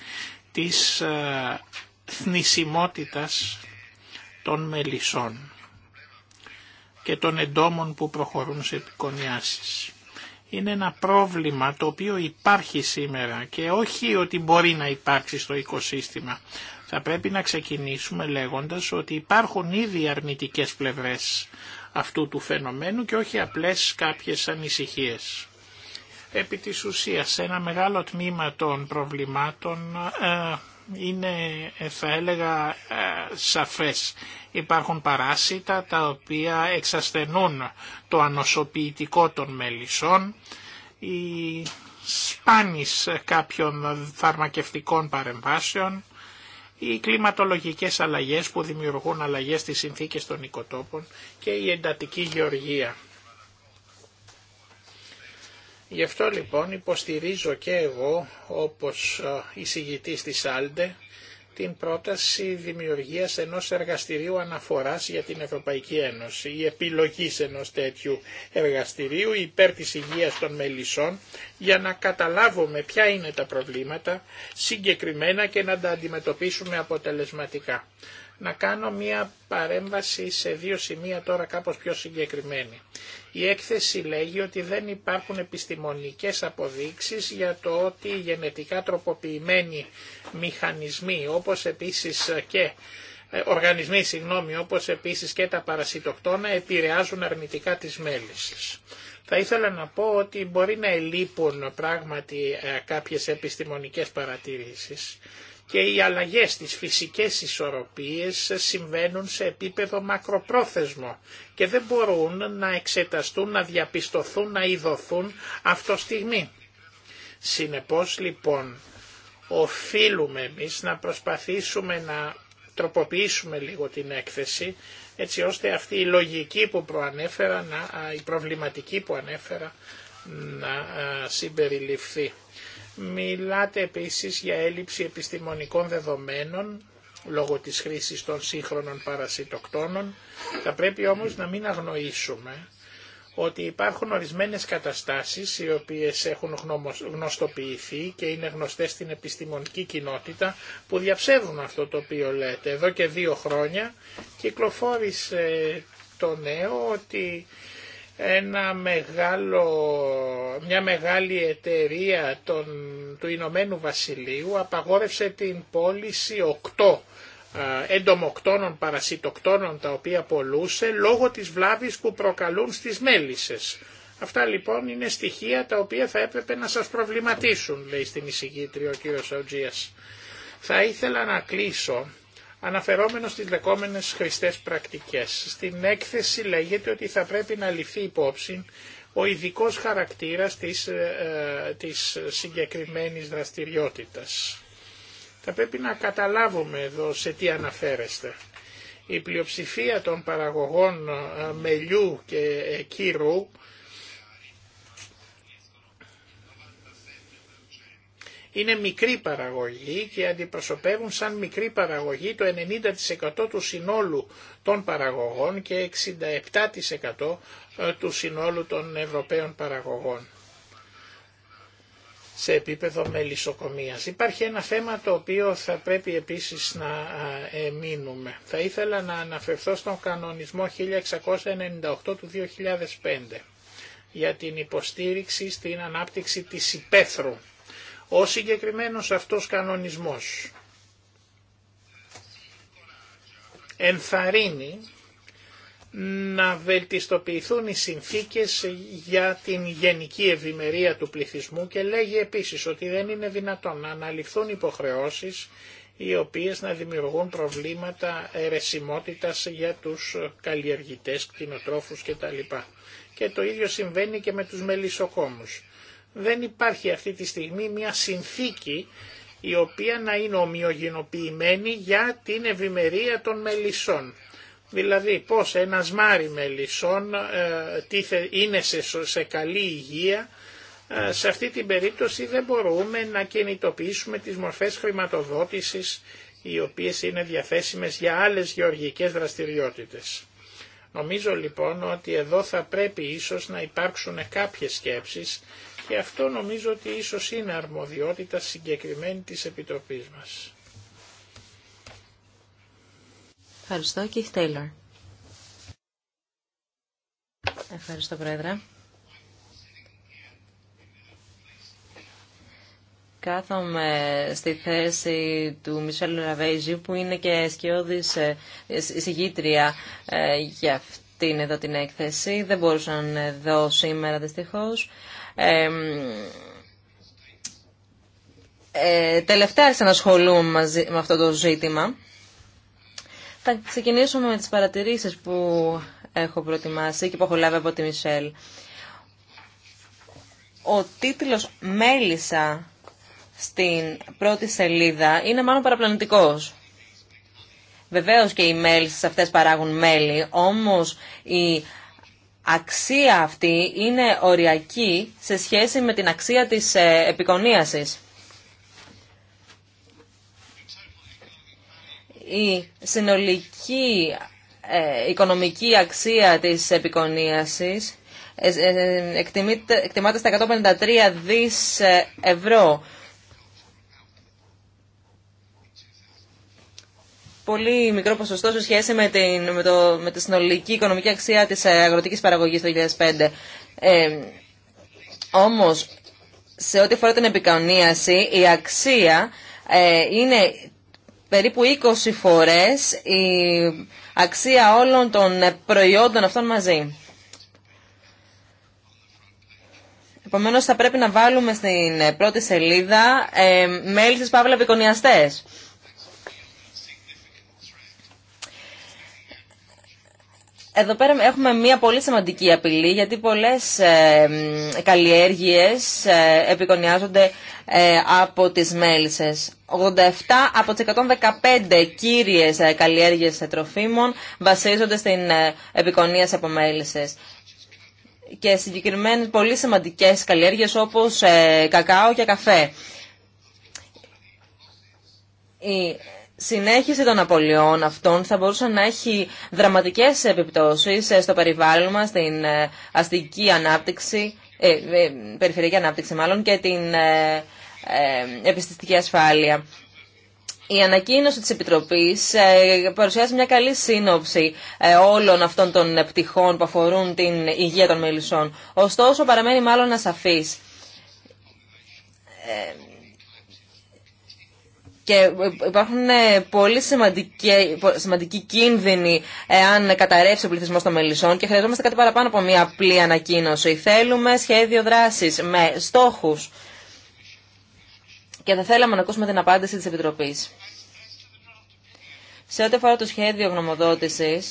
της ε, θνησιμότητας των μελισσών και των εντόμων που προχωρούν σε επικονιάσεις. Είναι ένα πρόβλημα το οποίο υπάρχει σήμερα και όχι ότι μπορεί να υπάρξει στο οικοσύστημα. Θα πρέπει να ξεκινήσουμε λέγοντας ότι υπάρχουν ήδη αρνητικές πλευρές αυτού του φαινομένου και όχι απλές κάποιες ανησυχίες. Επί της ουσίας, ένα μεγάλο τμήμα των προβλημάτων ε, είναι θα έλεγα ε, σαφές. Υπάρχουν παράσιτα τα οποία εξασθενούν το ανοσοποιητικό των μελισσών, η σπάνης κάποιων φαρμακευτικών παρεμβάσεων, οι κλιματολογικές αλλαγές που δημιουργούν αλλαγές στις συνθήκες των οικοτόπων και η εντατική γεωργία. Γι' αυτό λοιπόν υποστηρίζω και εγώ όπως ε, συγητή της Άλντε την πρόταση δημιουργίας ενός εργαστηρίου αναφοράς για την Ευρωπαϊκή Ένωση, η επιλογή ενός τέτοιου εργαστηρίου υπέρ της υγείας των μελισσών για να καταλάβουμε ποια είναι τα προβλήματα συγκεκριμένα και να τα αντιμετωπίσουμε αποτελεσματικά να κάνω μία παρέμβαση σε δύο σημεία τώρα κάπως πιο συγκεκριμένη. Η έκθεση λέγει ότι δεν υπάρχουν επιστημονικές αποδείξεις για το ότι οι γενετικά τροποποιημένοι μηχανισμοί όπως επίσης και ε, οργανισμοί, συγγνώμη, όπως επίσης και τα παρασιτοκτόνα επηρεάζουν αρνητικά τις μέλισσες. Θα ήθελα να πω ότι μπορεί να ελείπουν πράγματι ε, κάποιες επιστημονικές παρατηρήσεις και οι αλλαγές στις φυσικές ισορροπίες συμβαίνουν σε επίπεδο μακροπρόθεσμο και δεν μπορούν να εξεταστούν, να διαπιστωθούν, να ειδωθούν αυτό στιγμή. Συνεπώς λοιπόν οφείλουμε εμείς να προσπαθήσουμε να τροποποιήσουμε λίγο την έκθεση έτσι ώστε αυτή η λογική που προανέφερα, η προβληματική που ανέφερα να συμπεριληφθεί. Μιλάτε επίσης για έλλειψη επιστημονικών δεδομένων λόγω της χρήσης των σύγχρονων παρασιτοκτόνων. Θα πρέπει όμως να μην αγνοήσουμε ότι υπάρχουν ορισμένες καταστάσεις οι οποίες έχουν γνωστοποιηθεί και είναι γνωστές στην επιστημονική κοινότητα που διαψεύδουν αυτό το οποίο λέτε. Εδώ και δύο χρόνια κυκλοφόρησε το νέο ότι ένα μεγάλο, μια μεγάλη εταιρεία των, του Ηνωμένου Βασιλείου απαγόρευσε την πώληση 8 εντομοκτώνων παρασιτοκτώνων τα οποία πολλούσε λόγω της βλάβης που προκαλούν στις μέλισσες. Αυτά λοιπόν είναι στοιχεία τα οποία θα έπρεπε να σας προβληματίσουν, λέει στην εισηγήτρια ο κύριος Αουτζίας. Θα ήθελα να κλείσω Αναφερόμενο στις δεκόμενες χρηστές πρακτικές, στην έκθεση λέγεται ότι θα πρέπει να ληφθεί υπόψη ο ειδικό χαρακτήρας της, ε, ε, της συγκεκριμένης δραστηριότητας. Θα πρέπει να καταλάβουμε εδώ σε τι αναφέρεστε. Η πλειοψηφία των παραγωγών ε, μελιού και ε, κύρου είναι μικρή παραγωγή και αντιπροσωπεύουν σαν μικρή παραγωγή το 90% του συνόλου των παραγωγών και 67% ε, του συνόλου των Ευρωπαίων παραγωγών σε επίπεδο μελισσοκομείας. Υπάρχει ένα θέμα το οποίο θα πρέπει επίσης να μείνουμε. Θα ήθελα να αναφερθώ στον κανονισμό 1698 του 2005 για την υποστήριξη στην ανάπτυξη της υπαίθρου ο συγκεκριμένος αυτός κανονισμός ενθαρρύνει να βελτιστοποιηθούν οι συνθήκες για την γενική ευημερία του πληθυσμού και λέγει επίσης ότι δεν είναι δυνατόν να αναλυφθούν υποχρεώσεις οι οποίες να δημιουργούν προβλήματα ερεσιμότητας για τους καλλιεργητές, κτηνοτρόφους κτλ. Και το ίδιο συμβαίνει και με τους μελισσοκόμους δεν υπάρχει αυτή τη στιγμή μια συνθήκη η οποία να είναι ομοιογενοποιημένη για την ευημερία των μελισσών. Δηλαδή πως ένα σμάρι μελισσών ε, είναι σε καλή υγεία, ε, σε αυτή την περίπτωση δεν μπορούμε να κινητοποιήσουμε τις μορφές χρηματοδότησης οι οποίες είναι διαθέσιμες για άλλες γεωργικές δραστηριότητες. Νομίζω λοιπόν ότι εδώ θα πρέπει ίσως να υπάρξουν κάποιες σκέψεις και αυτό νομίζω ότι ίσως είναι αρμοδιότητα συγκεκριμένη της Επιτροπής μας. Ευχαριστώ, Keith Τέιλορ. Ευχαριστώ, Πρόεδρε. Κάθομαι στη θέση του Μισελ Ραβέιζη που είναι και σκιώδης ε, συγγήτρια ε, για αυτήν εδώ την έκθεση. Δεν μπορούσαν εδώ σήμερα δυστυχώς ε, τελευταία άρχισα να ασχολούμαι μαζί, με αυτό το ζήτημα. Θα ξεκινήσουμε με τις παρατηρήσεις που έχω προετοιμάσει και που έχω λάβει από τη Μισελ. Ο τίτλος «Μέλισσα» στην πρώτη σελίδα είναι μάλλον παραπλανητικός. Βεβαίως και οι μέλισσες αυτές παράγουν μέλι, όμως η αξία αυτή είναι οριακή σε σχέση με την αξία της ε, επικονίασης. Η συνολική ε, οικονομική αξία της επικονίασης ε, εκτιμάται στα 153 δις ευρώ. πολύ μικρό ποσοστό σε σχέση με, την, με, το, με τη συνολική οικονομική αξία της ε, αγροτικής παραγωγής το 2005. Ε, όμως, σε ό,τι αφορά την επικονίαση, η αξία ε, είναι περίπου 20 φορές η αξία όλων των ε, προϊόντων αυτών μαζί. Επομένως θα πρέπει να βάλουμε στην ε, πρώτη σελίδα ε, μέλη τη Παύλα Επικονιαστέ. Εδώ πέρα έχουμε μια πολύ σημαντική απειλή γιατί πολλές ε, καλλιέργειες ε, επικονιάζονται ε, από τις μέλισσες. 87 από τις 115 κύριες καλλιέργειες τροφίμων βασίζονται στην επικονίαση από μέλισσες. Και συγκεκριμένες πολύ σημαντικές καλλιέργειες όπως κακάο και καφέ συνέχιση των απολειών αυτών θα μπορούσε να έχει δραματικές επιπτώσεις ε, στο περιβάλλον μας, στην ε, αστική ανάπτυξη, ε, περιφερειακή ανάπτυξη μάλλον και την ε, επιστηστική ασφάλεια. Η ανακοίνωση της Επιτροπής παρουσιάζει μια καλή σύνοψη όλων αυτών των πτυχών που αφορούν την υγεία των μελισσών. Ωστόσο παραμένει μάλλον ασαφής και υπάρχουν ε, πολύ σημαντικοί κίνδυνοι εάν καταρρεύσει ο πληθυσμό των μελισσών και χρειαζόμαστε κάτι παραπάνω από μια απλή ανακοίνωση. Θέλουμε σχέδιο δράση με στόχου. Και θα θέλαμε να ακούσουμε την απάντηση τη Επιτροπή. Σε ό,τι αφορά το σχέδιο γνωμοδότηση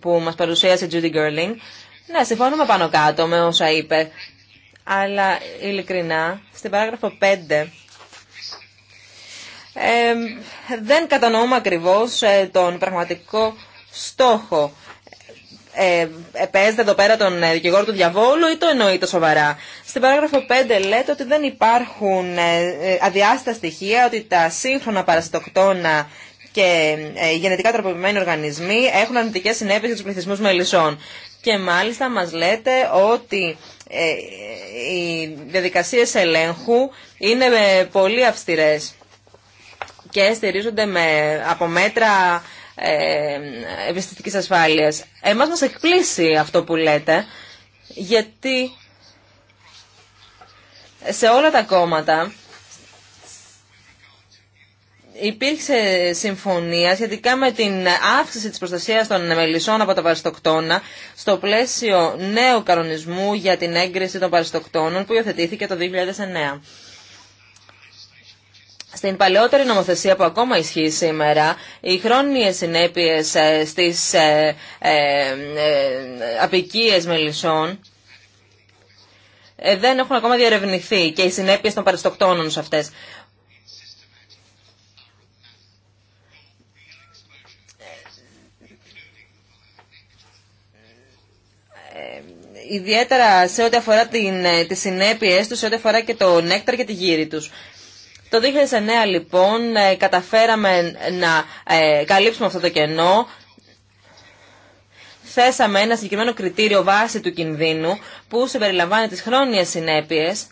που μα παρουσίασε η Judy Gerling, ναι, συμφωνούμε πάνω κάτω με όσα είπε. Αλλά ειλικρινά, στην παράγραφο 5 δεν κατανοούμε ακριβώς ε, τον πραγματικό στόχο. Ε, παίζετε εδώ πέρα τον ε, δικηγόρο του διαβόλου ή το εννοείται σοβαρά. Στην παράγραφο 5 λέτε ότι δεν υπάρχουν ε, αδιάστατα στοιχεία ότι τα σύγχρονα παρασιτοκτόνα και γενετικά τροποποιημένοι οργανισμοί έχουν αρνητικές συνέπειες για τους πληθυσμούς μελισσών. Και μάλιστα μας λέτε ότι οι διαδικασίες ελέγχου είναι πολύ αυστηρές και στηρίζονται με, από μέτρα ε, ευαισθητικής ασφάλειας. Εμάς μας εκπλήσει αυτό που λέτε, γιατί σε όλα τα κόμματα υπήρξε συμφωνία σχετικά με την αύξηση της προστασίας των μελισσών από τα παριστοκτόνα στο πλαίσιο νέου κανονισμού για την έγκριση των παριστοκτόνων που υιοθετήθηκε το 2009. Στην παλαιότερη νομοθεσία που ακόμα ισχύει σήμερα, οι χρόνιες συνέπειες ε, στις ε, ε, ε, απικίες μελισσών δεν έχουν ακόμα διαρευνηθεί και οι συνέπειες των παραστοκτώνων σε αυτές. ιδιαίτερα σε ό,τι αφορά την, τις συνέπειες τους, σε ό,τι αφορά και το νέκταρ και τη γύρι τους. Το 2009 λοιπόν ε, καταφέραμε να ε, καλύψουμε αυτό το κενό. Θέσαμε ένα συγκεκριμένο κριτήριο βάση του κινδύνου που συμπεριλαμβάνει τις χρόνιες συνέπειες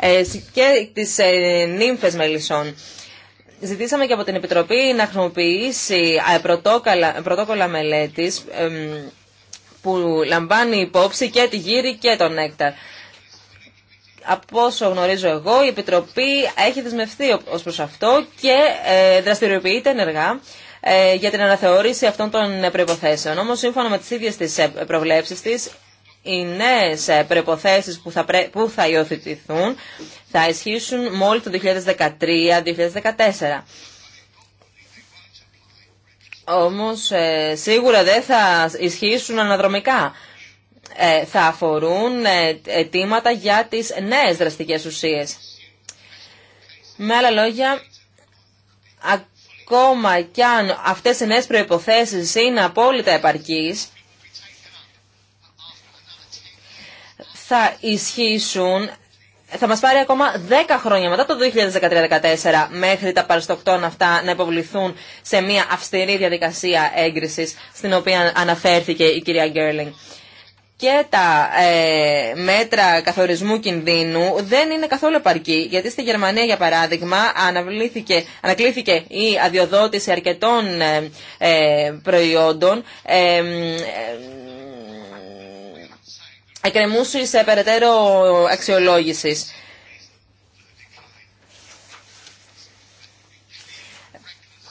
ε, και τις νύμφες μελισσών. Ζητήσαμε και από την Επιτροπή να χρησιμοποιήσει πρωτόκολλα μελέτης που λαμβάνει υπόψη και τη γύρι και τον έκταρ. Από όσο γνωρίζω εγώ, η Επιτροπή έχει δεσμευθεί ως προς αυτό και ε, δραστηριοποιείται ενεργά ε, για την αναθεώρηση αυτών των προϋποθέσεων. Όμως, σύμφωνα με τις ίδιες τις ε, προβλέψεις της, οι νέες προϋποθέσεις που θα, που θα υιοθετηθούν θα ισχύσουν μόλις το 2013-2014 όμως ε, σίγουρα δεν θα ισχύσουν αναδρομικά. Ε, θα αφορούν ε, αιτήματα για τις νέες δραστικές ουσίες. Με άλλα λόγια, ακόμα κι αν αυτές οι νέες προϋποθέσεις είναι απόλυτα επαρκείς, θα ισχύσουν θα μας πάρει ακόμα 10 χρόνια μετά το 2013-2014 μέχρι τα παραστοκτών αυτά να υποβληθούν σε μια αυστηρή διαδικασία έγκρισης στην οποία αναφέρθηκε η κυρία Γκέρλινγκ. Και τα ε, μέτρα καθορισμού κινδύνου δεν είναι καθόλου επαρκή, γιατί στη Γερμανία, για παράδειγμα, ανακλήθηκε η αδειοδότηση αρκετών ε, ε, προϊόντων ε, σε περαιτέρω αξιολόγηση.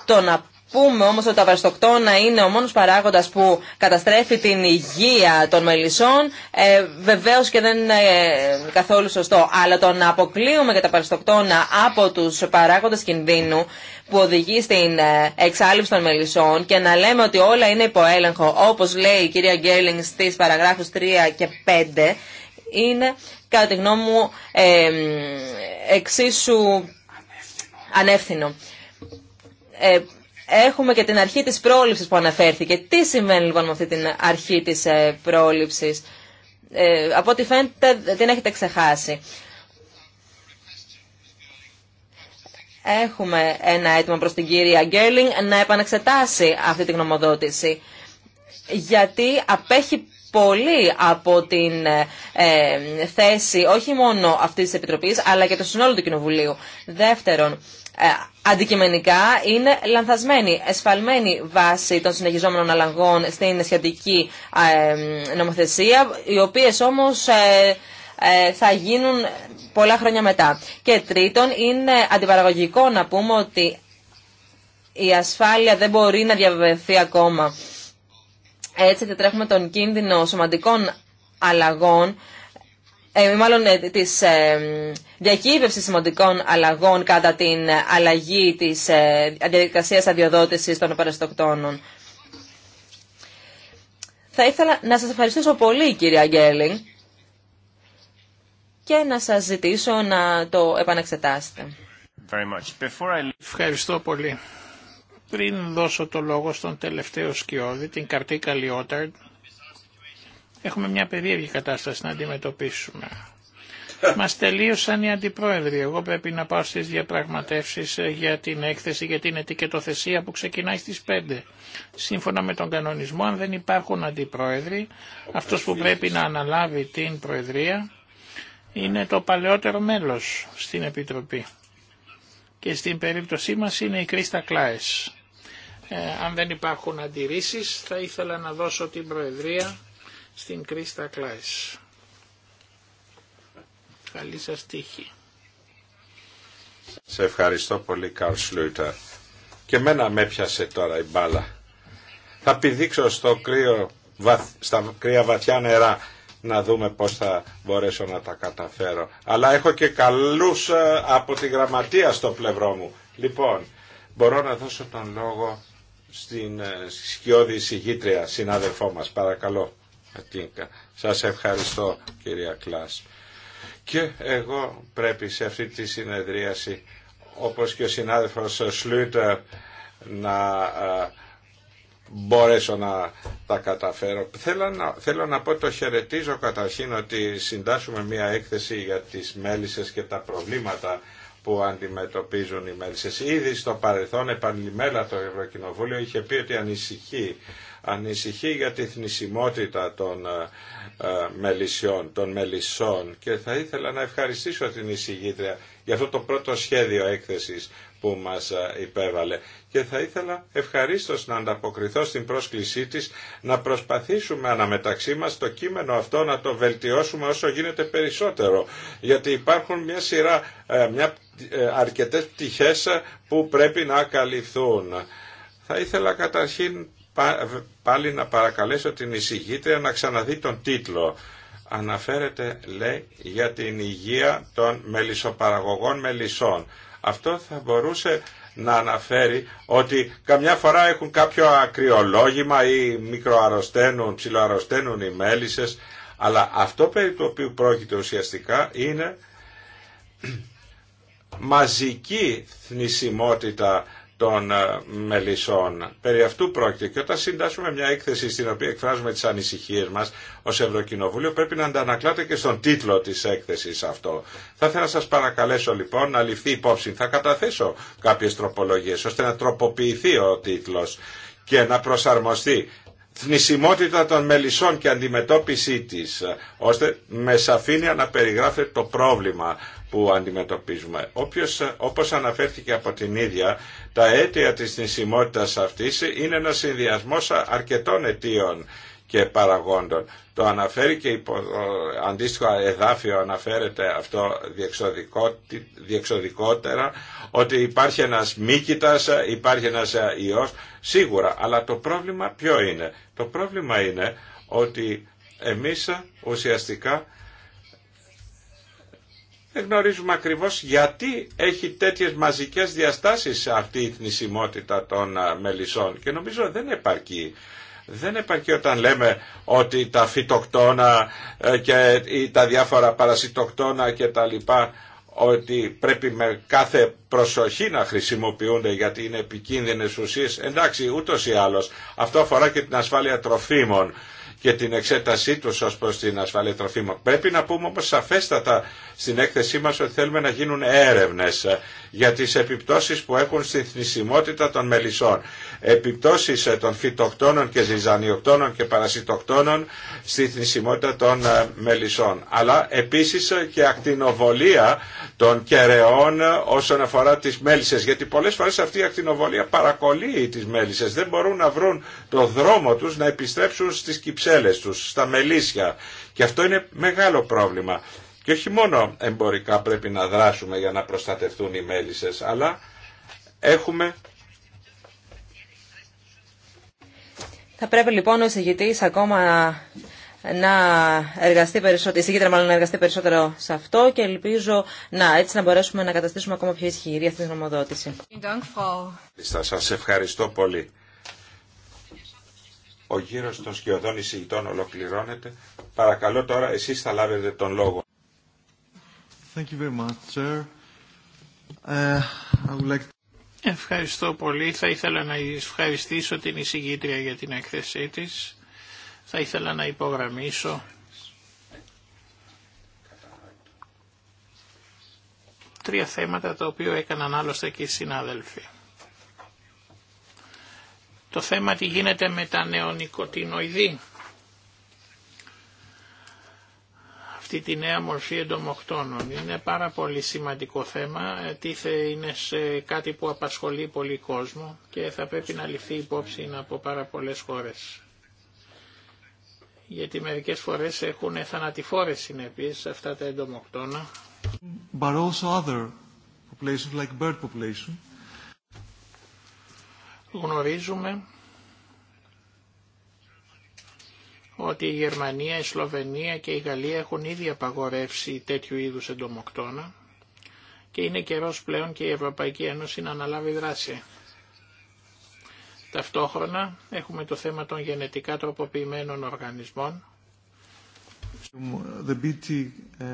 Το να πούμε όμως ότι τα βαριστοκτόνα είναι ο μόνος παράγοντας που καταστρέφει την υγεία των μελισσών, ε, βεβαίως και δεν είναι ε, καθόλου σωστό. Αλλά το να αποκλείουμε και τα βαριστοκτόνα από τους παράγοντες κινδύνου που οδηγεί στην ε, εξάλληψη των μελισσών και να λέμε ότι όλα είναι υποέλεγχο, όπως λέει η κυρία Γκέρλινγκ στις παραγράφους 3 και 5, είναι κατά τη γνώμη μου εξίσου ανεύθυνο. Ε, έχουμε και την αρχή της πρόληψης που αναφέρθηκε. Τι συμβαίνει λοιπόν με αυτή την αρχή της ε, πρόληψης. από ό,τι φαίνεται την έχετε ξεχάσει. Έχουμε ένα αίτημα προς την κυρία Γκέρλινγκ να επανεξετάσει αυτή την γνωμοδότηση. Γιατί απέχει πολύ από την ε, ε, θέση όχι μόνο αυτής της Επιτροπής αλλά και του συνόλου του Κοινοβουλίου. Δεύτερον, ε, αντικειμενικά είναι λανθασμένη, εσφαλμένη βάση των συνεχιζόμενων αλλαγών στην σχετική νομοθεσία, οι οποίες όμως ε, θα γίνουν πολλά χρόνια μετά. Και τρίτον, είναι αντιπαραγωγικό να πούμε ότι η ασφάλεια δεν μπορεί να διαβεβαιωθεί ακόμα. Έτσι τρέχουμε τον κίνδυνο σωματικών αλλαγών, ε, μάλλον ε, της διακύβευσης σημαντικών αλλαγών κατά την αλλαγή της διαδικασίας αδειοδότησης των παραστοκτώνων. Θα ήθελα να σας ευχαριστήσω πολύ, κύριε Αγγέλη, και να σας ζητήσω να το επανεξετάσετε. Ευχαριστώ πολύ. Πριν δώσω το λόγο στον τελευταίο σκιώδη, την Καρτίκα Λιόταρντ, έχουμε μια περίεργη κατάσταση να αντιμετωπίσουμε. Μας τελείωσαν οι αντιπρόεδροι. Εγώ πρέπει να πάω στι διαπραγματεύσει ε, για την έκθεση, για την ετικετοθεσία που ξεκινάει στις 5. Σύμφωνα με τον κανονισμό, αν δεν υπάρχουν αντιπρόεδροι, Αυτό που πρέπει να αναλάβει την προεδρία είναι το παλαιότερο μέλος στην Επιτροπή. Και στην περίπτωσή μας είναι η Κρίστα Κλάες. Ε, αν δεν υπάρχουν αντιρρήσεις θα ήθελα να δώσω την Προεδρία στην Κρίστα Κλάες. Καλή σας τύχη. Σε ευχαριστώ πολύ Καρλ Σλούιτα. Και μένα με πιάσε τώρα η μπάλα. Θα πηδήξω στο κρύο, στα κρύα βαθιά νερά να δούμε πώς θα μπορέσω να τα καταφέρω. Αλλά έχω και καλούς ε, από τη γραμματεία στο πλευρό μου. Λοιπόν, μπορώ να δώσω τον λόγο στην ε, σκιώδη συγγήτρια, συνάδελφό μας. Παρακαλώ, Ατίνκα. Σας ευχαριστώ, κυρία Κλάς. Και εγώ πρέπει σε αυτή τη συνεδρίαση, όπως και ο συνάδελφος Σλούτερ, να ε, μπορέσω να τα καταφέρω. Θέλω να, θέλω να πω το χαιρετίζω καταρχήν ότι συντάσσουμε μια έκθεση για τις μέλισσες και τα προβλήματα που αντιμετωπίζουν οι μέλισσες. Ήδη στο παρελθόν επανειλημμένα το Ευρωκοινοβούλιο είχε πει ότι ανησυχεί, ανησυχεί για τη θνησιμότητα των ε, των μελισσών και θα ήθελα να ευχαριστήσω την εισηγήτρια για αυτό το πρώτο σχέδιο έκθεσης που μας ε, υπέβαλε και θα ήθελα ευχαρίστως να ανταποκριθώ στην πρόσκλησή της να προσπαθήσουμε αναμεταξύ μας το κείμενο αυτό να το βελτιώσουμε όσο γίνεται περισσότερο γιατί υπάρχουν μια σειρά, ε, μια, ε, αρκετές πτυχές ε, που πρέπει να καλυφθούν. Θα ήθελα καταρχήν πάλι να παρακαλέσω την εισηγήτρια να ξαναδεί τον τίτλο αναφέρεται λέει για την υγεία των μελισσοπαραγωγών μελισσών. Αυτό θα μπορούσε να αναφέρει ότι καμιά φορά έχουν κάποιο ακριολόγημα ή μικροαρρωσταίνουν, ψηλοαρρωσταίνουν οι μέλισσες, αλλά αυτό περί το οποίο πρόκειται ουσιαστικά είναι *clears throat* μαζική θνησιμότητα των ε, μελισσών. Περί αυτού πρόκειται και όταν συντάσσουμε μια έκθεση στην οποία εκφράζουμε τις ανησυχίες μας ως Ευρωκοινοβούλιο πρέπει να αντανακλάτε και στον τίτλο της έκθεσης αυτό. Θα ήθελα να σας παρακαλέσω λοιπόν να ληφθεί υπόψη. Θα καταθέσω κάποιες τροπολογίες ώστε να τροποποιηθεί ο τίτλος και να προσαρμοστεί θνησιμότητα των μελισσών και αντιμετώπιση της, ώστε με σαφήνεια να περιγράφεται το πρόβλημα που αντιμετωπίζουμε. Όποιος, όπως αναφέρθηκε από την ίδια, τα αίτια της νησιμότητας αυτής είναι ένας συνδυασμός αρκετών αιτίων και παραγόντων. Το αναφέρει και υπό αντίστοιχο εδάφιο αναφέρεται αυτό διεξοδικότερα ότι υπάρχει ένας μήκητας, υπάρχει ένας ιός, σίγουρα. Αλλά το πρόβλημα ποιο είναι. Το πρόβλημα είναι ότι εμείς ουσιαστικά δεν γνωρίζουμε ακριβώς γιατί έχει τέτοιες μαζικές διαστάσεις αυτή η θνησιμότητα των μελισσών και νομίζω δεν επαρκεί. Δεν επαρκεί όταν λέμε ότι τα φυτοκτόνα ε, και ε, τα διάφορα παρασιτοκτόνα και τα λοιπά ότι πρέπει με κάθε προσοχή να χρησιμοποιούνται γιατί είναι επικίνδυνες ουσίες. Εντάξει, ούτως ή άλλως. Αυτό αφορά και την ασφάλεια τροφίμων και την εξέτασή τους ως προς την ασφάλεια τροφίμων. Πρέπει να πούμε όμως σαφέστατα στην έκθεσή μας ότι θέλουμε να γίνουν έρευνες ε, για τις επιπτώσεις που έχουν στη θνησιμότητα των μελισσών επιπτώσεις ε, των φυτοκτόνων και ζυζανιοκτόνων και παρασιτοκτόνων στη θνησιμότητα των ε, μελισσών. Αλλά επίσης ε, και ακτινοβολία των κεραιών όσον αφορά τις μέλισσες, γιατί πολλές φορές αυτή η ακτινοβολία παρακολύει τις μέλισσες, δεν μπορούν να βρουν το δρόμο τους να επιστρέψουν στις κυψέλες τους, στα μελίσια. Και αυτό είναι μεγάλο πρόβλημα. Και όχι μόνο εμπορικά πρέπει να δράσουμε για να προστατευτούν οι μέλισσες, αλλά έχουμε Θα πρέπει λοιπόν ο εισηγητή ακόμα να εργαστεί περισσότερο, η μάλλον να εργαστεί περισσότερο σε αυτό και ελπίζω να έτσι να μπορέσουμε να καταστήσουμε ακόμα πιο ισχυρή αυτή τη νομοδότηση. Σας ευχαριστώ πολύ. Ο γύρος των σκιωδών εισηγητών ολοκληρώνεται. Παρακαλώ τώρα εσείς θα λάβετε τον λόγο. Thank you very much, sir. Uh, I would like... Ευχαριστώ πολύ. Θα ήθελα να ευχαριστήσω την εισηγήτρια για την έκθεσή της. Θα ήθελα να υπογραμμίσω τρία θέματα τα οποία έκαναν άλλωστε και οι συνάδελφοι. Το θέμα τι γίνεται με τα νεονικοτινοειδή αυτή τη νέα μορφή εντομοκτώνων. Είναι πάρα πολύ σημαντικό θέμα, τίθε είναι σε κάτι που απασχολεί πολύ κόσμο και θα πρέπει να ληφθεί υπόψη από πάρα πολλές χώρες. Γιατί μερικές φορές έχουν θανατηφόρες συνέπειες αυτά τα εντομοκτώνα. But other like bird Γνωρίζουμε ότι η Γερμανία, η Σλοβενία και η Γαλλία έχουν ήδη απαγορεύσει τέτοιου είδους εντομοκτώνα και είναι καιρός πλέον και η Ευρωπαϊκή Ένωση να αναλάβει δράση. Ταυτόχρονα έχουμε το θέμα των γενετικά τροποποιημένων οργανισμών. The BT, ε,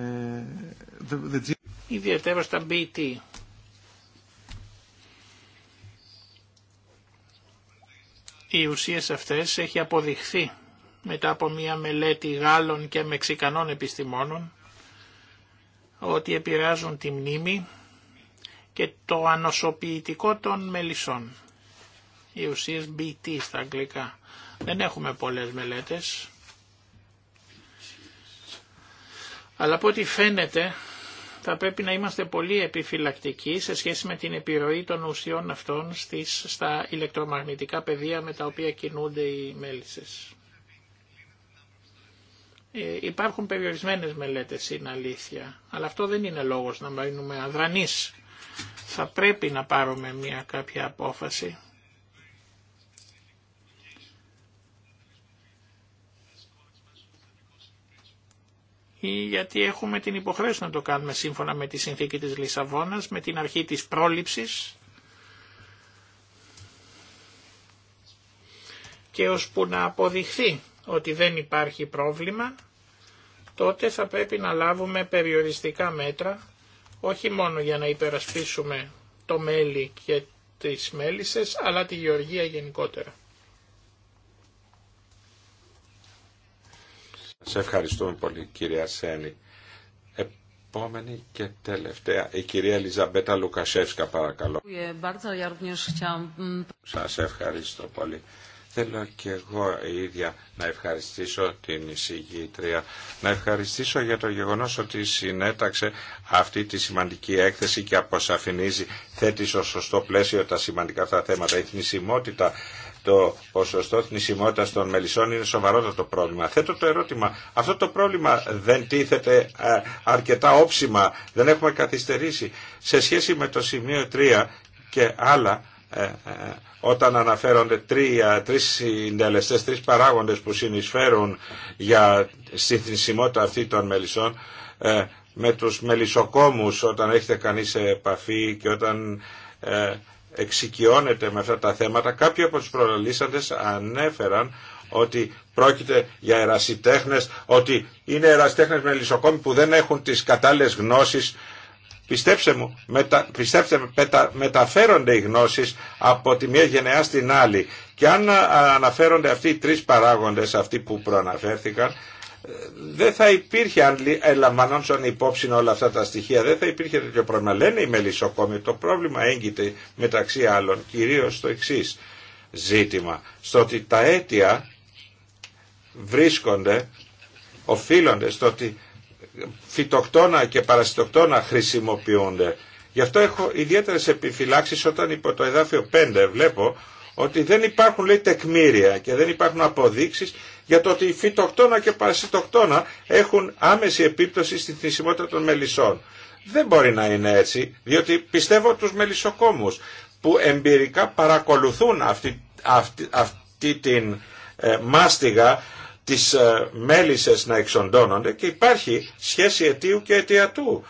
the, the... Ιδιαίτερα στα BT. Οι ουσίες αυτές έχει αποδειχθεί μετά από μια μελέτη Γάλλων και Μεξικανών επιστημόνων ότι επηρεάζουν τη μνήμη και το ανοσοποιητικό των μελισσών. Οι ουσίες BT στα αγγλικά. Δεν έχουμε πολλές μελέτες. Αλλά από ό,τι φαίνεται θα πρέπει να είμαστε πολύ επιφυλακτικοί σε σχέση με την επιρροή των ουσιών αυτών στις, στα ηλεκτρομαγνητικά πεδία με τα οποία κινούνται οι μέλισσες. Ε, υπάρχουν περιορισμένες μελέτες, είναι αλήθεια, αλλά αυτό δεν είναι λόγος να μείνουμε αδρανείς. Θα πρέπει να πάρουμε μια κάποια απόφαση. Ή γιατί έχουμε την υποχρέωση να το κάνουμε σύμφωνα με τη συνθήκη της Λισαβόνας, με την αρχή της πρόληψης, και ώσπου να αποδειχθεί ότι δεν υπάρχει πρόβλημα τότε θα πρέπει να λάβουμε περιοριστικά μέτρα, όχι μόνο για να υπερασπίσουμε το μέλι και τις μέλισσες, αλλά τη γεωργία γενικότερα. Σε ευχαριστούμε πολύ κυρία Σένη. Επόμενη και τελευταία, η κυρία Λιζαμπέτα Λουκασέφσκα παρακαλώ. Σας ευχαριστώ πολύ. Θέλω και εγώ η ίδια να ευχαριστήσω την εισηγήτρια, να ευχαριστήσω για το γεγονός ότι συνέταξε αυτή τη σημαντική έκθεση και αποσαφηνίζει, θέτει στο σωστό πλαίσιο τα σημαντικά αυτά θέματα. Η θνησιμότητα το ποσοστό θνησιμότητα των μελισσών είναι σοβαρότατο πρόβλημα. Θέτω το ερώτημα, αυτό το πρόβλημα δεν τίθεται ε, αρκετά όψιμα, δεν έχουμε καθυστερήσει. Σε σχέση με το σημείο 3 και άλλα, ε, ε, όταν αναφέρονται τρία, τρεις συντελεστές, τρεις παράγοντες που συνεισφέρουν για, στη θνησιμότητα αυτή των μελισσών, ε, με τους μελισσοκόμους όταν έχετε κανεί σε επαφή και όταν ε, εξοικειώνεται με αυτά τα θέματα, κάποιοι από τους προλαλήσαντες ανέφεραν ότι πρόκειται για ερασιτέχνες, ότι είναι ερασιτέχνες μελισσοκόμοι που δεν έχουν τις κατάλληλες γνώσεις Πιστέψτε μου, μετα, μεταφέρονται οι γνώσεις από τη μία γενεά στην άλλη. Και αν αναφέρονται αυτοί οι τρεις παράγοντες, αυτοί που προαναφέρθηκαν, δεν θα υπήρχε, αν ελαμβανόντουσαν υπόψη όλα αυτά τα στοιχεία, δεν θα υπήρχε τέτοιο πρόβλημα. Λένε οι μελισσοκόμοι, το πρόβλημα έγκυται μεταξύ άλλων, κυρίως στο εξή ζήτημα, στο ότι τα αίτια βρίσκονται, οφείλονται στο ότι φυτοκτόνα και παρασυτοκτόνα χρησιμοποιούνται. Γι' αυτό έχω ιδιαίτερες επιφυλάξεις όταν υπό το εδάφιο 5 βλέπω ότι δεν υπάρχουν λέει τεκμήρια και δεν υπάρχουν αποδείξεις για το ότι οι φυτοκτόνα και παρασυτοκτόνα έχουν άμεση επίπτωση στη θνησιμότητα των μελισσών. Δεν μπορεί να είναι έτσι, διότι πιστεύω τους μελισσοκόμους που εμπειρικά παρακολουθούν αυτή, αυτή, την ε, μάστιγα τις ε, μέλισσες να εξοντώνονται και υπάρχει σχέση αιτίου και αιτιατού.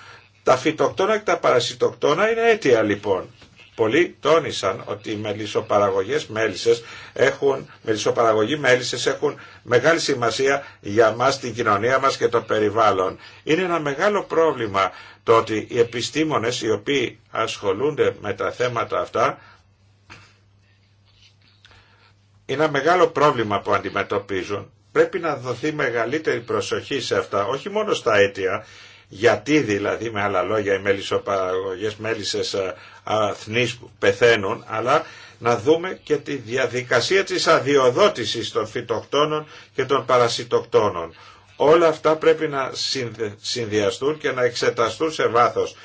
Τα φυτοκτόνα και τα παρασιτοκτόνα είναι αίτια λοιπόν. Πολλοί τόνισαν ότι οι μελισσοπαραγωγές μέλισσες έχουν, μελισσοπαραγωγοί μέλισσες έχουν μεγάλη σημασία για μας, την κοινωνία μας και το περιβάλλον. Είναι ένα μεγάλο πρόβλημα το ότι οι επιστήμονες οι οποίοι ασχολούνται με τα θέματα αυτά είναι ένα μεγάλο πρόβλημα που αντιμετωπίζουν πρέπει να δοθεί μεγαλύτερη προσοχή σε αυτά, όχι μόνο στα αίτια, γιατί δηλαδή με άλλα λόγια οι μέλισσοπαραγωγές, μέλισσες ε, αθνείς που πεθαίνουν, αλλά να δούμε και τη διαδικασία της αδειοδότησης των φυτοκτόνων και των παρασιτοκτόνων. Όλα αυτά πρέπει να συνδυαστούν και να εξεταστούν σε βάθος,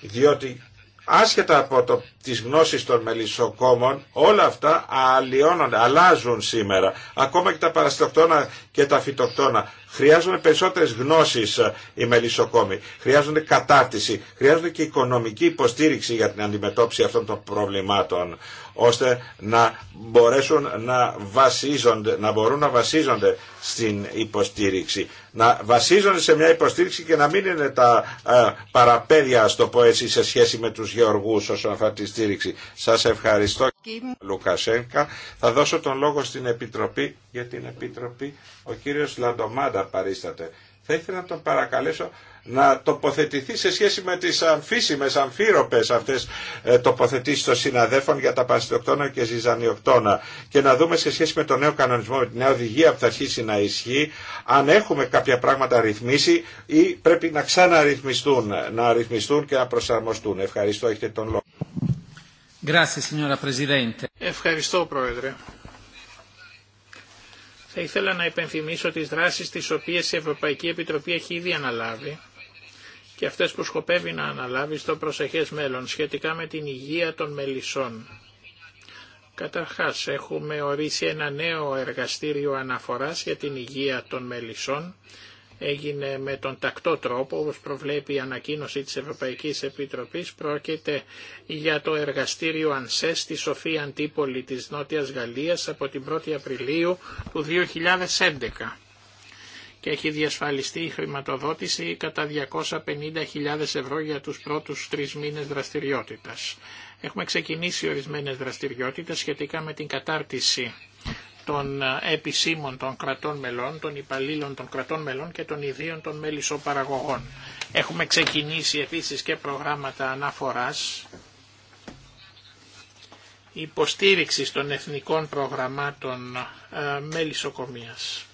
διότι άσχετα από το, τις γνώσεις των μελισσοκόμων, όλα αυτά αλλοιώνονται, αλλάζουν σήμερα. Ακόμα και τα παραστοκτόνα και τα φυτοκτόνα. Χρειάζονται περισσότερες γνώσεις ε, οι μελισσοκόμοι. Χρειάζονται κατάρτιση. Χρειάζονται και οικονομική υποστήριξη για την αντιμετώπιση αυτών των προβλημάτων ώστε να μπορέσουν να βασίζονται, να μπορούν να βασίζονται στην υποστήριξη. Να βασίζονται σε μια υποστήριξη και να μην είναι τα ε, παραπέδια, α το πω έτσι, σε σχέση με τους γεωργούς όσον αφορά τη στήριξη. Σας ευχαριστώ, Λουκασένκα. Θα δώσω τον λόγο στην Επιτροπή, για την Επιτροπή ο κύριος Λαντομάντα παρίσταται. Θα ήθελα να τον παρακαλέσω να τοποθετηθεί σε σχέση με τις αμφίσιμες, αμφίροπες αυτές ε, τοποθετήσεις των συναδέφων για τα πανστιοκτώνα και ζυζανιοκτώνα και να δούμε σε σχέση με τον νέο κανονισμό, με τη νέα οδηγία που θα αρχίσει να ισχύει, αν έχουμε κάποια πράγματα ρυθμίσει ή πρέπει να ξαναρυθμιστούν, να ρυθμιστούν και να προσαρμοστούν. Ευχαριστώ, έχετε τον λόγο. Ευχαριστώ, Πρόεδρε. Θα ήθελα να υπενθυμίσω τις δράσεις τις οποίες η Ευρωπαϊκή Επιτροπή έχει ήδη αναλάβει και αυτές που σκοπεύει να αναλάβει στο προσεχές μέλλον σχετικά με την υγεία των μελισσών. Καταρχάς έχουμε ορίσει ένα νέο εργαστήριο αναφοράς για την υγεία των μελισσών. Έγινε με τον τακτό τρόπο, όπως προβλέπει η ανακοίνωση της Ευρωπαϊκής Επιτροπής, πρόκειται για το εργαστήριο «Ανσες» στη Σοφία Αντίπολη της Νότιας Γαλλίας από την 1η Απριλίου του 2011 και έχει διασφαλιστεί η χρηματοδότηση κατά 250.000 ευρώ για τους πρώτους τρεις μήνες δραστηριότητας. Έχουμε ξεκινήσει ορισμένες δραστηριότητες σχετικά με την κατάρτιση των επισήμων των κρατών μελών, των υπαλλήλων των κρατών μελών και των ιδίων των μελισσοπαραγωγών. Έχουμε ξεκινήσει επίσης και προγράμματα αναφοράς υποστήριξης των εθνικών προγραμμάτων ε, μελισσοκομείας.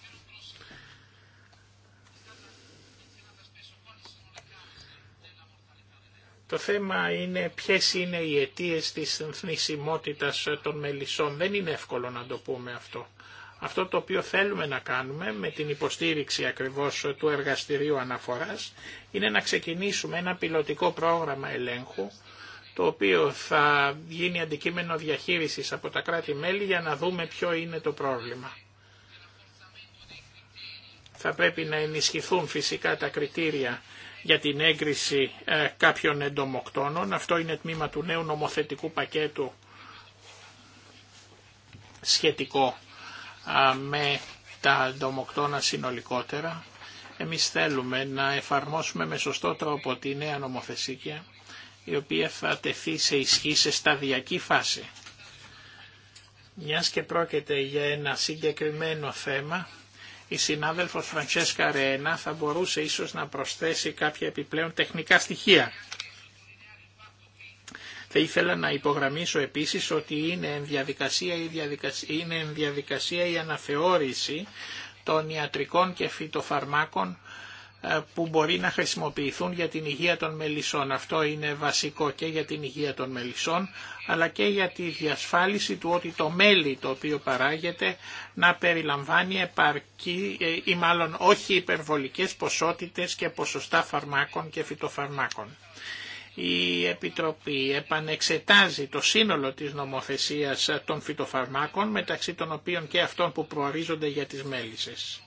Το θέμα είναι ποιες είναι οι αιτίες της θνησιμότητας των μελισσών. Δεν είναι εύκολο να το πούμε αυτό. Αυτό το οποίο θέλουμε να κάνουμε με την υποστήριξη ακριβώς του εργαστηρίου αναφοράς είναι να ξεκινήσουμε ένα πιλωτικό πρόγραμμα ελέγχου το οποίο θα γίνει αντικείμενο διαχείρισης από τα κράτη-μέλη για να δούμε ποιο είναι το πρόβλημα. Θα πρέπει να ενισχυθούν φυσικά τα κριτήρια για την έγκριση ε, κάποιων εντομοκτώνων. Αυτό είναι τμήμα του νέου νομοθετικού πακέτου σχετικό με τα εντομοκτώνα συνολικότερα. Εμείς θέλουμε να εφαρμόσουμε με σωστό τρόπο τη νέα νομοθεσία η οποία θα τεθεί σε ισχύ σε σταδιακή φάση. Μιας και πρόκειται για ένα συγκεκριμένο θέμα, η συνάδελφος Φραντσέσκα Ρένα θα μπορούσε ίσως να προσθέσει κάποια επιπλέον τεχνικά στοιχεία. Θα ήθελα να υπογραμμίσω επίσης ότι είναι εν διαδικασία η αναθεώρηση των ιατρικών και φυτοφαρμάκων ε, που μπορεί να χρησιμοποιηθούν για την υγεία των μελισσών. Αυτό είναι βασικό και για την υγεία των μελισσών, αλλά και για τη διασφάλιση του ότι το μέλι το οποίο παράγεται να περιλαμβάνει επαρκή ε, ή μάλλον όχι υπερβολικές ποσότητες και ποσοστά φαρμάκων και φυτοφαρμάκων. Η Επιτροπή επανεξετάζει το σύνολο της νομοθεσίας των φυτοφαρμάκων, μεταξύ των οποίων και αυτών που προορίζονται για τις μέλισσες.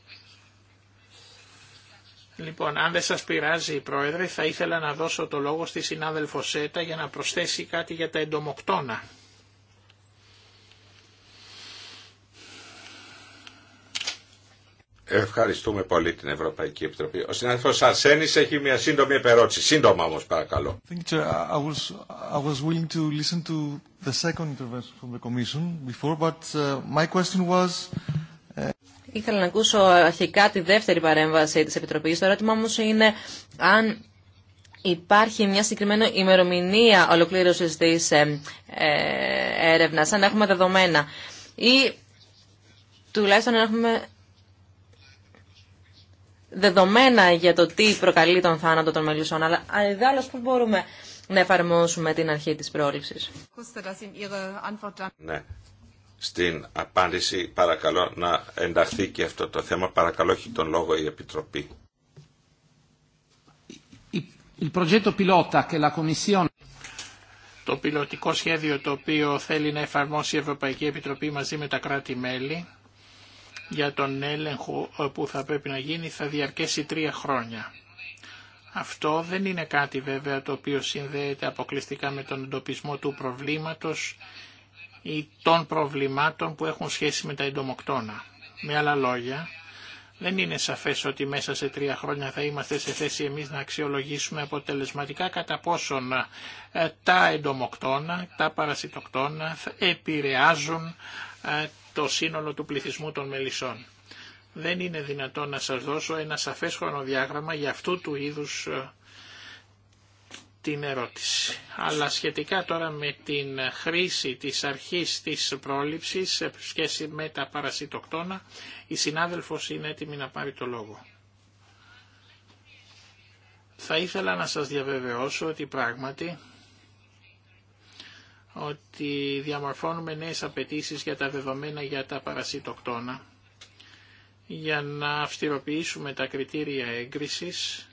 Λοιπόν, αν δεν σας πειράζει η Πρόεδρε, θα ήθελα να δώσω το λόγο στη συνάδελφο Σέτα για να προσθέσει κάτι για τα εντομοκτώνα. Ευχαριστούμε πολύ την Ευρωπαϊκή Επιτροπή. Ο συνάδελφος Αρσένης έχει μια σύντομη επερώτηση. Σύντομα όμως παρακαλώ. I uh, Ήθελα να ακούσω αρχικά τη δεύτερη παρέμβαση της Επιτροπής. Το ερώτημα όμως είναι αν υπάρχει μια συγκεκριμένη ημερομηνία ολοκλήρωσης της ε, ε έρευνας, αν έχουμε δεδομένα ή τουλάχιστον έχουμε δεδομένα για το τι προκαλεί τον θάνατο των μελισσών, αλλά αιδάλλως πού μπορούμε να εφαρμόσουμε την αρχή της πρόληψης. Ναι, στην απάντηση παρακαλώ να ενταχθεί και αυτό το θέμα. Παρακαλώ έχει τον λόγο η Επιτροπή. Το πιλωτικό σχέδιο το οποίο θέλει να εφαρμόσει η Ευρωπαϊκή Επιτροπή μαζί με τα κράτη-μέλη για τον έλεγχο ε, που θα πρέπει να γίνει θα διαρκέσει τρία χρόνια. Αυτό δεν είναι κάτι βέβαια το οποίο συνδέεται αποκλειστικά με τον εντοπισμό του προβλήματος ή των προβλημάτων που έχουν σχέση με τα εντομοκτώνα. Με άλλα λόγια, δεν είναι σαφές ότι μέσα σε τρία χρόνια θα είμαστε σε θέση εμείς να αξιολογήσουμε αποτελεσματικά κατά πόσον ε, τα εντομοκτώνα, τα παρασιτοκτώνα επηρεάζουν ε, το σύνολο του πληθυσμού των μελισσών. Δεν είναι δυνατόν να σας δώσω ένα σαφές χρονοδιάγραμμα για αυτού του είδους ε, την ερώτηση. Αλλά σχετικά τώρα με την χρήση της αρχής της πρόληψης σε σχέση με τα παρασιτοκτόνα, η συνάδελφος είναι έτοιμη να πάρει το λόγο. Θα ήθελα να σας διαβεβαιώσω ότι πράγματι ότι διαμορφώνουμε νέες απαιτήσεις για τα δεδομένα για τα παρασιτοκτόνα για να αυστηροποιήσουμε τα κριτήρια έγκρισης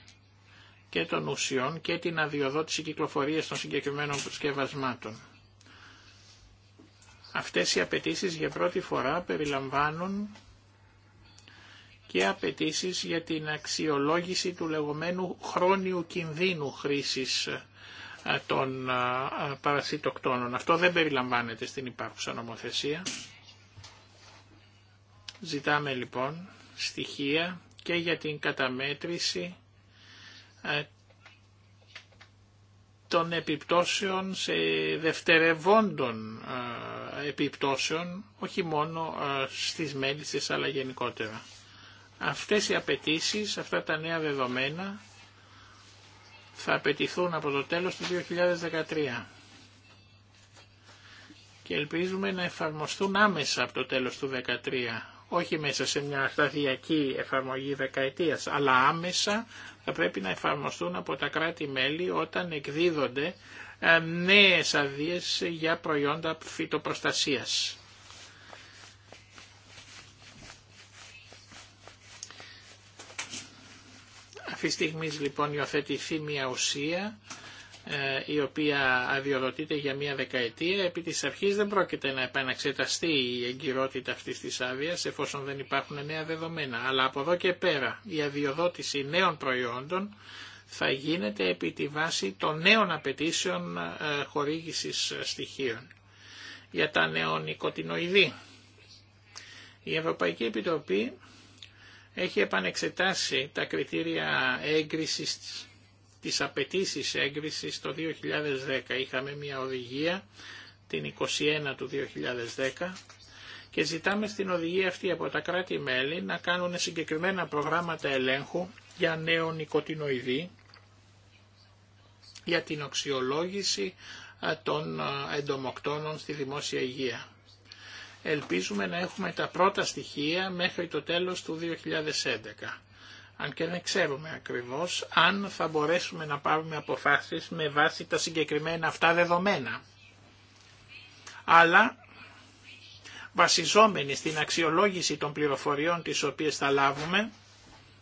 και των ουσιών και την αδειοδότηση κυκλοφορίας των συγκεκριμένων προσκευασμάτων. Αυτές οι απαιτήσει για πρώτη φορά περιλαμβάνουν και απαιτήσει για την αξιολόγηση του λεγόμενου χρόνιου κινδύνου χρήσης ε, των ε, παρασιτοκτόνων. Αυτό δεν περιλαμβάνεται στην υπάρχουσα νομοθεσία. Ζητάμε λοιπόν στοιχεία και για την καταμέτρηση ε, των επιπτώσεων σε δευτερευόντων ε, επιπτώσεων, όχι μόνο ε, στις μέλησες αλλά γενικότερα. Αυτές οι απαιτήσει, αυτά τα νέα δεδομένα θα απαιτηθούν από το τέλος του 2013 και ελπίζουμε να εφαρμοστούν άμεσα από το τέλος του 2013 όχι μέσα σε μια σταδιακή εφαρμογή δεκαετίας, αλλά άμεσα θα πρέπει να εφαρμοστούν από τα κράτη-μέλη όταν εκδίδονται ε, νέες αδείες για προϊόντα φυτοπροστασίας. Αυτή τη στιγμή λοιπόν υιοθετηθεί μια ουσία ε, η οποία αδειοδοτείται για μία δεκαετία. Επί της αρχής δεν πρόκειται να επαναξεταστεί η εγκυρότητα αυτής της άδεια εφόσον δεν υπάρχουν νέα δεδομένα. Αλλά από εδώ και πέρα η αδειοδότηση νέων προϊόντων θα γίνεται επί τη βάση των νέων απαιτήσεων ε, χορήγησης στοιχείων για τα νεονικοτινοειδή. Η Ευρωπαϊκή Επιτροπή έχει επανεξετάσει τα κριτήρια έγκρισης τις απαιτήσει έγκρισης το 2010. Είχαμε μια οδηγία, την 21 του 2010, και ζητάμε στην οδηγία αυτή από τα κράτη-μέλη να κάνουν συγκεκριμένα προγράμματα ελέγχου για νέο νοικοτινοειδή, για την οξιολόγηση των εντομοκτώνων στη δημόσια υγεία. Ελπίζουμε να έχουμε τα πρώτα στοιχεία μέχρι το τέλος του 2011 αν και δεν ξέρουμε ακριβώς αν θα μπορέσουμε να πάρουμε αποφάσεις με βάση τα συγκεκριμένα αυτά δεδομένα. Αλλά βασιζόμενοι στην αξιολόγηση των πληροφοριών τις οποίες θα λάβουμε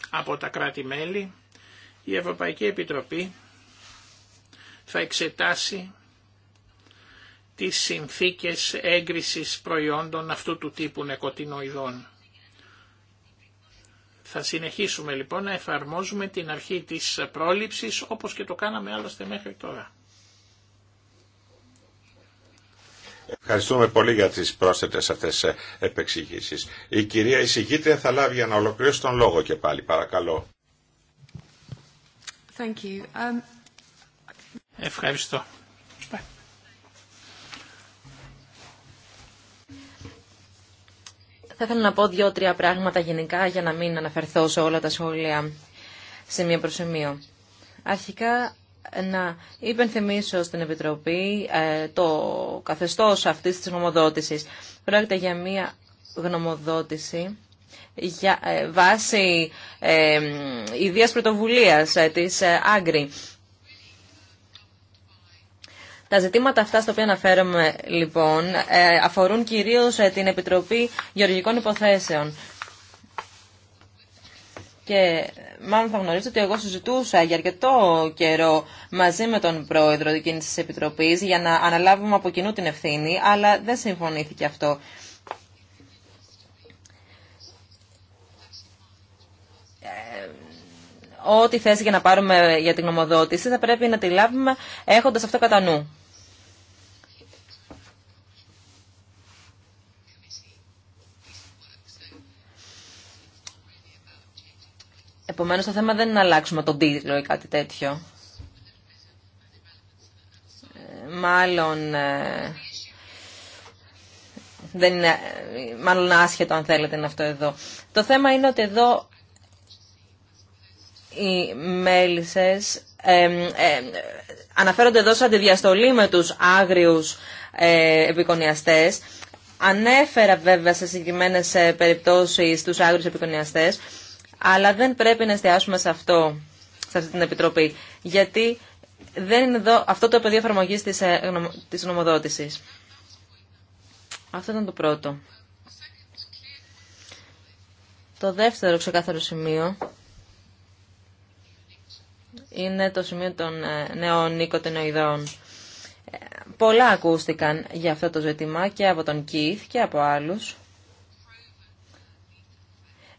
από τα κράτη-μέλη, η Ευρωπαϊκή Επιτροπή θα εξετάσει τις συνθήκες έγκρισης προϊόντων αυτού του τύπου νεκοτινοειδών. Θα συνεχίσουμε λοιπόν να εφαρμόζουμε την αρχή της πρόληψης όπως και το κάναμε άλλωστε μέχρι τώρα. Ευχαριστούμε πολύ για τις πρόσθετες αυτές επεξηγήσεις. Η κυρία εισηγήτρια θα λάβει για να ολοκληρώσει τον λόγο και πάλι παρακαλώ. Thank you. Um... Ευχαριστώ. Θα ήθελα να πω δύο-τρία πράγματα γενικά για να μην αναφερθώ σε όλα τα σχόλια σε μία προσημείο. Αρχικά να υπενθυμίσω στην Επιτροπή ε, το καθεστώς αυτής της γνωμοδότησης. Πρόκειται για μία γνωμοδότηση για, ε, βάση ε, ιδίας πρωτοβουλίας ε, της Άγκρη. Τα ζητήματα αυτά στα οποία αναφέρομαι λοιπόν ε, αφορούν κυρίως ε, την Επιτροπή Γεωργικών Υποθέσεων. Και μάλλον θα γνωρίζετε ότι εγώ συζητούσα για αρκετό καιρό μαζί με τον πρόεδρο εκείνης της Επιτροπής για να αναλάβουμε από κοινού την ευθύνη, αλλά δεν συμφωνήθηκε αυτό. Ε, ό,τι θέση για να πάρουμε για την νομοδότηση θα πρέπει να τη λάβουμε έχοντας αυτό κατά νου. Επομένως το θέμα δεν είναι να αλλάξουμε τον τίτλο ή κάτι τέτοιο. Ε, μάλλον ε, δεν είναι, ε, μάλλον άσχετο αν θέλετε είναι αυτό εδώ. Το θέμα είναι ότι εδώ οι μέλισσες ε, αναφέρονται εδώ σε αντιδιαστολή με τους άγριους ε, επικονιαστές. Ανέφερα βέβαια σε συγκεκριμένες περιπτώσεις τους άγριους επικονιαστές. Αλλά δεν πρέπει να εστιάσουμε σε αυτό, σε αυτή την επιτροπή, γιατί δεν είναι εδώ αυτό το πεδίο εφαρμογή της, ε, νομοδότηση. νομοδότησης. Αυτό ήταν το πρώτο. Το δεύτερο ξεκάθαρο σημείο είναι το σημείο των ε, νέων νοικοτενοειδών. Ε, πολλά ακούστηκαν για αυτό το ζήτημα και από τον Κίθ και από άλλους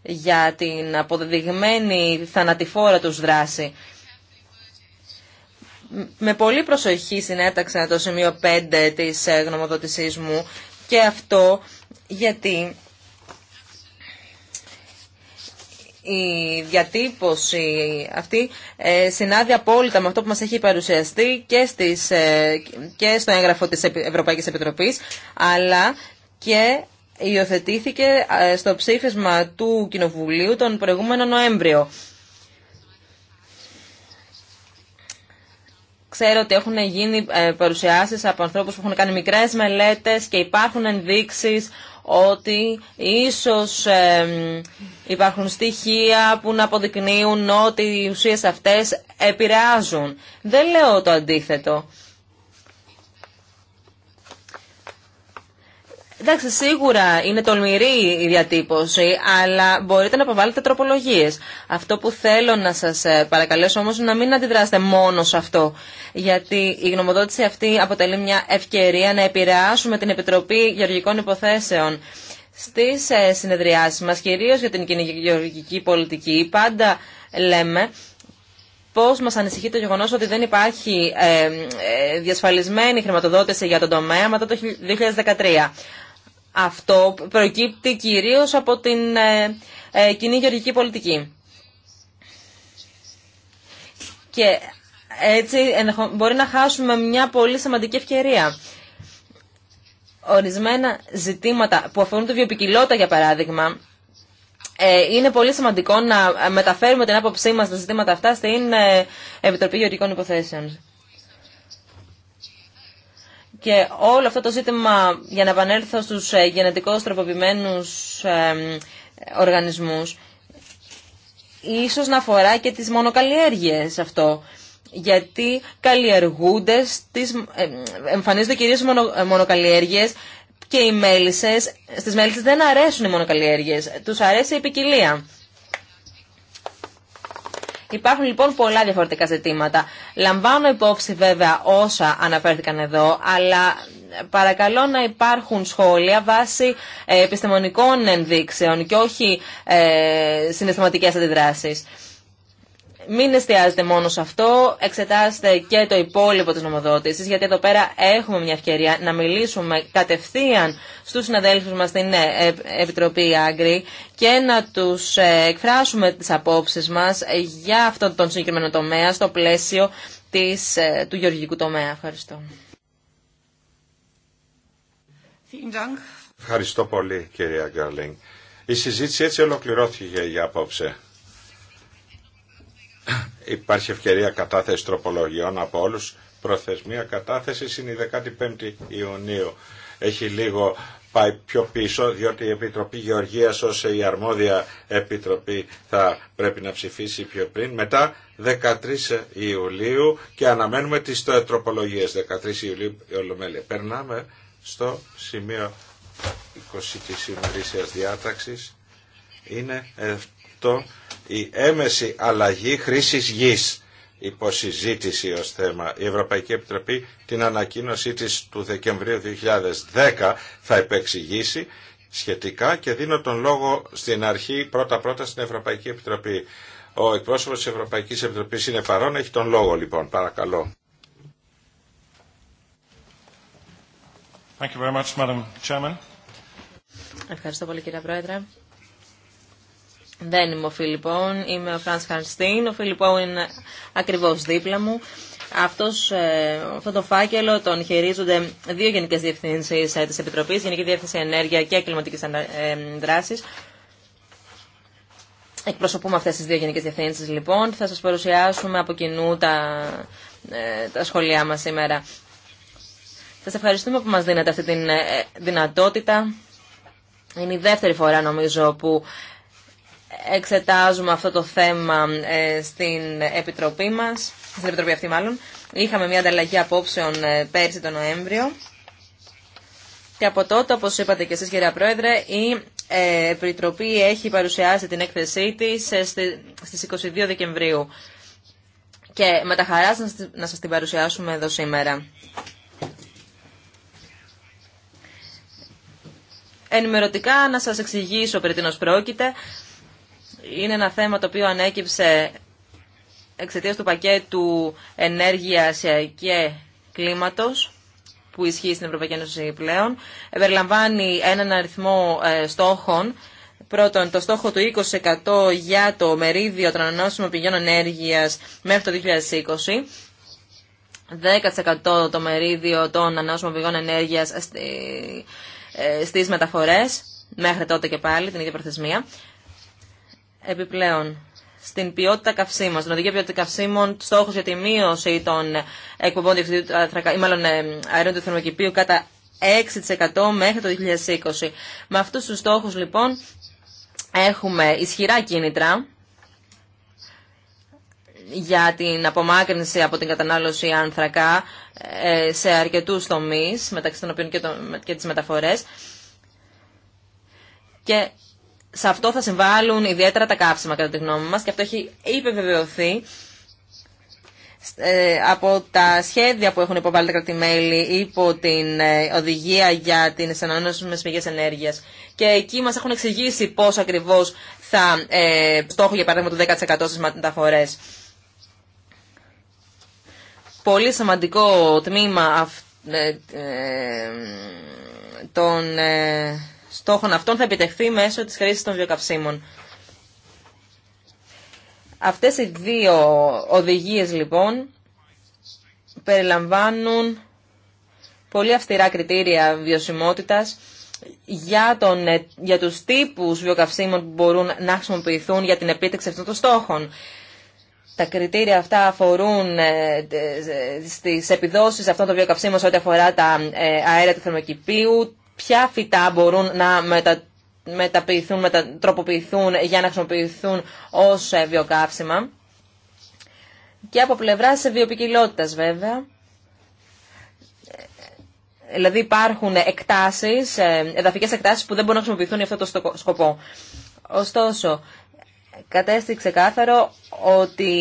για την αποδεδειγμένη θανατηφόρα τους δράση. Με πολύ προσοχή συνέταξα το σημείο 5 της ε, γνωμοδότησής μου και αυτό γιατί η διατύπωση αυτή ε, συνάδει απόλυτα με αυτό που μας έχει παρουσιαστεί και, στις, ε, και στο έγγραφο της Ευρωπαϊκής Επιτροπής αλλά και υιοθετήθηκε ε, στο ψήφισμα του Κοινοβουλίου τον προηγούμενο Νοέμβριο. Ξέρω ότι έχουν γίνει ε, παρουσιάσεις από ανθρώπους που έχουν κάνει μικρές μελέτες και υπάρχουν ενδείξεις ότι ίσως ε, υπάρχουν στοιχεία που να αποδεικνύουν ότι οι ουσίες αυτές επηρεάζουν. Δεν λέω το αντίθετο. Εντάξει, σίγουρα είναι τολμηρή η διατύπωση, αλλά μπορείτε να αποβάλλετε τροπολογίε. Αυτό που θέλω να σα ε, παρακαλέσω όμω να μην αντιδράσετε μόνο σε αυτό. Γιατί η γνωμοδότηση αυτή αποτελεί μια ευκαιρία να επηρεάσουμε την Επιτροπή Γεωργικών Υποθέσεων. Στι ε, συνεδριάσει μα, κυρίω για την κοινή γεωργική πολιτική, πάντα λέμε πώ μα ανησυχεί το γεγονό ότι δεν υπάρχει ε, διασφαλισμένη χρηματοδότηση για τον τομέα μετά το 2013. Αυτό προκύπτει κυρίως από την ε, ε, κοινή γεωργική πολιτική. Και έτσι μπορεί να χάσουμε μια πολύ σημαντική ευκαιρία. Ορισμένα ζητήματα που αφορούν τη βιοπικιλότητα, για παράδειγμα, ε, είναι πολύ σημαντικό να μεταφέρουμε την άποψή μας στα ζητήματα αυτά στην Επιτροπή Γεωργικών Υποθέσεων. Και όλο αυτό το ζήτημα, για να επανέλθω στους ε, γενετικώς τροποποιημένους οργανισμούς, ίσως να αφορά και τις μονοκαλλιέργειες αυτό. Γιατί καλλιεργούνται, εμφανίζονται κυρίως μονο, ε, μονοκαλλιέργειες και οι μέλισσες, στις μέλισσες δεν αρέσουν οι μονοκαλλιέργειες, τους αρέσει η ποικιλία. Υπάρχουν λοιπόν πολλά διαφορετικά ζητήματα. Λαμβάνω υπόψη βέβαια όσα αναφέρθηκαν εδώ, αλλά παρακαλώ να υπάρχουν σχόλια βάσει ε, επιστημονικών ενδείξεων και όχι ε, συναισθηματικές αντιδράσεις μην εστιάζετε μόνο σε αυτό, εξετάστε και το υπόλοιπο της νομοδότησης, γιατί εδώ πέρα έχουμε μια ευκαιρία να μιλήσουμε κατευθείαν στους συναδέλφους μας στην ε, ε, Επιτροπή Άγκρη και να τους ε, εκφράσουμε τις απόψεις μας για αυτόν τον συγκεκριμένο τομέα στο πλαίσιο της, του γεωργικού τομέα. Ευχαριστώ. Ευχαριστώ πολύ κυρία Γκάρλινγκ. Η συζήτηση έτσι ολοκληρώθηκε για απόψε. Υπάρχει ευκαιρία κατάθεση τροπολογιών από όλους. Προθεσμία κατάθεση είναι η 15η Ιουνίου. Έχει λίγο πάει πιο πίσω, διότι η Επιτροπή Γεωργίας ως η αρμόδια Επιτροπή θα πρέπει να ψηφίσει πιο πριν. Μετά 13 Ιουλίου και αναμένουμε τις τροπολογίες 13 Ιουλίου η Ολομέλεια. Περνάμε στο σημείο 20 της ημερήσιας διάταξης. Είναι αυτό η έμεση αλλαγή χρήσης γης υποσυζήτηση ως θέμα. Η Ευρωπαϊκή Επιτροπή την ανακοίνωσή της του Δεκεμβρίου 2010 θα επεξηγήσει σχετικά και δίνω τον λόγο στην αρχή πρώτα-πρώτα στην Ευρωπαϊκή Επιτροπή. Ο εκπρόσωπος της Ευρωπαϊκής Επιτροπής είναι παρόν, έχει τον λόγο λοιπόν, παρακαλώ. Thank you very much, Madam Chairman. Ευχαριστώ πολύ κύριε Πρόεδρε. Δεν είμαι ο Φιλιππών, είμαι ο Φρανς Χαρστίν. Ο Φίλιππον είναι ακριβώς δίπλα μου. Αυτός, ε, αυτό το φάκελο τον χειρίζονται δύο γενικές διευθύνσεις ε, της Επιτροπής, Γενική Διεύθυνση Ενέργεια και Κλιματικής ε, δράση. Εκπροσωπούμε αυτές τις δύο γενικές διευθύνσεις λοιπόν. Θα σας παρουσιάσουμε από κοινού τα, τα σχολιά μας σήμερα. Σας ευχαριστούμε που μας δίνετε αυτή τη δυνατότητα. Είναι η δεύτερη φορά νομίζω που εξετάζουμε αυτό το θέμα ε, στην Επιτροπή μας, στην Επιτροπή αυτή μάλλον. Είχαμε μια ανταλλαγή απόψεων ε, πέρσι τον Νοέμβριο. Και από τότε, όπως είπατε και εσείς κυρία Πρόεδρε, η ε, Επιτροπή έχει παρουσιάσει την έκθεσή της στις 22 Δεκεμβρίου. Και με τα χαράς να σας την παρουσιάσουμε εδώ σήμερα. Ενημερωτικά να σας εξηγήσω περί τίνος πρόκειται είναι ένα θέμα το οποίο ανέκυψε εξαιτίας του πακέτου «Ενέργεια και κλίματος που ισχύει στην Ευρωπαϊκή Ένωση πλέον. Περιλαμβάνει έναν αριθμό ε, στόχων. Πρώτον, το στόχο του 20% για το μερίδιο των ανανεώσιμων πηγών ενέργειας μέχρι το 2020. 10% το μερίδιο των ανανεώσιμων πηγών ενέργειας ε, στις μεταφορές, μέχρι τότε και πάλι την ίδια προθεσμία. Επιπλέον, στην ποιότητα καυσίμων, στην οδηγία ποιότητα καυσίμων, στόχος για τη μείωση των εκπομπών ή μάλλον ε, αερίων του θερμοκηπίου κατά 6% μέχρι το 2020. Με αυτού του στόχου λοιπόν έχουμε ισχυρά κίνητρα για την απομάκρυνση από την κατανάλωση άνθρακα ε, σε αρκετούς τομείς, μεταξύ των οποίων και, το, και τις μεταφορές. Και σε αυτό θα συμβάλλουν ιδιαίτερα τα καύσιμα κατά τη γνώμη μας και αυτό έχει υπεβεβαιωθεί ε, από τα σχέδια που έχουν υποβάλει τα κρατημέλη υπό την ε, οδηγία για την με πηγές ενέργειας. Και εκεί μας έχουν εξηγήσει πώ ακριβώς θα ε, στόχο για παράδειγμα το 10% στι μεταφορέ. Πολύ σημαντικό τμήμα ε, των στόχων αυτών θα επιτευχθεί μέσω της χρήσης των βιοκαυσίμων. Αυτές οι δύο οδηγίες λοιπόν περιλαμβάνουν πολύ αυστηρά κριτήρια βιωσιμότητας για, τον, ε, για τους τύπους βιοκαυσίμων που μπορούν να χρησιμοποιηθούν για την επίτευξη αυτών των στόχων. Τα κριτήρια αυτά αφορούν ε, ε, στις επιδόσεις αυτών των βιοκαυσίμων σε ό,τι αφορά τα αέρα του θερμοκηπίου, ποια φυτά μπορούν να μετα, μεταποιηθούν, μετατροποποιηθούν για να χρησιμοποιηθούν ως ε, βιοκαύσιμα. Και από πλευράς βιοπικιλότητας βέβαια. Ε, δηλαδή υπάρχουν εκτάσεις, ε, εδαφικές εκτάσεις που δεν μπορούν να χρησιμοποιηθούν για αυτό το σκοπό. Ωστόσο, κατέστη ξεκάθαρο ότι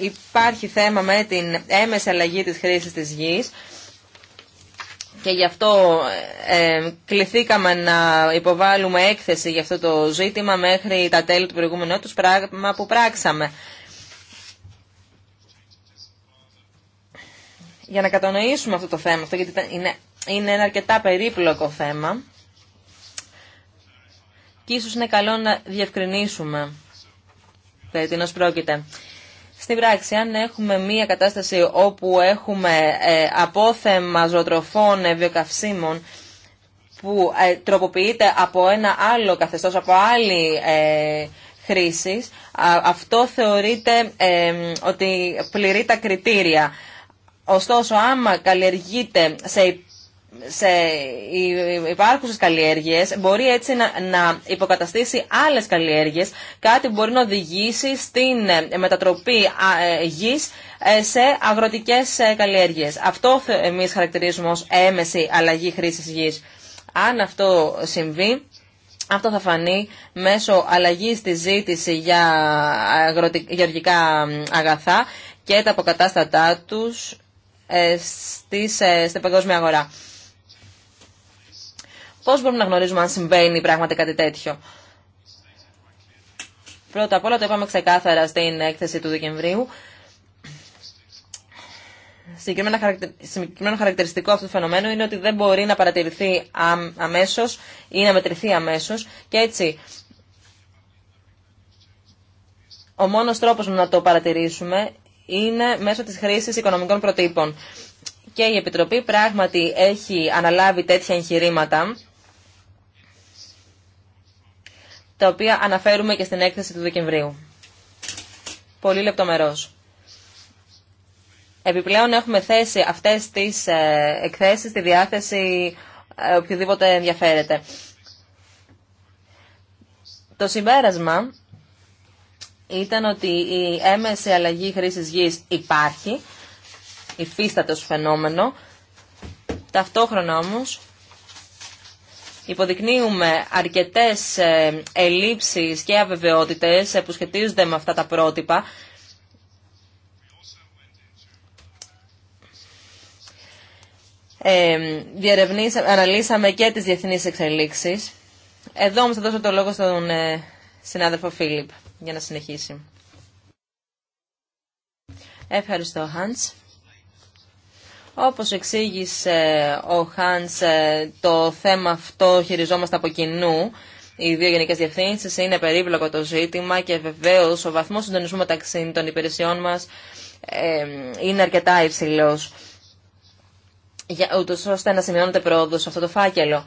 υπάρχει θέμα με την έμεση αλλαγή της χρήσης της γης και γι' αυτό ε, ε, κληθήκαμε να υποβάλουμε έκθεση για αυτό το ζήτημα μέχρι τα τέλη του προηγούμενου έτους, πράγμα που πράξαμε. Για να κατανοήσουμε αυτό το θέμα, αυτό γιατί είναι, είναι ένα αρκετά περίπλοκο θέμα και ίσως είναι καλό να διευκρινίσουμε τι τίνος πρόκειται. Στην πράξη, αν έχουμε μία κατάσταση όπου έχουμε ε, απόθεμα ζωοτροφών ε, βιοκαυσίμων που ε, τροποποιείται από ένα άλλο καθεστώς, από άλλη χρήση, αυτό θεωρείται ότι πληρεί τα κριτήρια. Ωστόσο, άμα καλλιεργείται σε σε υπάρχουσε καλλιέργειες μπορεί έτσι να, υποκαταστήσει άλλε καλλιέργειε. κάτι που μπορεί να οδηγήσει στην ε, μετατροπή ε, γη ε, σε αγροτικέ καλλιέργειες. Αυτό εμεί χαρακτηρίζουμε ω έμεση αλλαγή χρήση γης. Αν αυτό συμβεί, αυτό θα φανεί μέσω αλλαγής της ζήτηση για αγροτικά αγαθά και τα αποκατάστατά τους στην παγκόσμια αγορά. Πώ μπορούμε να γνωρίζουμε αν συμβαίνει πράγματι κάτι τέτοιο. Πρώτα απ' όλα το είπαμε ξεκάθαρα στην έκθεση του Δεκεμβρίου. Συγκεκριμένο χαρακτηριστικό αυτού του φαινομένου είναι ότι δεν μπορεί να παρατηρηθεί αμέσως ή να μετρηθεί αμέσως και έτσι ο μόνος τρόπος να το παρατηρήσουμε είναι μέσω τη χρήσης οικονομικών προτύπων. Και η Επιτροπή πράγματι έχει αναλάβει τέτοια εγχειρήματα τα οποία αναφέρουμε και στην έκθεση του Δεκεμβρίου. Πολύ λεπτομερώς. Επιπλέον έχουμε θέσει αυτές τις ε, εκθέσεις στη διάθεση ε, οποιοδήποτε ενδιαφέρεται. Το συμπέρασμα ήταν ότι η έμεση αλλαγή χρήσης γης υπάρχει, υφίστατος φαινόμενο, ταυτόχρονα όμως υποδεικνύουμε αρκετές ε, ελλείψεις και αβεβαιότητες ε, που σχετίζονται με αυτά τα πρότυπα. Ε, αναλύσαμε και τις διεθνείς εξελίξεις. Εδώ όμως θα δώσω το λόγο στον ε, συνάδελφο Φίλιπ για να συνεχίσει. Ευχαριστώ, Χάντς. Όπως εξήγησε ο Χάνς, ε, το θέμα αυτό χειριζόμαστε από κοινού. Οι δύο γενικέ διευθύνσει είναι περίπλοκο το ζήτημα και βεβαίω ο βαθμό συντονισμού μεταξύ των υπηρεσιών μα ε, είναι αρκετά υψηλό. Ούτω ώστε να σημειώνεται πρόοδο σε αυτό το φάκελο.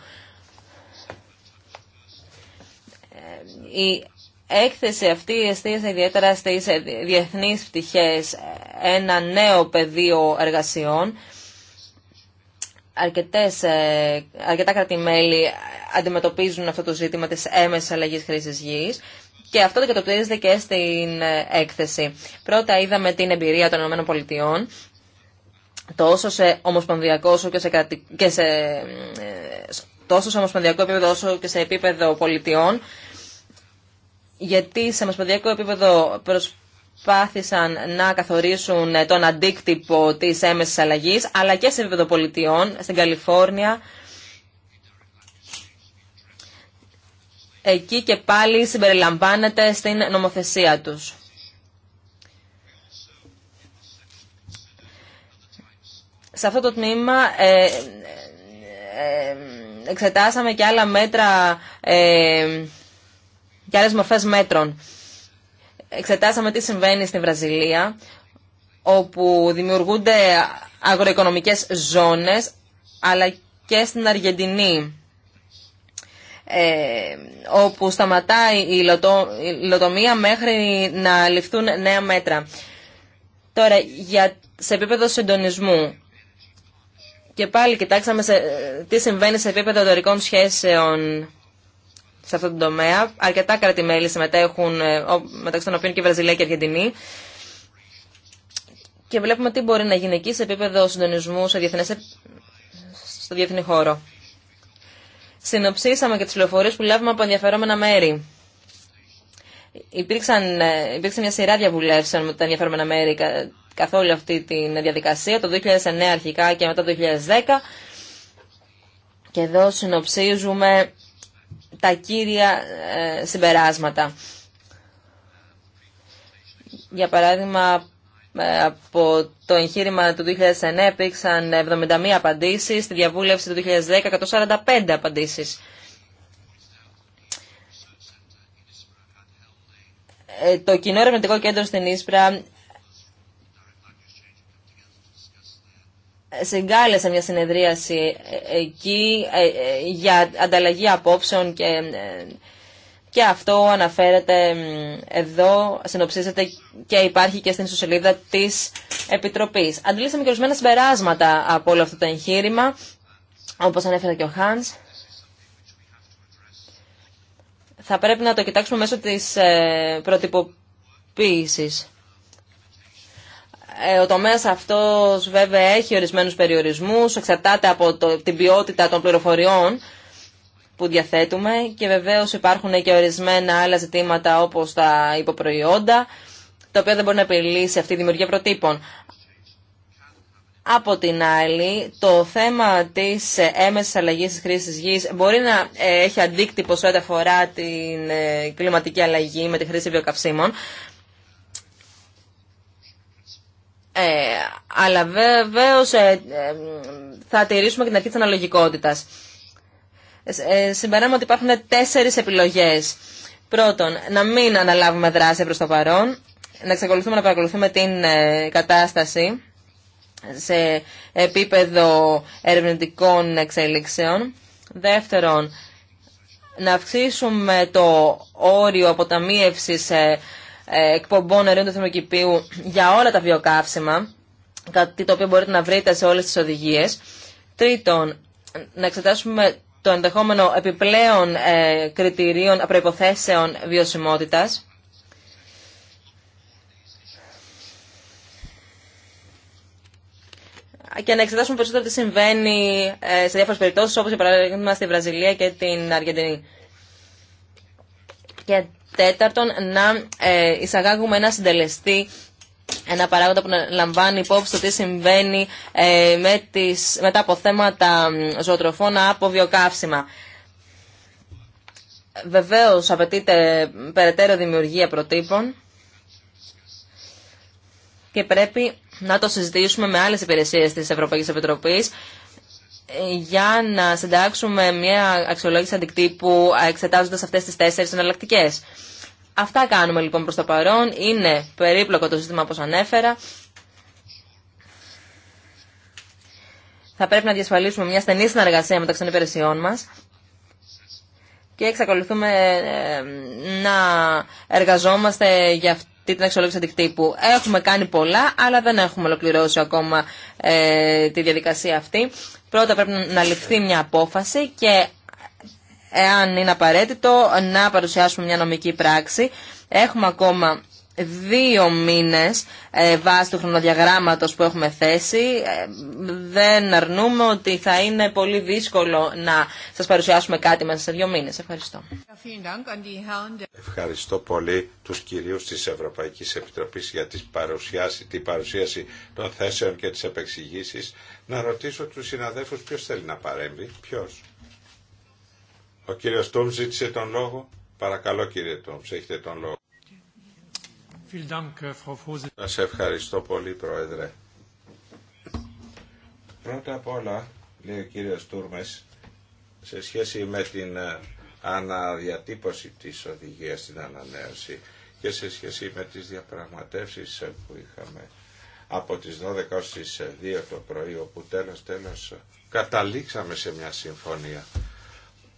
Ε, η έκθεση αυτή εστίασε ιδιαίτερα στι διεθνεί πτυχέ ένα νέο πεδίο εργασιών αρκετές, ε, αρκετά κρατημέλη αντιμετωπίζουν αυτό το ζήτημα της έμεσης αλλαγής χρήσης γης και αυτό αντικατοπτρίζεται και στην ε, έκθεση. Πρώτα είδαμε την εμπειρία των ΗΠΑ τόσο σε ομοσπονδιακό και σε, και σε... Ε, τόσο σε ομοσπονδιακό επίπεδο όσο και σε επίπεδο πολιτιών γιατί σε ομοσπονδιακό επίπεδο προσπάθησαν να καθορίσουν ε, τον αντίκτυπο της έμεσης αλλαγής, αλλά και σε επίπεδο πολιτιών, στην Καλιφόρνια. Εκεί και πάλι συμπεριλαμβάνεται στην νομοθεσία τους. Σε αυτό το τμήμα ε, ε, εξετάσαμε και άλλα μέτρα, και άλλες μορφές μέτρων εξετάσαμε τι συμβαίνει στη Βραζιλία, όπου δημιουργούνται αγροοικονομικές ζώνες, αλλά και στην Αργεντινή, ε, όπου σταματάει η λοτομία μέχρι να ληφθούν νέα μέτρα. Τώρα, για, σε επίπεδο συντονισμού, και πάλι κοιτάξαμε σε, ε, τι συμβαίνει σε επίπεδο εταιρικών σχέσεων σε αυτόν τον τομέα. Αρκετά κράτη-μέλη συμμετέχουν, ε, μεταξύ των οποίων και η Βραζιλία και η Αργεντινή. Και βλέπουμε τι μπορεί να γίνει εκεί σε επίπεδο συντονισμού σε διεθνές, στο διεθνή χώρο. Συνοψίσαμε και τι πληροφορίες που λάβουμε από ενδιαφερόμενα μέρη. Υπήρξαν, ε, υπήρξε μια σειρά διαβουλεύσεων με τα ενδιαφέρομενα μέρη καθ' όλη αυτή τη διαδικασία, το 2009 αρχικά και μετά το 2010. Και εδώ συνοψίζουμε τα κύρια ε, συμπεράσματα. Για παράδειγμα, ε, από το εγχείρημα του 2009 έπαιξαν 71 απαντήσεις, στη διαβούλευση του 2010 145 απαντήσεις. Ε, το Κοινό Ερευνητικό Κέντρο στην Ίσπρα Συγκάλεσε μια συνεδρίαση ε, εκεί ε, ε, για ανταλλαγή απόψεων και, και αυτό αναφέρεται εδώ, συνοψίζεται και υπάρχει και στην ιστοσελίδα της Επιτροπής. Αντλήσαμε και ορισμένα συμπεράσματα από όλο αυτό το εγχείρημα, όπως ανέφερε και ο Χάνς. Θα πρέπει να το κοιτάξουμε μέσω της προτυποποίησης. Ε, ο τομέας αυτό βέβαια έχει ορισμένους περιορισμούς, εξαρτάται από το, την ποιότητα των πληροφοριών που διαθέτουμε και βεβαίω υπάρχουν και ορισμένα άλλα ζητήματα όπως τα υποπροϊόντα, τα οποία δεν μπορεί να επιλύσει αυτή η δημιουργία προτύπων. Από την άλλη, το θέμα της ε, έμεσης αλλαγής της χρήσης γης μπορεί να ε, έχει αντίκτυπο σε ό,τι αφορά την κλιματική αλλαγή με τη χρήση βιοκαυσίμων. Ε, αλλά βεβαίω ε, ε, θα τηρήσουμε και την αρχή τη αναλογικότητα. Ε, Συμπεράμε ότι υπάρχουν τέσσερι επιλογέ. Πρώτον, να μην αναλάβουμε δράση προ το παρόν, να εξακολουθούμε να παρακολουθούμε την κατάσταση σε επίπεδο ερευνητικών εξέλιξεων. Δεύτερον, να αυξήσουμε το όριο αποταμίευσης εκπομπών νερού του θερμοκηπίου για όλα τα βιοκαύσιμα, κάτι το οποίο μπορείτε να βρείτε σε όλες τις οδηγίες. Τρίτον, να εξετάσουμε το ενδεχόμενο επιπλέον ε, κριτηρίων προϋποθέσεων βιωσιμότητας. και να εξετάσουμε περισσότερο τι συμβαίνει ε, σε διάφορε περιπτώσει, όπω για παράδειγμα στη Βραζιλία και την Αργεντινή. Και Τέταρτον, να ε, εισαγάγουμε ένα συντελεστή ένα παράγοντα που λαμβάνει υπόψη το τι συμβαίνει ε, με, τις, με τα αποθέματα ζωοτροφών από βιοκαύσιμα. Βεβαίως απαιτείται περαιτέρω δημιουργία προτύπων και πρέπει να το συζητήσουμε με άλλες υπηρεσίες της Ευρωπαϊκής Επιτροπής ε, για να συντάξουμε μια αξιολόγηση αντικτύπου εξετάζοντας αυτές τις τέσσερις εναλλακτικέ. Αυτά κάνουμε λοιπόν προς το παρόν. Είναι περίπλοκο το σύστημα όπως ανέφερα. Θα πρέπει να διασφαλίσουμε μια στενή συνεργασία μεταξύ των υπηρεσιών μας και εξακολουθούμε ε, να εργαζόμαστε για αυτό την αξιολόγηση αντικτύπου. Έχουμε κάνει πολλά, αλλά δεν έχουμε ολοκληρώσει ακόμα ε, τη διαδικασία αυτή. Πρώτα πρέπει να ληφθεί μια απόφαση και εάν είναι απαραίτητο να παρουσιάσουμε μια νομική πράξη. Έχουμε ακόμα δύο μήνες ε, βάσει του χρονοδιαγράμματος που έχουμε θέσει. Ε, δεν αρνούμε ότι θα είναι πολύ δύσκολο να σας παρουσιάσουμε κάτι μέσα σε δύο μήνες. Ευχαριστώ. Ευχαριστώ πολύ τους κυρίους της Ευρωπαϊκής Επιτροπής για τις παρουσιάσεις, την παρουσίαση των θέσεων και τις επεξηγήσεις. Να ρωτήσω τους συναδέλφους ποιος θέλει να παρέμβει. Ποιος. Ο κύριος Τόμ ζήτησε τον λόγο. Παρακαλώ κύριε Τόμ, έχετε τον λόγο. Äh, Σα ευχαριστώ πολύ, Πρόεδρε. Πρώτα απ' όλα, λέει ο κύριος Τούρμες, σε σχέση με την ε, αναδιατύπωση της οδηγίας στην ανανέωση και σε σχέση με τις διαπραγματεύσεις ε, που είχαμε από τις 12 ως 2 ε, το πρωί, όπου τέλος τέλος καταλήξαμε σε μια συμφωνία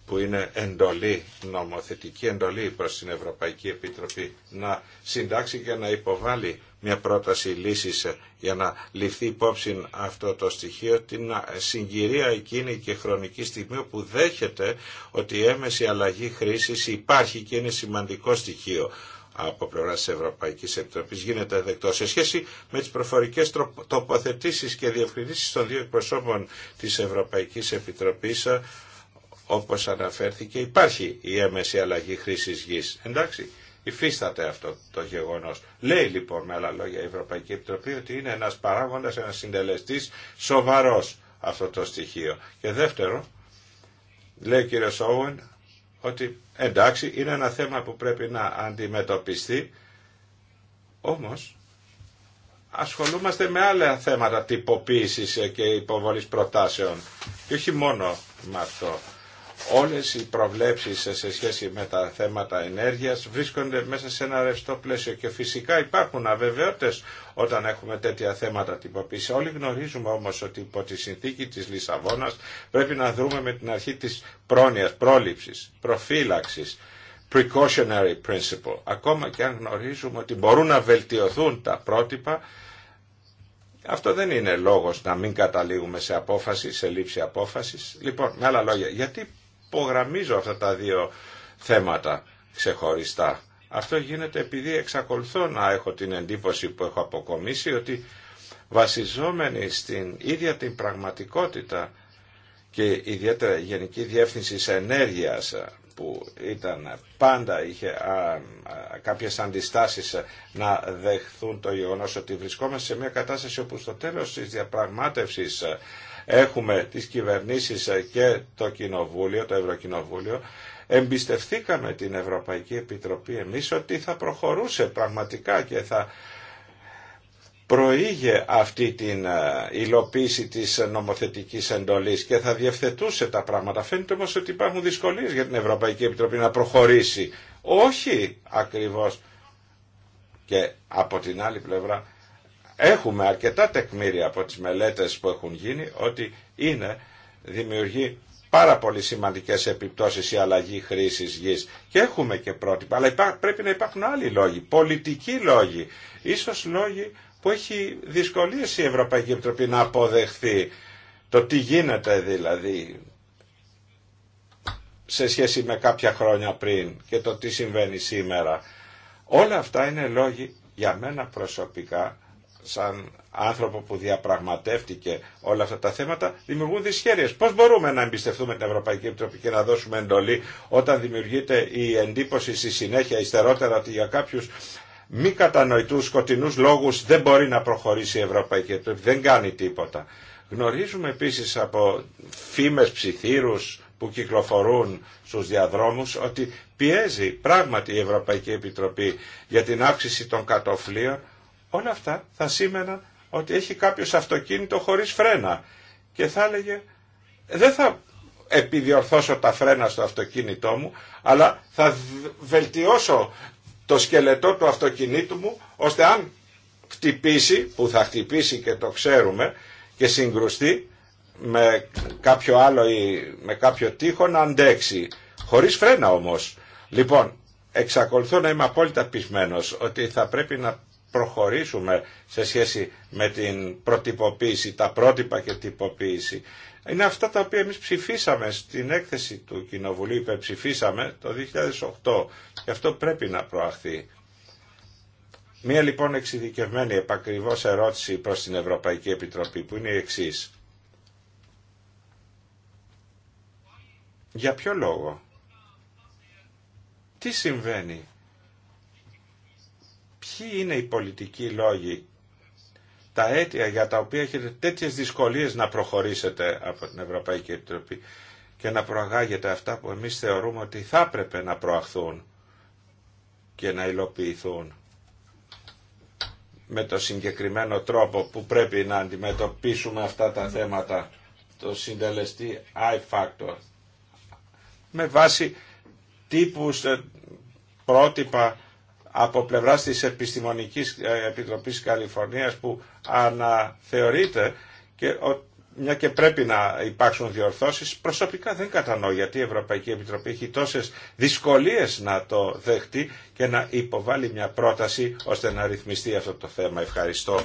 που είναι εντολή, νομοθετική εντολή προς την Ευρωπαϊκή Επιτροπή να συντάξει και να υποβάλει μια πρόταση λύσης για να ληφθεί υπόψη αυτό το στοιχείο την συγκυρία εκείνη και χρονική στιγμή που δέχεται ότι η έμεση αλλαγή χρήσης υπάρχει και είναι σημαντικό στοιχείο από πλευρά τη Ευρωπαϊκή Επιτροπή γίνεται δεκτό. Σε σχέση με τι προφορικέ τοποθετήσει και διευκρινήσει των δύο εκπροσώπων τη Ευρωπαϊκή Επιτροπή, όπως αναφέρθηκε υπάρχει η έμεση αλλαγή χρήσης γης. Εντάξει, υφίσταται αυτό το γεγονός. Λέει λοιπόν με άλλα λόγια η Ευρωπαϊκή Επιτροπή ότι είναι ένας παράγοντας, ένας συντελεστής σοβαρός αυτό το στοιχείο. Και δεύτερο, λέει ο κύριος Όουεν ότι εντάξει είναι ένα θέμα που πρέπει να αντιμετωπιστεί, όμως ασχολούμαστε με άλλα θέματα τυποποίησης και υποβολής προτάσεων και όχι μόνο με αυτό όλες οι προβλέψεις σε σχέση με τα θέματα ενέργειας βρίσκονται μέσα σε ένα ρευστό πλαίσιο και φυσικά υπάρχουν αβεβαιότητες όταν έχουμε τέτοια θέματα τυποποίηση. Όλοι γνωρίζουμε όμως ότι υπό τη συνθήκη της Λισαβόνας πρέπει να δούμε με την αρχή της πρόνοιας, πρόληψης, προφύλαξης precautionary principle. Ακόμα και αν γνωρίζουμε ότι μπορούν να βελτιωθούν τα πρότυπα, αυτό δεν είναι λόγος να μην καταλήγουμε σε απόφαση, σε λήψη απόφασης. Λοιπόν, με άλλα λόγια, γιατί υπογραμμίζω αυτά τα δύο θέματα ξεχωριστά. Αυτό γίνεται επειδή εξακολουθώ να έχω την εντύπωση που έχω αποκομίσει ότι βασιζόμενοι στην ίδια την πραγματικότητα και ιδιαίτερα η Γενική Διεύθυνση Ενέργειας που ήταν πάντα είχε α, α, κάποιες αντιστάσεις να δεχθούν το γεγονός ότι βρισκόμαστε σε μια κατάσταση όπου στο τέλος της διαπραγμάτευσης έχουμε τις κυβερνήσεις ε, και το Κοινοβούλιο, το Ευρωκοινοβούλιο, εμπιστευθήκαμε την Ευρωπαϊκή Επιτροπή εμείς ότι θα προχωρούσε πραγματικά και θα προήγε αυτή την ε, υλοποίηση της νομοθετικής εντολής και θα διευθετούσε τα πράγματα. Φαίνεται όμως ότι υπάρχουν δυσκολίες για την Ευρωπαϊκή Επιτροπή να προχωρήσει. Όχι ακριβώς. Και από την άλλη πλευρά έχουμε αρκετά τεκμήρια από τις μελέτες που έχουν γίνει ότι είναι, δημιουργεί πάρα πολύ σημαντικές επιπτώσεις η αλλαγή χρήσης γης και έχουμε και πρότυπα, αλλά πρέπει να υπάρχουν άλλοι λόγοι, πολιτικοί λόγοι, ίσως λόγοι που έχει δυσκολίες η Ευρωπαϊκή Επιτροπή να αποδεχθεί το τι γίνεται δηλαδή σε σχέση με κάποια χρόνια πριν και το τι συμβαίνει σήμερα. Όλα αυτά είναι λόγοι για μένα προσωπικά σαν άνθρωπο που διαπραγματεύτηκε όλα αυτά τα θέματα, δημιουργούν δυσχέρειες. Πώς μπορούμε να εμπιστευτούμε την Ευρωπαϊκή Επιτροπή και να δώσουμε εντολή όταν δημιουργείται η εντύπωση στη συνέχεια υστερότερα ότι για κάποιους μη κατανοητού σκοτεινού λόγου δεν μπορεί να προχωρήσει η Ευρωπαϊκή Επιτροπή, δεν κάνει τίποτα. Γνωρίζουμε επίση από φήμε ψιθύρους που κυκλοφορούν στου διαδρόμου ότι πιέζει πράγματι η Ευρωπαϊκή Επιτροπή για την αύξηση των κατοφλίων Όλα αυτά θα σήμαιναν ότι έχει κάποιος αυτοκίνητο χωρίς φρένα και θα έλεγε δεν θα επιδιορθώσω τα φρένα στο αυτοκίνητό μου αλλά θα βελτιώσω το σκελετό του αυτοκινήτου μου ώστε αν χτυπήσει, που θα χτυπήσει και το ξέρουμε και συγκρουστεί με κάποιο άλλο ή με κάποιο τείχο να αντέξει χωρίς φρένα όμως λοιπόν εξακολουθώ να είμαι απόλυτα πεισμένος ότι θα πρέπει να προχωρήσουμε σε σχέση με την προτυποποίηση, τα πρότυπα και τυποποίηση. Είναι αυτά τα οποία εμείς ψηφίσαμε στην έκθεση του Κοινοβουλίου, ψηφίσαμε το 2008 και αυτό πρέπει να προαχθεί. Μία λοιπόν εξειδικευμένη επακριβώς ερώτηση προς την Ευρωπαϊκή Επιτροπή που είναι η εξής. Για ποιο λόγο, τι συμβαίνει ποιοι είναι οι πολιτικοί λόγοι, τα αίτια για τα οποία έχετε τέτοιες δυσκολίες να προχωρήσετε από την Ευρωπαϊκή Επιτροπή και να προαγάγετε αυτά που εμείς θεωρούμε ότι θα έπρεπε να προαχθούν και να υλοποιηθούν με το συγκεκριμένο τρόπο που πρέπει να αντιμετωπίσουμε αυτά τα θέματα το συντελεστή I-Factor με βάση τύπους ε, πρότυπα από πλευράς της Επιστημονικής ε, Επιτροπής Καλιφορνίας που αναθεωρείται και μια και πρέπει να υπάρξουν διορθώσεις, προσωπικά δεν κατανοώ γιατί η Ευρωπαϊκή Επιτροπή έχει τόσες δυσκολίες να το δεχτεί και να υποβάλει μια πρόταση ώστε να ρυθμιστεί αυτό το θέμα. Ευχαριστώ.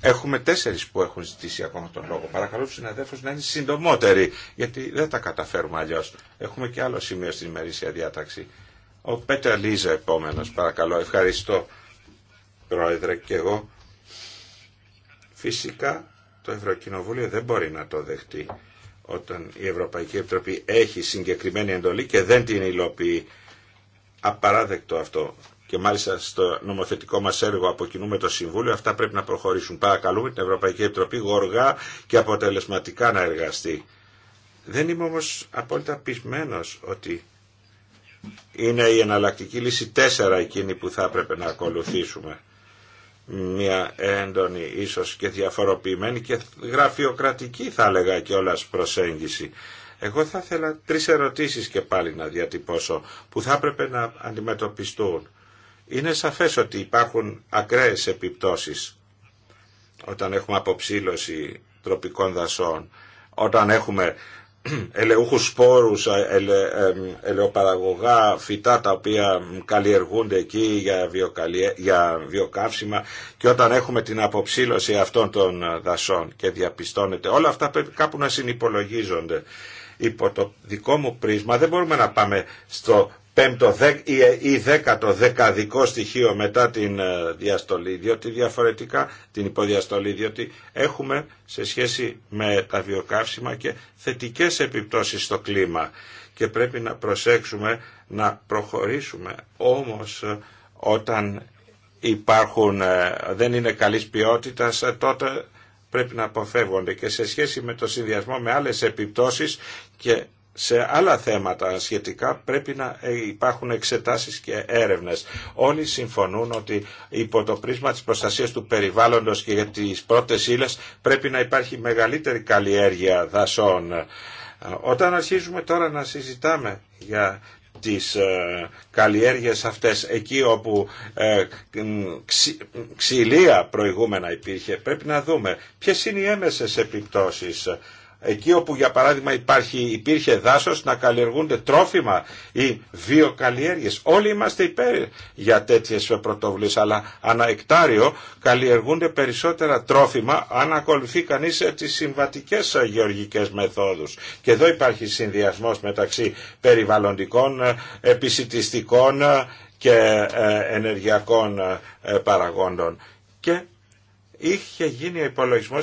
Έχουμε τέσσερις που έχουν ζητήσει ακόμα τον λόγο. Παρακαλώ τους συναδέλφους να είναι συντομότεροι, γιατί δεν τα καταφέρουμε αλλιώς. Έχουμε και άλλο σημείο στην ημερήσια διάταξη. Ο Πέτρα Λίζα επόμενος, παρακαλώ. Ευχαριστώ, Πρόεδρε, και εγώ. Φυσικά, το Ευρωκοινοβούλιο δεν μπορεί να το δεχτεί όταν η Ευρωπαϊκή Επιτροπή έχει συγκεκριμένη εντολή και δεν την υλοποιεί. Απαράδεκτο αυτό και μάλιστα στο νομοθετικό μας έργο από κοινού με το Συμβούλιο, αυτά πρέπει να προχωρήσουν. Παρακαλούμε την Ευρωπαϊκή Επιτροπή γοργά και αποτελεσματικά να εργαστεί. Δεν είμαι όμως απόλυτα πεισμένος ότι είναι η εναλλακτική λύση τέσσερα εκείνη που θα έπρεπε να ακολουθήσουμε. Μια έντονη ίσως και διαφοροποιημένη και γραφειοκρατική θα έλεγα κιόλα προσέγγιση. Εγώ θα ήθελα τρεις ερωτήσεις και πάλι να διατυπώσω που θα έπρεπε να αντιμετωπιστούν. Είναι σαφές ότι υπάρχουν ακραίες επιπτώσεις όταν έχουμε αποψήλωση τροπικών δασών, όταν έχουμε ελαιούχους σπόρους, ε, ελε, ελαιοπαραγωγά, φυτά τα οποία καλλιεργούνται εκεί για, βιοκαλλιε... για βιοκαύσιμα και όταν έχουμε την αποψήλωση αυτών των ε, δασών και διαπιστώνεται. Όλα αυτά πρέπει κάπου να συνυπολογίζονται. Υπό το δικό μου πρίσμα δεν μπορούμε να πάμε στο πέμπτο ε, ή δέκατο δεκαδικό στοιχείο μετά την ε, διαστολή, διότι διαφορετικά την υποδιαστολή, διότι έχουμε σε σχέση με τα βιοκαύσιμα και θετικές επιπτώσεις στο κλίμα και πρέπει να προσέξουμε να προχωρήσουμε όμως ε, όταν υπάρχουν, δεν είναι καλής ποιότητας τότε πρέπει να αποφεύγονται και σε σχέση με το συνδυασμό με άλλες επιπτώσεις και σε άλλα θέματα σχετικά πρέπει να ε, υπάρχουν εξετάσεις και έρευνες. Όλοι συμφωνούν ότι υπό το πρίσμα της προστασίας του περιβάλλοντος και για τις πρώτες ύλες πρέπει να υπάρχει μεγαλύτερη καλλιέργεια δασών. Ε, όταν αρχίζουμε τώρα να συζητάμε για τις ε, καλλιέργειες αυτές εκεί όπου ξυλία προηγούμενα υπήρχε πρέπει να δούμε ποιες είναι οι έμεσες επιπτώσεις εκεί όπου για παράδειγμα υπάρχει, υπήρχε δάσος να καλλιεργούνται τρόφιμα ή βιοκαλλιέργειες. Όλοι είμαστε υπέρ για τέτοιες πρωτοβουλίες, αλλά ανά εκτάριο καλλιεργούνται περισσότερα τρόφιμα αν ακολουθεί κανείς ε, τις συμβατικές ε, γεωργικές μεθόδους. Και εδώ υπάρχει συνδυασμός μεταξύ περιβαλλοντικών, ε, επισητιστικών και ενεργειακών παραγόντων. Και είχε γίνει ο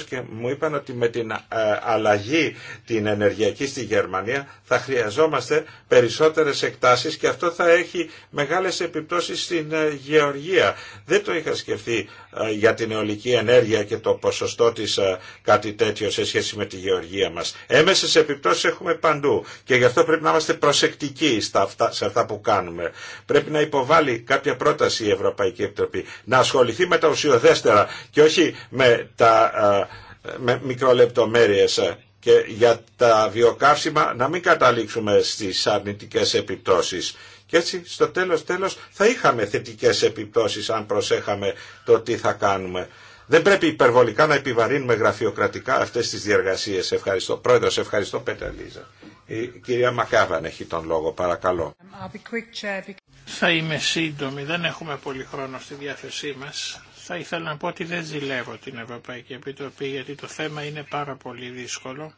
και μου είπαν ότι με την ε, αλλαγή την ενεργειακή στη Γερμανία θα χρειαζόμαστε περισσότερες εκτάσεις και αυτό θα έχει μεγάλες επιπτώσεις στην ε, γεωργία. Δεν το είχα σκεφτεί ε, για την αιωλική ενέργεια και το ποσοστό της ε, κάτι τέτοιο σε σχέση με τη γεωργία μας. Έμεσες επιπτώσεις έχουμε παντού και γι' αυτό πρέπει να είμαστε προσεκτικοί στα αυτά, σε αυτά που κάνουμε. Πρέπει να υποβάλει κάποια πρόταση η Ευρωπαϊκή Επιτροπή, να ασχοληθεί με τα ουσιοδέστερα και όχι με τα ε, με μικρολεπτομέρειες και για τα βιοκαύσιμα να μην καταλήξουμε στις αρνητικές επιπτώσεις και έτσι στο τέλος τέλος θα είχαμε θετικές επιπτώσεις αν προσέχαμε το τι θα κάνουμε. Δεν πρέπει υπερβολικά να επιβαρύνουμε γραφειοκρατικά αυτές τις διεργασίες. Ευχαριστώ. Πρόεδρος, ευχαριστώ Πέτρα Λίζα. Η κυρία Μακάβαν έχει τον λόγο, παρακαλώ. Θα είμαι σύντομη, δεν έχουμε πολύ χρόνο στη διάθεσή μας. Θα ήθελα να πω ότι δεν ζηλεύω την Ευρωπαϊκή Επιτροπή γιατί το θέμα είναι πάρα πολύ δύσκολο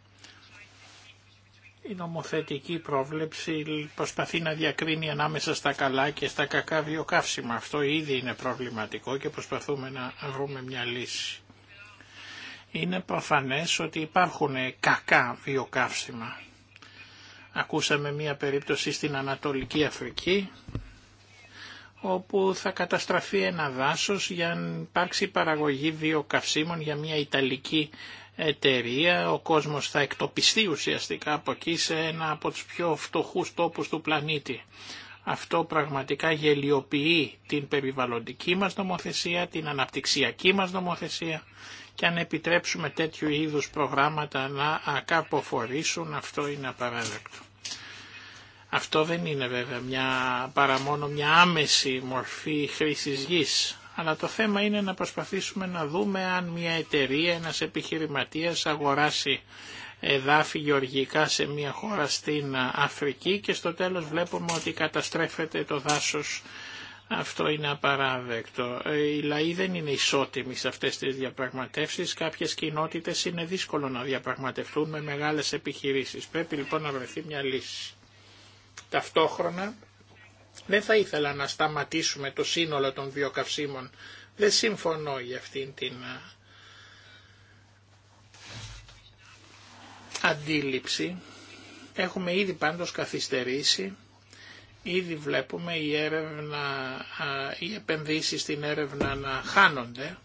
η νομοθετική πρόβλεψη προσπαθεί να διακρίνει ανάμεσα στα καλά και στα κακά βιοκαύσιμα. Αυτό ήδη είναι προβληματικό και προσπαθούμε να βρούμε μια λύση. Είναι προφανές ότι υπάρχουν κακά βιοκαύσιμα. Ακούσαμε μια περίπτωση στην Ανατολική Αφρική όπου θα καταστραφεί ένα δάσος για να υπάρξει παραγωγή βιοκαυσίμων για μια Ιταλική εταιρεία, ο κόσμος θα εκτοπιστεί ουσιαστικά από εκεί σε ένα από τους πιο φτωχούς τόπους του πλανήτη. Αυτό πραγματικά γελιοποιεί την περιβαλλοντική μας νομοθεσία, την αναπτυξιακή μας νομοθεσία και αν επιτρέψουμε τέτοιου είδους προγράμματα να ακαποφορήσουν αυτό είναι απαράδεκτο. Αυτό δεν είναι βέβαια μια, παρά μόνο μια άμεση μορφή χρήσης γης. Αλλά το θέμα είναι να προσπαθήσουμε να δούμε αν μια εταιρεία, ένας επιχειρηματίας αγοράσει εδάφη γεωργικά σε μια χώρα στην Αφρική και στο τέλος βλέπουμε ότι καταστρέφεται το δάσος. Αυτό είναι απαράδεκτο. Οι λαοί δεν είναι ισότιμοι σε αυτές τις διαπραγματεύσεις. Κάποιες κοινότητες είναι δύσκολο να διαπραγματευτούν με μεγάλες επιχειρήσεις. Πρέπει λοιπόν να βρεθεί μια λύση. Ταυτόχρονα δεν θα ήθελα να σταματήσουμε το σύνολο των βιοκαυσίμων. Δεν συμφωνώ για αυτήν την αντίληψη. Έχουμε ήδη πάντως καθυστερήσει. Ήδη βλέπουμε η έρευνα, οι επενδύσεις στην έρευνα να χάνονται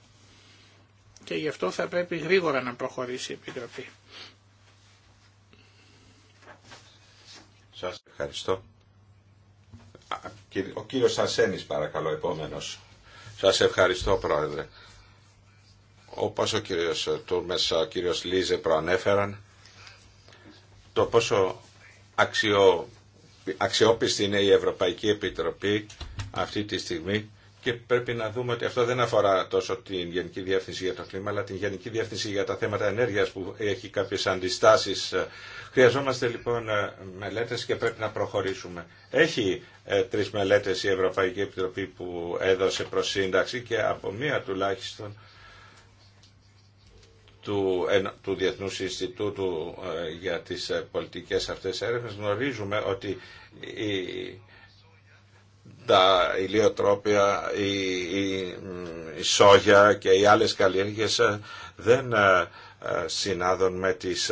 και γι' αυτό θα πρέπει γρήγορα να προχωρήσει η Επιτροπή. Σας ευχαριστώ. Ο κύριος Σασένης, παρακαλώ επόμενος. Σας ευχαριστώ πρόεδρε. Όπως ο κύριος Τούρμες, ο κύριος Λίζε προανέφεραν, το πόσο αξιό, αξιόπιστη είναι η Ευρωπαϊκή Επιτροπή αυτή τη στιγμή και πρέπει να δούμε ότι αυτό δεν αφορά τόσο την Γενική Διεύθυνση για το Κλίμα, αλλά την Γενική Διεύθυνση για τα θέματα ενέργειας που έχει κάποιες αντιστάσεις. Χρειαζόμαστε λοιπόν μελέτες και πρέπει να προχωρήσουμε. Έχει ε, τρεις μελέτες η Ευρωπαϊκή Επιτροπή που έδωσε προς σύνταξη και από μία τουλάχιστον του, του Διεθνούς Ινστιτούτου ε, για τις ε, πολιτικές αυτές έρευνες γνωρίζουμε ότι η, τα ηλιοτρόπια, η, η, σόγια και οι άλλες καλλιέργειες ε, δεν ε, ε, συνάδουν με τις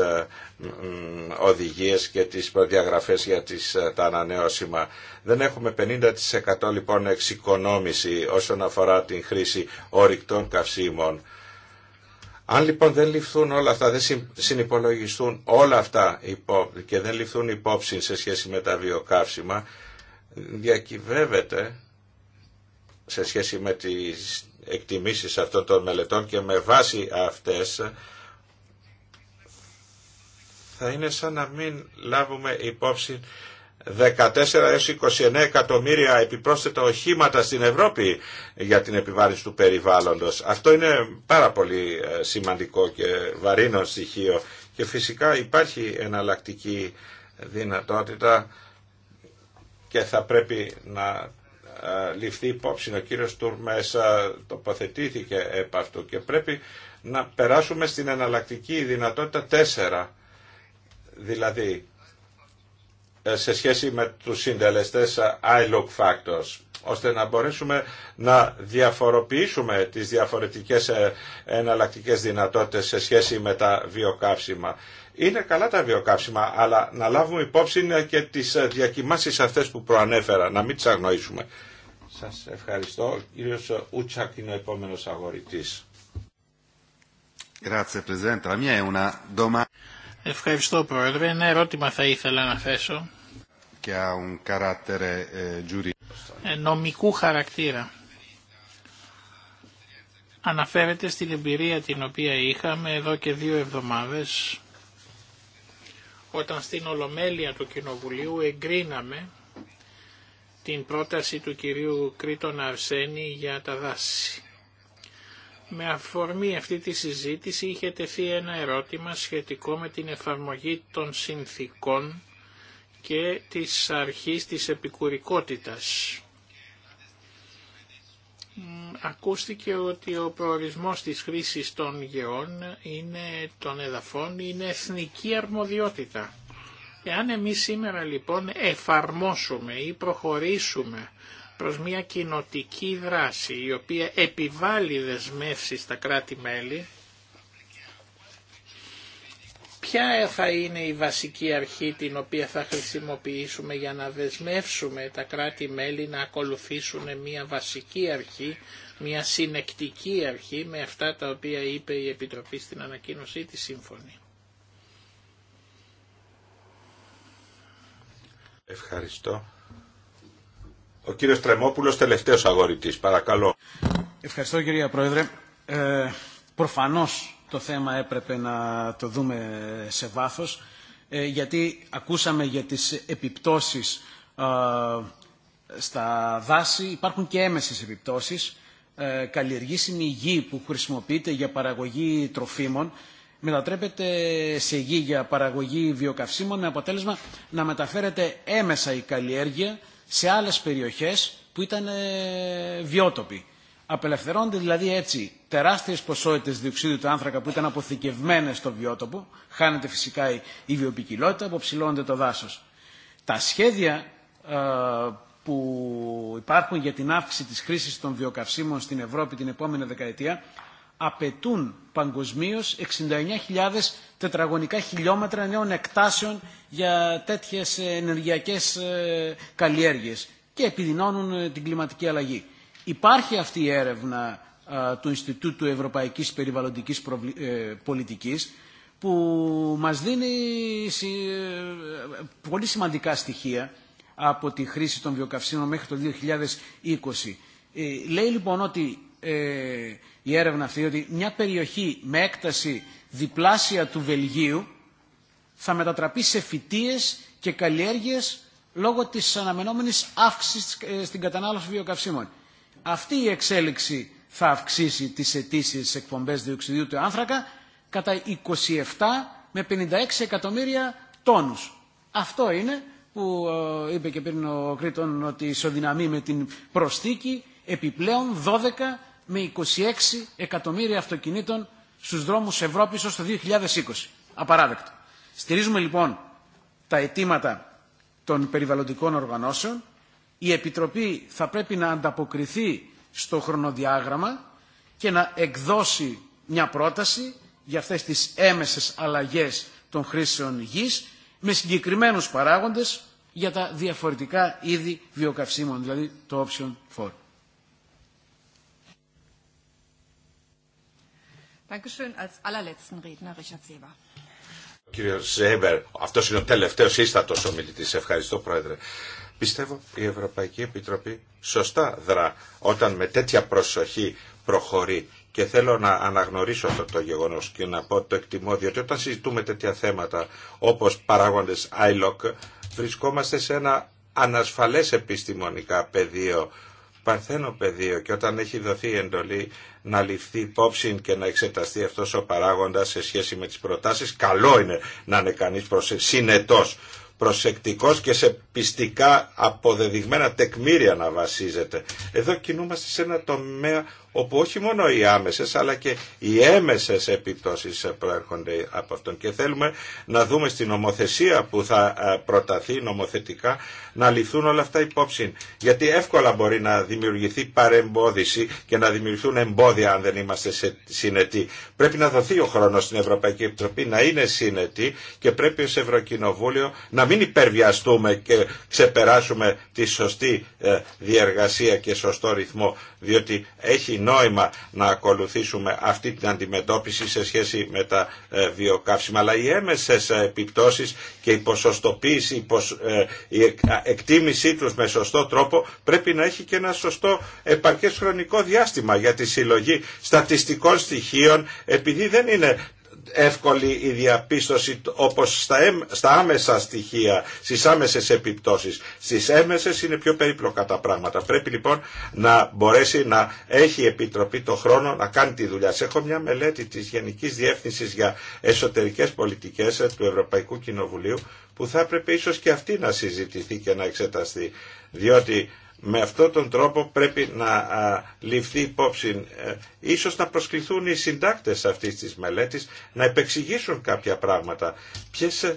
οδηγίες και τις προδιαγραφές για τις, τα ανανεώσιμα. Δεν έχουμε 50% λοιπόν εξοικονόμηση όσον αφορά την χρήση ορυκτών καυσίμων. Αν λοιπόν δεν ληφθούν όλα αυτά, δεν συνυπολογιστούν όλα αυτά και δεν ληφθούν υπόψη σε σχέση με τα βιοκαύσιμα, διακυβεύεται σε σχέση με τις εκτιμήσεις αυτών των μελετών και με βάση αυτές θα είναι σαν να μην λάβουμε υπόψη 14 έως 29 εκατομμύρια επιπρόσθετα οχήματα στην Ευρώπη για την επιβάρυνση του περιβάλλοντος. Αυτό είναι πάρα πολύ ε, σημαντικό και βαρύνο στοιχείο και φυσικά υπάρχει εναλλακτική δυνατότητα και θα πρέπει να ε, ληφθεί υπόψη. Ο κύριος Τουρμέσα ε, τοποθετήθηκε επ' αυτού και πρέπει να περάσουμε στην εναλλακτική δυνατότητα 4. Δηλαδή, ε, σε σχέση με τους συντελεστές ILOC factors, ώστε να μπορέσουμε να διαφοροποιήσουμε τις διαφορετικές εναλλακτικές δυνατότητες σε σχέση με τα βιοκαύσιμα είναι καλά τα βιοκαύσιμα, αλλά να λάβουμε υπόψη και τις διακοιμάσεις αυτές που προανέφερα, να μην τις αγνοήσουμε. Σας ευχαριστώ. Ο κύριος Ούτσακ είναι ο επόμενος αγορητής. Ευχαριστώ Πρόεδρε. Ένα ερώτημα θα ήθελα να θέσω. Και eh, ε, Νομικού χαρακτήρα. Αναφέρεται στην εμπειρία την οποία είχαμε εδώ και δύο εβδομάδες όταν στην Ολομέλεια του Κοινοβουλίου εγκρίναμε την πρόταση του κυρίου Κρήτον Αρσένη για τα δάση. Με αφορμή αυτή τη συζήτηση είχε τεθεί ένα ερώτημα σχετικό με την εφαρμογή των συνθήκων και της αρχής της επικουρικότητας ακούστηκε ότι ο προορισμός της χρήσης των γεών είναι, των εδαφών είναι εθνική αρμοδιότητα. Εάν εμείς σήμερα λοιπόν εφαρμόσουμε ή προχωρήσουμε προς μια κοινοτική δράση η οποία επιβάλλει δεσμεύσει στα κράτη-μέλη, ποια θα είναι η βασική αρχή την οποία θα χρησιμοποιήσουμε για να δεσμεύσουμε τα κράτη-μέλη να ακολουθήσουν μια βασική αρχή μια συνεκτική αρχή με αυτά τα οποία είπε η Επιτροπή στην ανακοίνωσή της σύμφωνη. Ευχαριστώ. Ο κύριος Τρεμόπουλος, τελευταίος αγορητής. Παρακαλώ. Ευχαριστώ κυρία Πρόεδρε. Ε, προφανώς το θέμα έπρεπε να το δούμε σε βάθος, ε, γιατί ακούσαμε για τις επιπτώσεις ε, στα δάση. Υπάρχουν και έμεσες επιπτώσεις. Ε, καλλιεργήσιμη γη που χρησιμοποιείται για παραγωγή τροφίμων μετατρέπεται σε γη για παραγωγή βιοκαυσίμων με αποτέλεσμα να μεταφέρεται έμεσα η καλλιέργεια σε άλλες περιοχές που ήταν ε, βιότοποι. Απελευθερώνονται δηλαδή έτσι τεράστιες ποσότητες διοξίδιου του άνθρακα που ήταν αποθηκευμένες στο βιότοπο, χάνεται φυσικά η βιοπικιλότητα, αποψηλώνεται το δάσος. Τα σχέδια ε, που υπάρχουν για την αύξηση της χρήσης των βιοκαυσίμων στην Ευρώπη την επόμενη δεκαετία απαιτούν παγκοσμίω 69.000 τετραγωνικά χιλιόμετρα νέων εκτάσεων για τέτοιες ενεργειακές ε, καλλιέργειες και επιδεινώνουν ε, την κλιματική αλλαγή. Υπάρχει αυτή η έρευνα του Ινστιτούτου Ευρωπαϊκής Περιβαλλοντικής ε, Πολιτικής που μας δίνει πολύ σημαντικά στοιχεία από τη χρήση των βιοκαυσίμων μέχρι το 2020. Ε, λέει λοιπόν ότι ε, η έρευνα αυτή ότι μια περιοχή με έκταση διπλάσια του Βελγίου θα μετατραπεί σε φυτίες και καλλιέργειες λόγω της αναμενόμενης αύξησης ε, στην κατανάλωση βιοκαυσίμων. Αυτή η εξέλιξη θα αυξήσει τις αιτήσει εκπομπές διοξιδίου του άνθρακα κατά 27 με 56 εκατομμύρια τόνους. Αυτό είναι που ε, είπε και πριν ο Κρήτον ότι ισοδυναμεί με την προσθήκη επιπλέον 12 με 26 εκατομμύρια αυτοκινήτων στους δρόμους Ευρώπης ως το 2020. Απαράδεκτο. Στηρίζουμε λοιπόν τα αιτήματα των περιβαλλοντικών οργανώσεων. Η Επιτροπή θα πρέπει να ανταποκριθεί στο χρονοδιάγραμμα και να εκδώσει μια πρόταση για αυτές τις έμεσες αλλαγές των χρήσεων γης με συγκεκριμένους παράγοντες για τα διαφορετικά είδη βιοκαυσίμων, δηλαδή το option 4. Κύριε Σέμπερ, αυτό είναι ο τελευταίο ίστατο ομιλητή. Ευχαριστώ, Πρόεδρε. Πιστεύω η Ευρωπαϊκή Επιτροπή σωστά δρά όταν με τέτοια προσοχή προχωρεί και θέλω να αναγνωρίσω αυτό το γεγονός και να πω το εκτιμώ, διότι όταν συζητούμε τέτοια θέματα όπως παράγοντες ILOC, βρισκόμαστε σε ένα ανασφαλές επιστημονικά πεδίο, παρθένο πεδίο και όταν έχει δοθεί η εντολή να ληφθεί υπόψη και να εξεταστεί αυτός ο παράγοντας σε σχέση με τις προτάσεις, καλό είναι να είναι κανείς προς προσεκτικός και σε πιστικά αποδεδειγμένα τεκμήρια να βασίζεται. Εδώ κινούμαστε σε ένα τομέα όπου όχι μόνο οι άμεσες αλλά και οι έμεσες επιπτώσεις προέρχονται από αυτόν και θέλουμε να δούμε στην νομοθεσία που θα ε, προταθεί νομοθετικά να ληφθούν όλα αυτά υπόψη γιατί εύκολα μπορεί να δημιουργηθεί παρεμπόδιση και να δημιουργηθούν εμπόδια αν δεν είμαστε συνετοί. Πρέπει να δοθεί ο χρόνος στην Ευρωπαϊκή Επιτροπή να είναι συνετή και πρέπει ως Ευρωκοινοβούλιο να μην υπερβιαστούμε και ξεπεράσουμε τη σωστή ε, διεργασία και σωστό ρυθμό, διότι έχει νόημα να ακολουθήσουμε αυτή την αντιμετώπιση σε σχέση με τα ε, βιοκαύσιμα. Αλλά οι έμεσες ε, επιπτώσεις και η ποσοστοποίηση, η εκτίμησή τους με σωστό τρόπο πρέπει να έχει και ένα σωστό επαρκές χρονικό διάστημα για τη συλλογή στατιστικών στοιχείων, επειδή δεν είναι εύκολη η διαπίστωση όπως στα, στα άμεσα στοιχεία, στις άμεσες επιπτώσεις. Στις έμεσες είναι πιο περίπλοκα τα πράγματα. Πρέπει λοιπόν να μπορέσει να έχει η Επιτροπή το χρόνο να κάνει τη δουλειά. έχω μια μελέτη της Γενικής Διεύθυνσης για Εσωτερικές Πολιτικές ε, του Ευρωπαϊκού Κοινοβουλίου που θα έπρεπε ίσως και αυτή να συζητηθεί και να εξεταστεί. Διότι με αυτόν τον τρόπο πρέπει να ληφθεί υπόψη ε, ίσως να προσκληθούν οι συντάκτες αυτής της μελέτης να επεξηγήσουν κάποια πράγματα. Ποιες ε,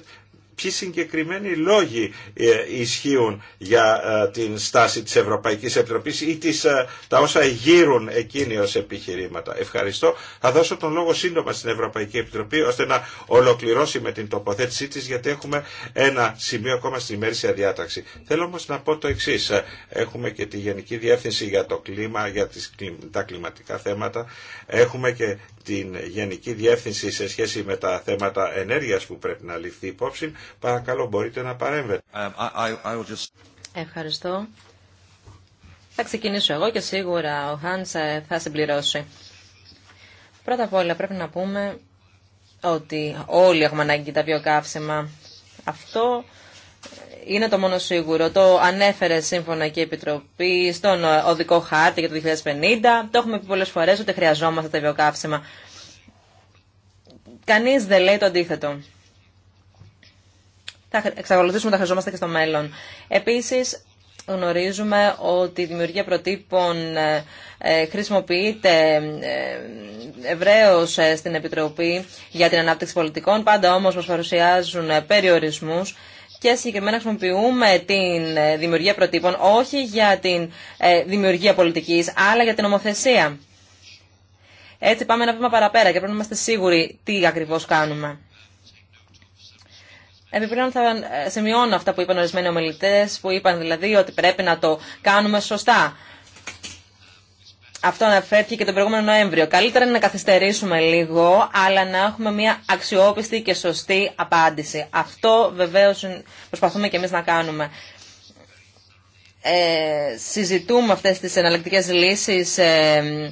ποιοι συγκεκριμένοι λόγοι ε, ισχύουν για ε, την στάση της Ευρωπαϊκής Επιτροπής ή τις, ε, τα όσα γύρουν εκείνη ως επιχειρήματα. Ευχαριστώ. Θα δώσω τον λόγο σύντομα στην Ευρωπαϊκή Επιτροπή ώστε να ολοκληρώσει με την τοποθέτησή της γιατί έχουμε ένα σημείο ακόμα στην ημέρησια αδιάταξη. Θέλω όμως να πω το εξή. Έχουμε και τη Γενική Διεύθυνση για το κλίμα, για τις, τα κλιματικά θέματα. Έχουμε και την Γενική Διεύθυνση σε σχέση με τα θέματα ενέργειας που πρέπει να ληφθεί υπόψη Παρακαλώ, μπορείτε να παρέμβετε. Um, Ευχαριστώ. Θα ξεκινήσω εγώ και σίγουρα ο Χάνς ε, θα συμπληρώσει. Πρώτα απ' όλα πρέπει να πούμε ότι όλοι έχουμε ανάγκη τα βιοκαύσιμα. Αυτό είναι το μόνο σίγουρο. Το ανέφερε σύμφωνα και η Επιτροπή στον οδικό χάρτη για το 2050. Το έχουμε πει πολλές φορές ότι χρειαζόμαστε τα βιοκαύσιμα. Κανείς δεν λέει το αντίθετο θα εξακολουθήσουμε να τα χρειαζόμαστε και στο μέλλον. Επίσης, γνωρίζουμε ότι η δημιουργία προτύπων ε, ε, χρησιμοποιείται ε, ευρέως στην Επιτροπή για την ανάπτυξη πολιτικών, πάντα όμως μα παρουσιάζουν περιορισμούς και συγκεκριμένα χρησιμοποιούμε την δημιουργία προτύπων όχι για την δημιουργία πολιτικής, αλλά για την ομοθεσία. Έτσι πάμε ένα βήμα παραπέρα και πρέπει να είμαστε σίγουροι τι ακριβώς κάνουμε. Επιπλέον θα σημειώνω αυτά που είπαν ορισμένοι ομιλητέ, που είπαν δηλαδή ότι πρέπει να το κάνουμε σωστά. Αυτό αναφέρθηκε και τον προηγούμενο Νοέμβριο. Καλύτερα είναι να καθυστερήσουμε λίγο, αλλά να έχουμε μια αξιόπιστη και σωστή απάντηση. Αυτό βεβαίω προσπαθούμε και εμεί να κάνουμε. Ε, συζητούμε αυτές τις εναλλακτικές λύσεις ε,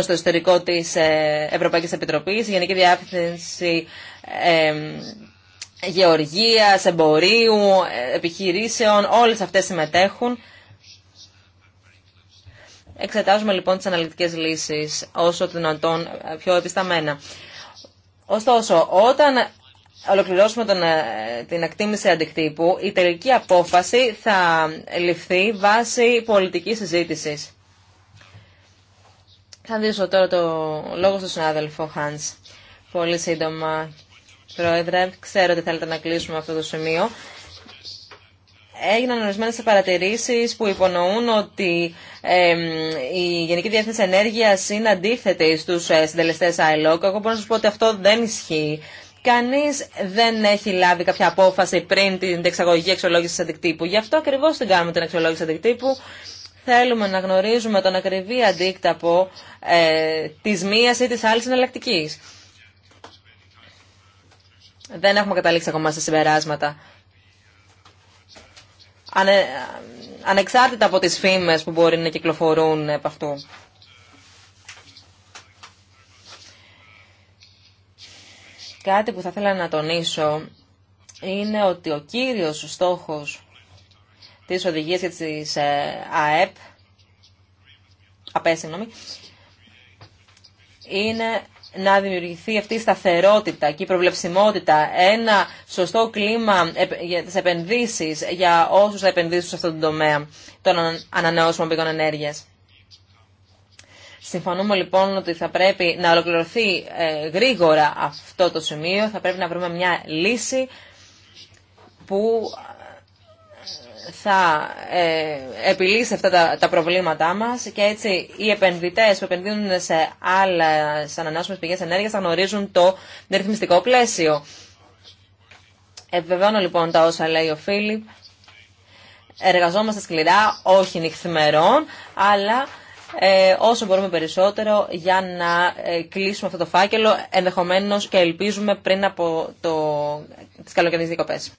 στο εσωτερικό της ε, Ευρωπαϊκής Επιτροπής. Η Γενική ε, γεωργίας, εμπορίου, επιχειρήσεων, όλες αυτές συμμετέχουν. Εξετάζουμε λοιπόν τις αναλυτικές λύσεις όσο δυνατόν πιο επισταμένα. Ωστόσο, όταν ολοκληρώσουμε ε, την εκτίμηση αντικτύπου, η τελική απόφαση θα ληφθεί βάσει πολιτικής συζήτησης. Θα δείσω τώρα το λόγο στον συνάδελφο Χάνς. Πολύ σύντομα, Πρόεδρε. Ξέρω ότι θέλετε να κλείσουμε αυτό το σημείο. Έγιναν ορισμένε παρατηρήσει που υπονοούν ότι η Γενική Διεύθυνση Ενέργεια είναι αντίθετη στου ε, συντελεστέ ILOC. Εγώ μπορώ να σα πω ότι αυτό δεν ισχύει. Κανεί δεν έχει λάβει κάποια απόφαση πριν την εξαγωγή αξιολόγηση αντικτύπου. Γι' αυτό ακριβώ την κάνουμε την αξιολόγηση αντικτύπου. Θέλουμε να γνωρίζουμε τον ακριβή αντίκταπο ε, τη μία ή τη άλλη εναλλακτική. Δεν έχουμε καταλήξει ακόμα σε συμπεράσματα. Ανε, ανεξάρτητα από τις φήμες που μπορεί να κυκλοφορούν από αυτού. Κάτι που θα ήθελα να τονίσω είναι ότι ο κύριος στόχος της οδηγίας και της ε, ΑΕΠ, ΑΠΕ, συγγνώμη, είναι να δημιουργηθεί αυτή η σταθερότητα και η προβλεψιμότητα, ένα σωστό κλίμα για τις επενδύσεις για όσους θα επενδύσουν σε αυτόν τον τομέα των ανανεώσιμων πηγών ενέργειας. Συμφωνούμε λοιπόν ότι θα πρέπει να ολοκληρωθεί ε, γρήγορα αυτό το σημείο, θα πρέπει να βρούμε μια λύση που θα ε, επιλύσει αυτά τα, προβλήματά μας και έτσι οι επενδυτές που επενδύουν σε άλλες ανανεώσιμες πηγές ενέργειας θα γνωρίζουν το ρυθμιστικό πλαίσιο. Επιβεβαιώνω λοιπόν τα όσα λέει ο Φίλιπ. Εργαζόμαστε σκληρά, όχι νυχθημερών, αλλά ε, όσο μπορούμε περισσότερο για να ε, κλείσουμε αυτό το φάκελο, ενδεχομένως και ελπίζουμε πριν από το... τις καλοκαιρινές δικοπές.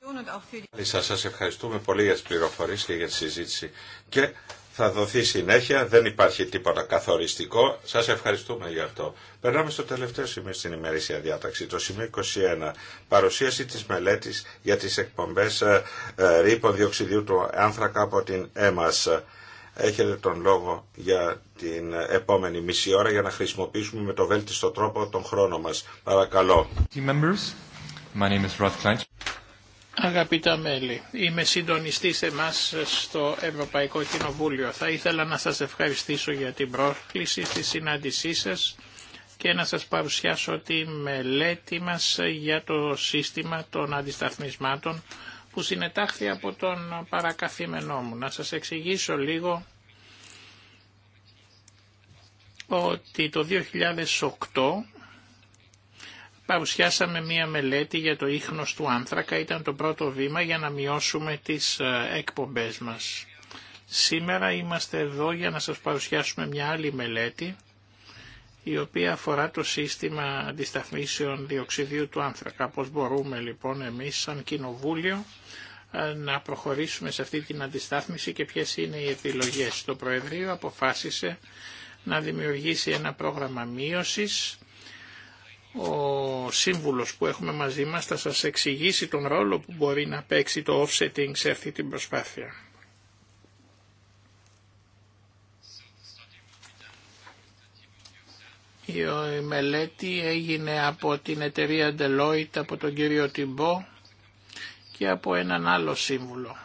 Σας, σας ευχαριστούμε πολύ για τις πληροφορίες και για τη συζήτηση. Και θα δοθεί συνέχεια, δεν υπάρχει τίποτα καθοριστικό. Σας ευχαριστούμε για αυτό. Περνάμε στο τελευταίο σημείο στην ημερήσια διάταξη, το σημείο 21. Παρουσίαση της μελέτης για τις εκπομπές ε, ρήπων διοξιδίου του άνθρακα από την ΕΜΑΣ. Έχετε τον λόγο για την επόμενη μισή ώρα για να χρησιμοποιήσουμε με το βέλτιστο τρόπο τον χρόνο μας. Παρακαλώ. Αγαπητά μέλη, είμαι συντονιστής εμάς στο Ευρωπαϊκό Κοινοβούλιο. Θα ήθελα να σας ευχαριστήσω για την πρόσκληση στη συνάντησή σας και να σας παρουσιάσω τη μελέτη μας για το σύστημα των αντισταθμισμάτων που συνετάχθη από τον παρακαθήμενό μου. Να σας εξηγήσω λίγο ότι το 2008 παρουσιάσαμε μία μελέτη για το ίχνος του άνθρακα, ήταν το πρώτο βήμα για να μειώσουμε τις ε, εκπομπές μας. Σήμερα είμαστε εδώ για να σας παρουσιάσουμε μια άλλη μελέτη η οποία αφορά το σύστημα αντισταθμίσεων διοξιδίου του άνθρακα. Πώς μπορούμε λοιπόν εμείς σαν κοινοβούλιο ε, να προχωρήσουμε σε αυτή την αντιστάθμιση και ποιες είναι οι επιλογές. Το Προεδρείο αποφάσισε να δημιουργήσει ένα πρόγραμμα μείωσης. Ο σύμβουλος που έχουμε μαζί μας θα σας εξηγήσει τον ρόλο που μπορεί να παίξει το offsetting σε αυτή την προσπάθεια. η μελέτη έγινε από την εταιρεία Deloitte, από τον κύριο Τιμπό και από έναν άλλο σύμβουλο.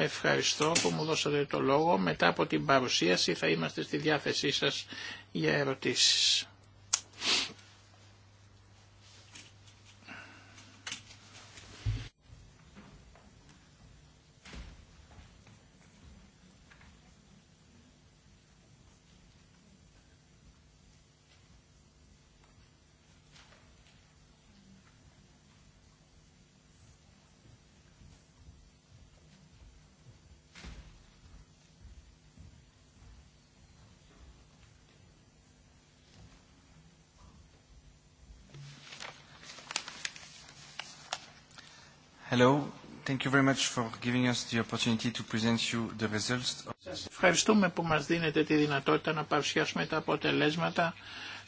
Ευχαριστώ που μου δώσατε το λόγο. Μετά από την παρουσίαση θα είμαστε στη διάθεσή σας για ερωτήσεις. Hello. Ευχαριστούμε που μας δίνετε τη δυνατότητα να παρουσιάσουμε τα αποτελέσματα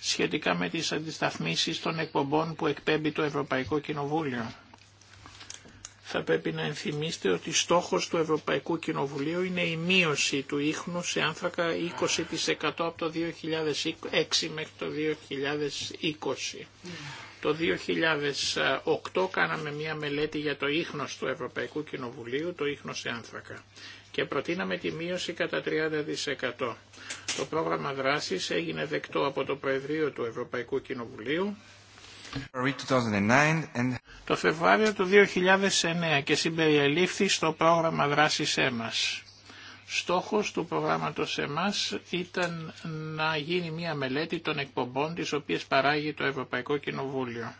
σχετικά με τις αντισταθμίσεις των εκπομπών που εκπέμπει το Ευρωπαϊκό Κοινοβούλιο. Θα πρέπει να ενθυμίστε ότι στόχος του Ευρωπαϊκού Κοινοβουλίου είναι η μείωση του ίχνου σε άνθρακα 20% από το 2006 μέχρι το 2020. Το 2008 κάναμε μια μελέτη για το ίχνος του Ευρωπαϊκού Κοινοβουλίου, το ίχνος σε άνθρακα και προτείναμε τη μείωση κατά 30%. Το πρόγραμμα δράσης έγινε δεκτό από το Προεδρείο του Ευρωπαϊκού Κοινοβουλίου το Φεβρουάριο του 2009 και συμπεριελήφθη στο πρόγραμμα δράσης ΕΜΑΣ. Στόχος του προγράμματος εμάς ήταν να γίνει μια μελέτη των εκπομπών τις οποίες παράγει το Ευρωπαϊκό Κοινοβούλιο.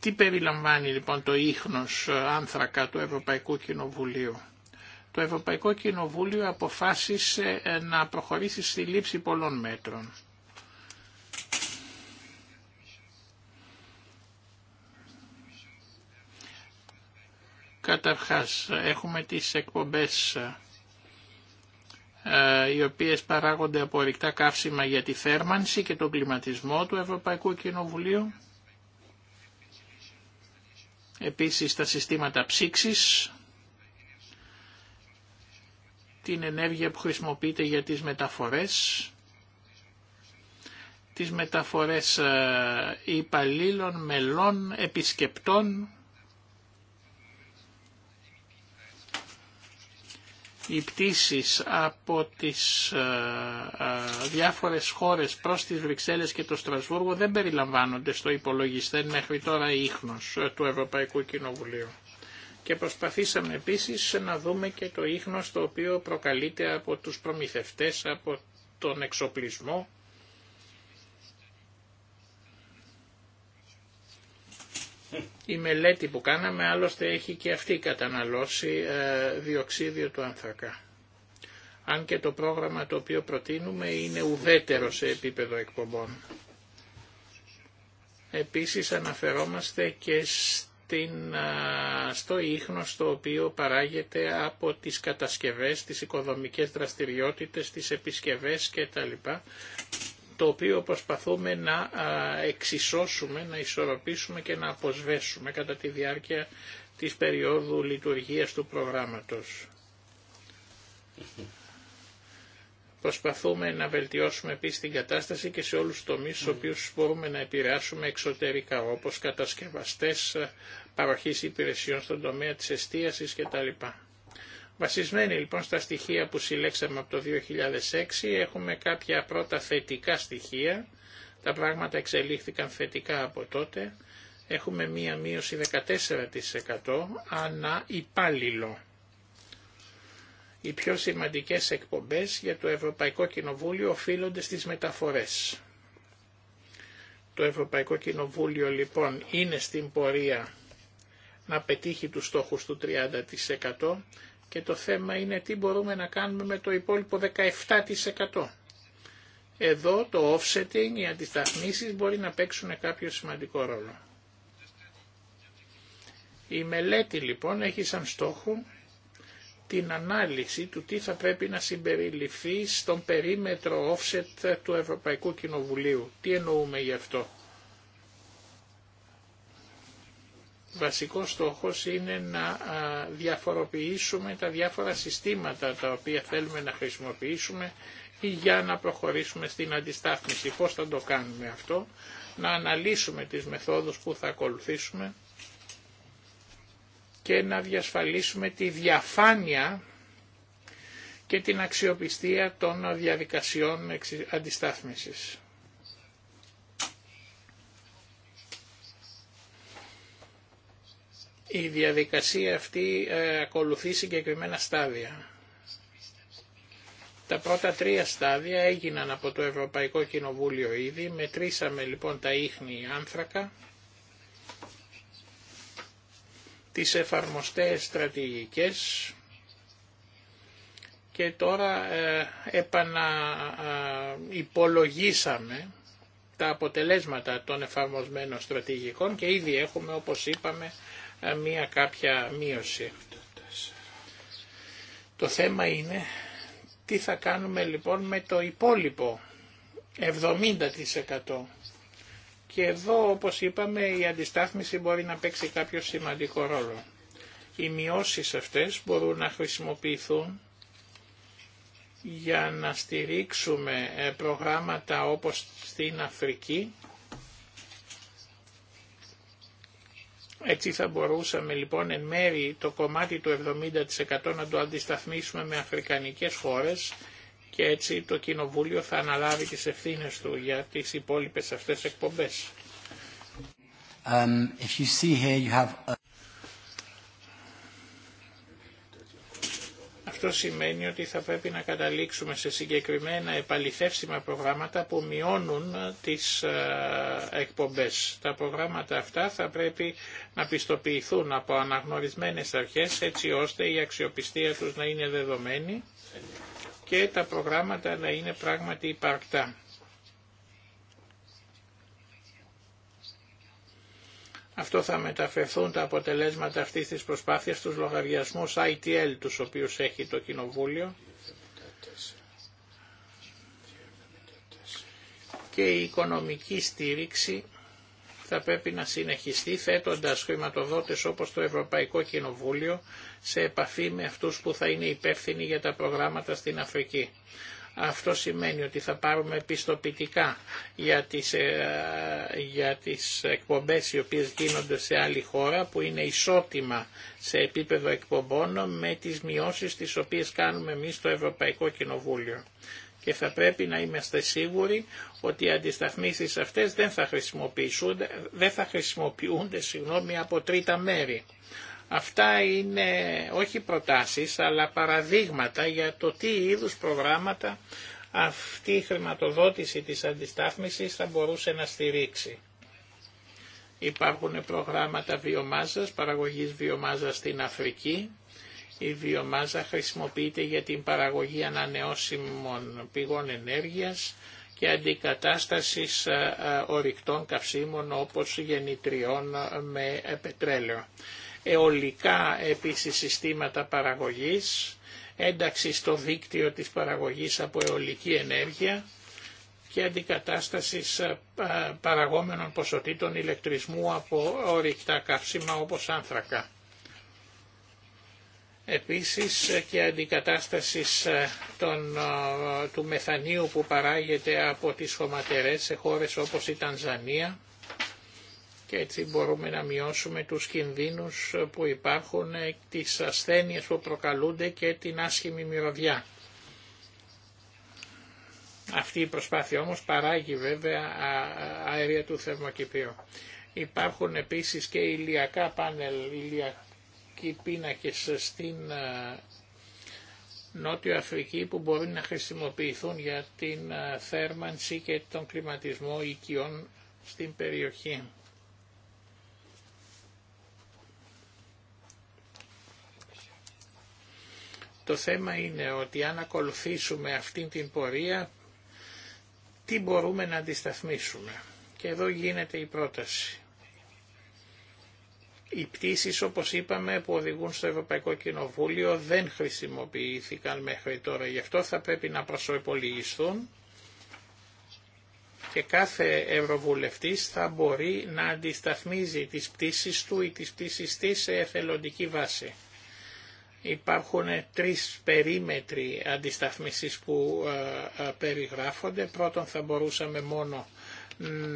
Τι περιλαμβάνει λοιπόν το ίχνος άνθρακα του Ευρωπαϊκού Κοινοβουλίου. Το Ευρωπαϊκό Κοινοβούλιο αποφάσισε να προχωρήσει στη λήψη πολλών μέτρων. Καταρχάς, έχουμε τις εκπομπές ε, οι οποίες παράγονται από ρηκτά καύσιμα για τη θέρμανση και τον κλιματισμό του Ευρωπαϊκού Κοινοβουλίου. Επίσης τα συστήματα ψήξης, την ενέργεια που χρησιμοποιείται για τις μεταφορές, τις μεταφορές ε, υπαλλήλων, μελών, επισκεπτών, οι πτήσεις από τις ε, ε, διάφορες χώρες προς τις Βρυξέλλες και το Στρασβούργο δεν περιλαμβάνονται στο υπολογιστέν μέχρι τώρα ίχνος ε, του Ευρωπαϊκού Κοινοβουλίου. Και προσπαθήσαμε επίσης να δούμε και το ίχνος το οποίο προκαλείται από τους προμηθευτές, από τον εξοπλισμό Η μελέτη που κάναμε άλλωστε έχει και αυτή καταναλώσει ε, διοξίδιο του ανθρακά. Αν και το πρόγραμμα το οποίο προτείνουμε είναι ουδέτερο σε επίπεδο εκπομπών. Επίσης αναφερόμαστε και στην, στο ίχνος το οποίο παράγεται από τις κατασκευές, τις οικοδομικές δραστηριότητες, τις επισκευές κτλ το οποίο προσπαθούμε να εξισώσουμε, να ισορροπήσουμε και να αποσβέσουμε κατά τη διάρκεια της περίοδου λειτουργίας του προγράμματος. Προσπαθούμε να βελτιώσουμε επίσης την κατάσταση και σε όλους τους τομείς στους οποίους μπορούμε να επηρεάσουμε εξωτερικά, όπως κατασκευαστές, παροχής υπηρεσιών στον τομέα της εστίασης κτλ. Βασισμένοι λοιπόν στα στοιχεία που συλλέξαμε από το 2006 έχουμε κάποια πρώτα θετικά στοιχεία. Τα πράγματα εξελίχθηκαν θετικά από τότε. Έχουμε μία μείωση 14% ανά υπάλληλο. Οι πιο σημαντικές εκπομπές για το Ευρωπαϊκό Κοινοβούλιο οφείλονται στις μεταφορές. Το Ευρωπαϊκό Κοινοβούλιο λοιπόν είναι στην πορεία να πετύχει τους στόχους του 30% και το θέμα είναι τι μπορούμε να κάνουμε με το υπόλοιπο 17%. Εδώ το offsetting, οι αντισταθμίσεις μπορεί να παίξουν κάποιο σημαντικό ρόλο. Η μελέτη λοιπόν έχει σαν στόχο την ανάλυση του τι θα πρέπει να συμπεριληφθεί στον περίμετρο offset του Ευρωπαϊκού Κοινοβουλίου. Τι εννοούμε γι' αυτό. βασικός στόχος είναι να διαφοροποιήσουμε τα διάφορα συστήματα τα οποία θέλουμε να χρησιμοποιήσουμε ή για να προχωρήσουμε στην αντιστάθμιση. Πώς θα το κάνουμε αυτό, να αναλύσουμε τις μεθόδους που θα ακολουθήσουμε και να διασφαλίσουμε τη διαφάνεια και την αξιοπιστία των διαδικασιών αντιστάθμισης. Η διαδικασία αυτή ε, ακολουθεί συγκεκριμένα στάδια. Τα πρώτα τρία στάδια έγιναν από το Ευρωπαϊκό Κοινοβούλιο ήδη. Μετρήσαμε λοιπόν τα ίχνη άνθρακα, τις εφαρμοστές στρατηγικές και τώρα ε, επαναυπολογίσαμε τα αποτελέσματα των εφαρμοσμένων στρατηγικών και ήδη έχουμε όπως είπαμε μία κάποια μείωση. Το θέμα είναι τι θα κάνουμε λοιπόν με το υπόλοιπο 70%. Και εδώ όπως είπαμε η αντιστάθμιση μπορεί να παίξει κάποιο σημαντικό ρόλο. Οι μειώσεις αυτές μπορούν να χρησιμοποιηθούν για να στηρίξουμε ε, προγράμματα όπως στην Αφρική Έτσι θα μπορούσαμε λοιπόν εν μέρη το κομμάτι του 70% να το αντισταθμίσουμε με αφρικανικές χώρες και έτσι το Κοινοβούλιο θα αναλάβει τις ευθύνες του για τις υπόλοιπες αυτές εκπομπές. Um, αυτό σημαίνει ότι θα πρέπει να καταλήξουμε σε συγκεκριμένα επαληθεύσιμα προγράμματα που μειώνουν τις ε, εκπομπές. Τα προγράμματα αυτά θα πρέπει να πιστοποιηθούν από αναγνωρισμένες αρχές έτσι ώστε η αξιοπιστία τους να είναι δεδομένη και τα προγράμματα να είναι πράγματι υπαρκτά. Αυτό θα μεταφερθούν τα αποτελέσματα αυτής της προσπάθειας στους λογαριασμούς ITL, τους οποίους έχει το Κοινοβούλιο. Και η οικονομική στήριξη θα πρέπει να συνεχιστεί θέτοντας χρηματοδότες όπως το Ευρωπαϊκό Κοινοβούλιο σε επαφή με αυτούς που θα είναι υπεύθυνοι για τα προγράμματα στην Αφρική. Αυτό σημαίνει ότι θα πάρουμε πιστοποιητικά για τις, ε, για τις εκπομπές οι οποίες γίνονται σε άλλη χώρα που είναι ισότιμα σε επίπεδο εκπομπών με τις μειώσεις τις οποίες κάνουμε εμείς στο Ευρωπαϊκό Κοινοβούλιο. Και θα πρέπει να είμαστε σίγουροι ότι οι αντισταθμίσεις αυτές δεν θα χρησιμοποιούνται, δεν θα χρησιμοποιούνται συγγνώμη, από τρίτα μέρη. Αυτά είναι όχι προτάσεις αλλά παραδείγματα για το τι είδους προγράμματα αυτή η χρηματοδότηση της αντιστάθμισης θα μπορούσε να στηρίξει. Υπάρχουν προγράμματα βιομάζας, παραγωγής βιομάζας στην Αφρική. Η βιομάζα χρησιμοποιείται για την παραγωγή ανανεώσιμων πηγών ενέργειας και αντικατάστασης ε, ε, ορυκτών καυσίμων όπως γεννητριών με ε, πετρέλαιο αιωλικά επίσης συστήματα παραγωγής, ένταξη στο δίκτυο της παραγωγής από αιωλική ενέργεια και αντικατάσταση παραγόμενων ποσοτήτων ηλεκτρισμού από ορυκτά καύσιμα όπως άνθρακα. Επίσης και αντικατάσταση του μεθανίου που παράγεται από τις χωματερές σε χώρες όπως η Τανζανία και έτσι μπορούμε να μειώσουμε τους κινδύνους που υπάρχουν, τις ασθένειες που προκαλούνται και την άσχημη μυρωδιά. Αυτή η προσπάθεια όμως παράγει βέβαια αέρια του θερμοκηπίου. Υπάρχουν επίσης και ηλιακά πάνελ, ηλιακοί πίνακες στην Νότιο Αφρική που μπορεί να χρησιμοποιηθούν για την θέρμανση και τον κλιματισμό οικειών στην περιοχή. Το θέμα είναι ότι αν ακολουθήσουμε αυτήν την πορεία, τι μπορούμε να αντισταθμίσουμε. Και εδώ γίνεται η πρόταση. Οι πτήσει, όπως είπαμε, που οδηγούν στο Ευρωπαϊκό Κοινοβούλιο δεν χρησιμοποιήθηκαν μέχρι τώρα. Γι' αυτό θα πρέπει να προσωπολογιστούν και κάθε Ευρωβουλευτής θα μπορεί να αντισταθμίζει τις πτήσει του ή τις πτήσει της σε εθελοντική βάση. Υπάρχουν τρεις περίμετροι αντισταθμίσεις που ε, ε, περιγράφονται. Πρώτον θα μπορούσαμε μόνο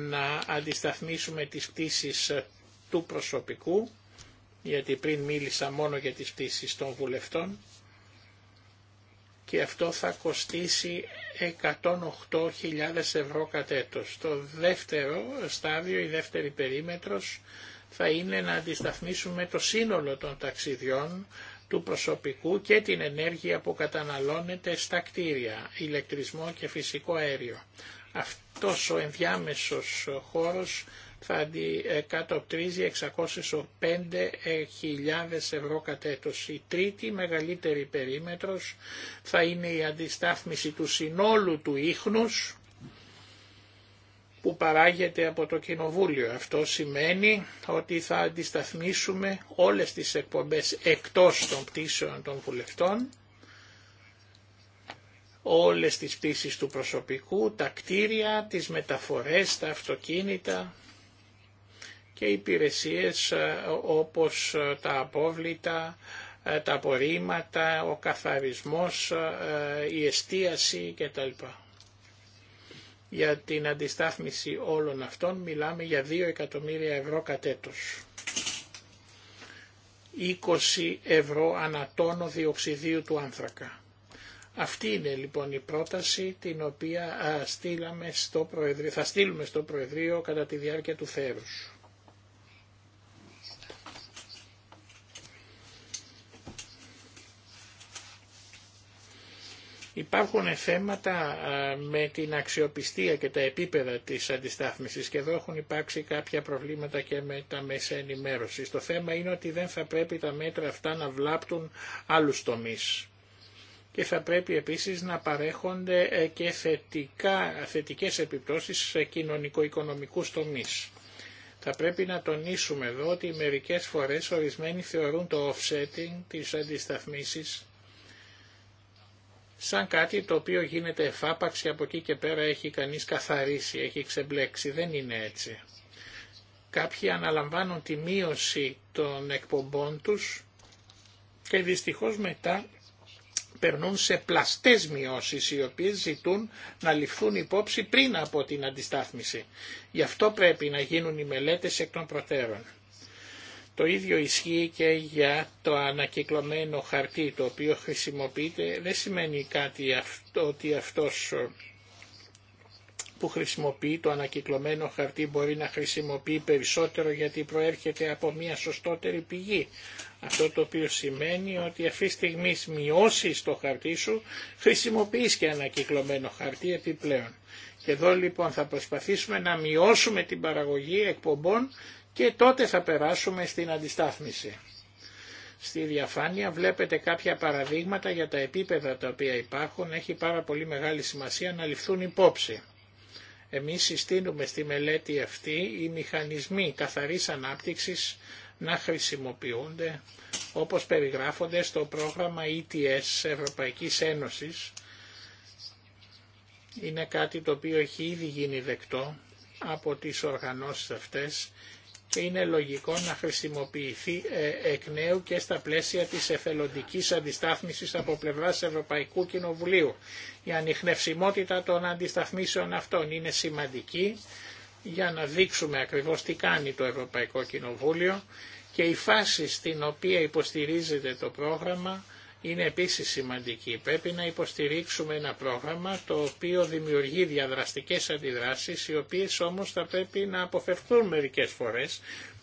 να αντισταθμίσουμε τις πτήσεις του προσωπικού, γιατί πριν μίλησα μόνο για τις πτήσεις των βουλευτών και αυτό θα κοστίσει 108.000 ευρώ κατ' έτος. Το δεύτερο στάδιο, η δεύτερη περίμετρος, θα είναι να αντισταθμίσουμε το σύνολο των ταξιδιών του προσωπικού και την ενέργεια που καταναλώνεται στα κτίρια, ηλεκτρισμό και φυσικό αέριο. Αυτός ο ενδιάμεσος χώρος θα αντικατοπτρίζει 605.000 ευρώ κατ' Η τρίτη μεγαλύτερη περίμετρος θα είναι η αντιστάθμιση του συνόλου του ίχνους που παράγεται από το Κοινοβούλιο. Αυτό σημαίνει ότι θα αντισταθμίσουμε όλες τις εκπομπές εκτός των πτήσεων των βουλευτών, όλες τις πτήσεις του προσωπικού, τα κτίρια, τις μεταφορές, τα αυτοκίνητα και υπηρεσίες ε, όπως ε, τα απόβλητα, ε, τα απορρίμματα, ο καθαρισμός, η εστίαση κτλ. Για την αντιστάθμιση όλων αυτών μιλάμε για 2 εκατομμύρια ευρώ κατ' έτος. 20 ευρώ ανατόνο διοξιδίου του άνθρακα. Αυτή είναι λοιπόν η πρόταση την οποία στο Προεδρείο, θα στείλουμε στο Προεδρείο κατά τη διάρκεια του θέρους. Υπάρχουν θέματα με την αξιοπιστία και τα επίπεδα της αντιστάθμισης και εδώ έχουν υπάρξει κάποια προβλήματα και με τα μέσα ενημέρωσης. Το θέμα είναι ότι δεν θα πρέπει τα μέτρα αυτά να βλάπτουν άλλους τομείς και θα πρέπει επίσης να παρέχονται ε, και θετικά, θετικές επιπτώσεις σε κοινωνικο-οικονομικούς τομείς. Θα πρέπει να τονίσουμε εδώ ότι μερικές φορές ορισμένοι θεωρούν το offsetting, της αντισταθμίσης σαν κάτι το οποίο γίνεται εφάπαξ από εκεί και πέρα έχει κανείς καθαρίσει, έχει ξεμπλέξει. Δεν είναι έτσι. Κάποιοι αναλαμβάνουν τη μείωση των εκπομπών τους και δυστυχώς μετά περνούν σε πλαστές μειώσεις οι οποίες ζητούν να ληφθούν υπόψη πριν από την αντιστάθμιση. Γι' αυτό πρέπει να γίνουν οι μελέτες εκ των προτέρων. Το ίδιο ισχύει και για το ανακυκλωμένο χαρτί το οποίο χρησιμοποιείται. Δεν σημαίνει κάτι αυτό, ότι αυτός ε, που χρησιμοποιεί το ανακυκλωμένο χαρτί μπορεί να χρησιμοποιεί περισσότερο γιατί προέρχεται από μια σωστότερη πηγή. Αυτό το οποίο σημαίνει ότι αυτή τη στιγμή μειώσει το χαρτί σου, χρησιμοποιείς και ανακυκλωμένο χαρτί επιπλέον. Και εδώ λοιπόν θα προσπαθήσουμε να μειώσουμε την παραγωγή εκπομπών και τότε θα περάσουμε στην αντιστάθμιση. Στη διαφάνεια βλέπετε κάποια παραδείγματα για τα επίπεδα τα οποία υπάρχουν. Έχει πάρα πολύ μεγάλη σημασία να ληφθούν υπόψη. Εμείς συστήνουμε στη μελέτη αυτή οι μηχανισμοί καθαρής ανάπτυξης να χρησιμοποιούνται όπως περιγράφονται στο πρόγραμμα ETS Ευρωπαϊκής Ένωσης. Είναι κάτι το οποίο έχει ήδη γίνει δεκτό από τις οργανώσεις αυτές και είναι λογικό να χρησιμοποιηθεί ε, εκ νέου και στα πλαίσια της εθελοντικής αντιστάθμισης από πλευράς Ευρωπαϊκού Κοινοβουλίου. Η ανιχνευσιμότητα των αντισταθμίσεων αυτών είναι σημαντική για να δείξουμε ακριβώς τι κάνει το Ευρωπαϊκό Κοινοβούλιο και η φάση στην οποία υποστηρίζεται το πρόγραμμα είναι επίσης σημαντική. Πρέπει να υποστηρίξουμε ένα πρόγραμμα το οποίο δημιουργεί διαδραστικές αντιδράσεις, οι οποίες όμως θα πρέπει να αποφευκτούν μερικές φορές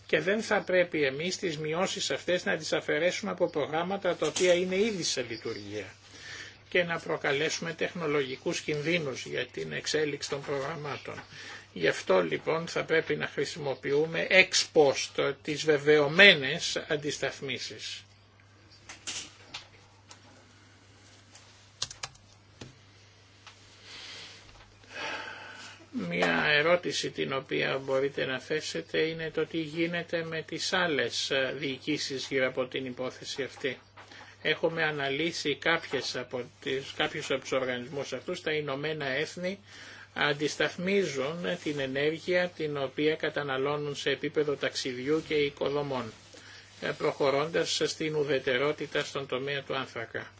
και δεν θα πρέπει εμείς τις μειώσεις αυτές να τις αφαιρέσουμε από προγράμματα τα οποία είναι ήδη σε λειτουργία και να προκαλέσουμε τεχνολογικούς κινδύνους για την εξέλιξη των προγραμμάτων. Γι' αυτό λοιπόν θα πρέπει να χρησιμοποιούμε ex post τις βεβαιωμένες αντισταθμίσεις. Μία ερώτηση την οποία μπορείτε να θέσετε είναι το τι γίνεται με τις άλλες ε, διοικήσεις γύρω από την υπόθεση αυτή. Έχουμε αναλύσει κάποιες από τις, κάποιους από τους οργανισμούς αυτούς, τα Ηνωμένα Έθνη αντισταθμίζουν την ενέργεια την οποία καταναλώνουν σε επίπεδο ταξιδιού και οικοδομών, ε, προχωρώντας στην ουδετερότητα στον τομέα του άνθρακα.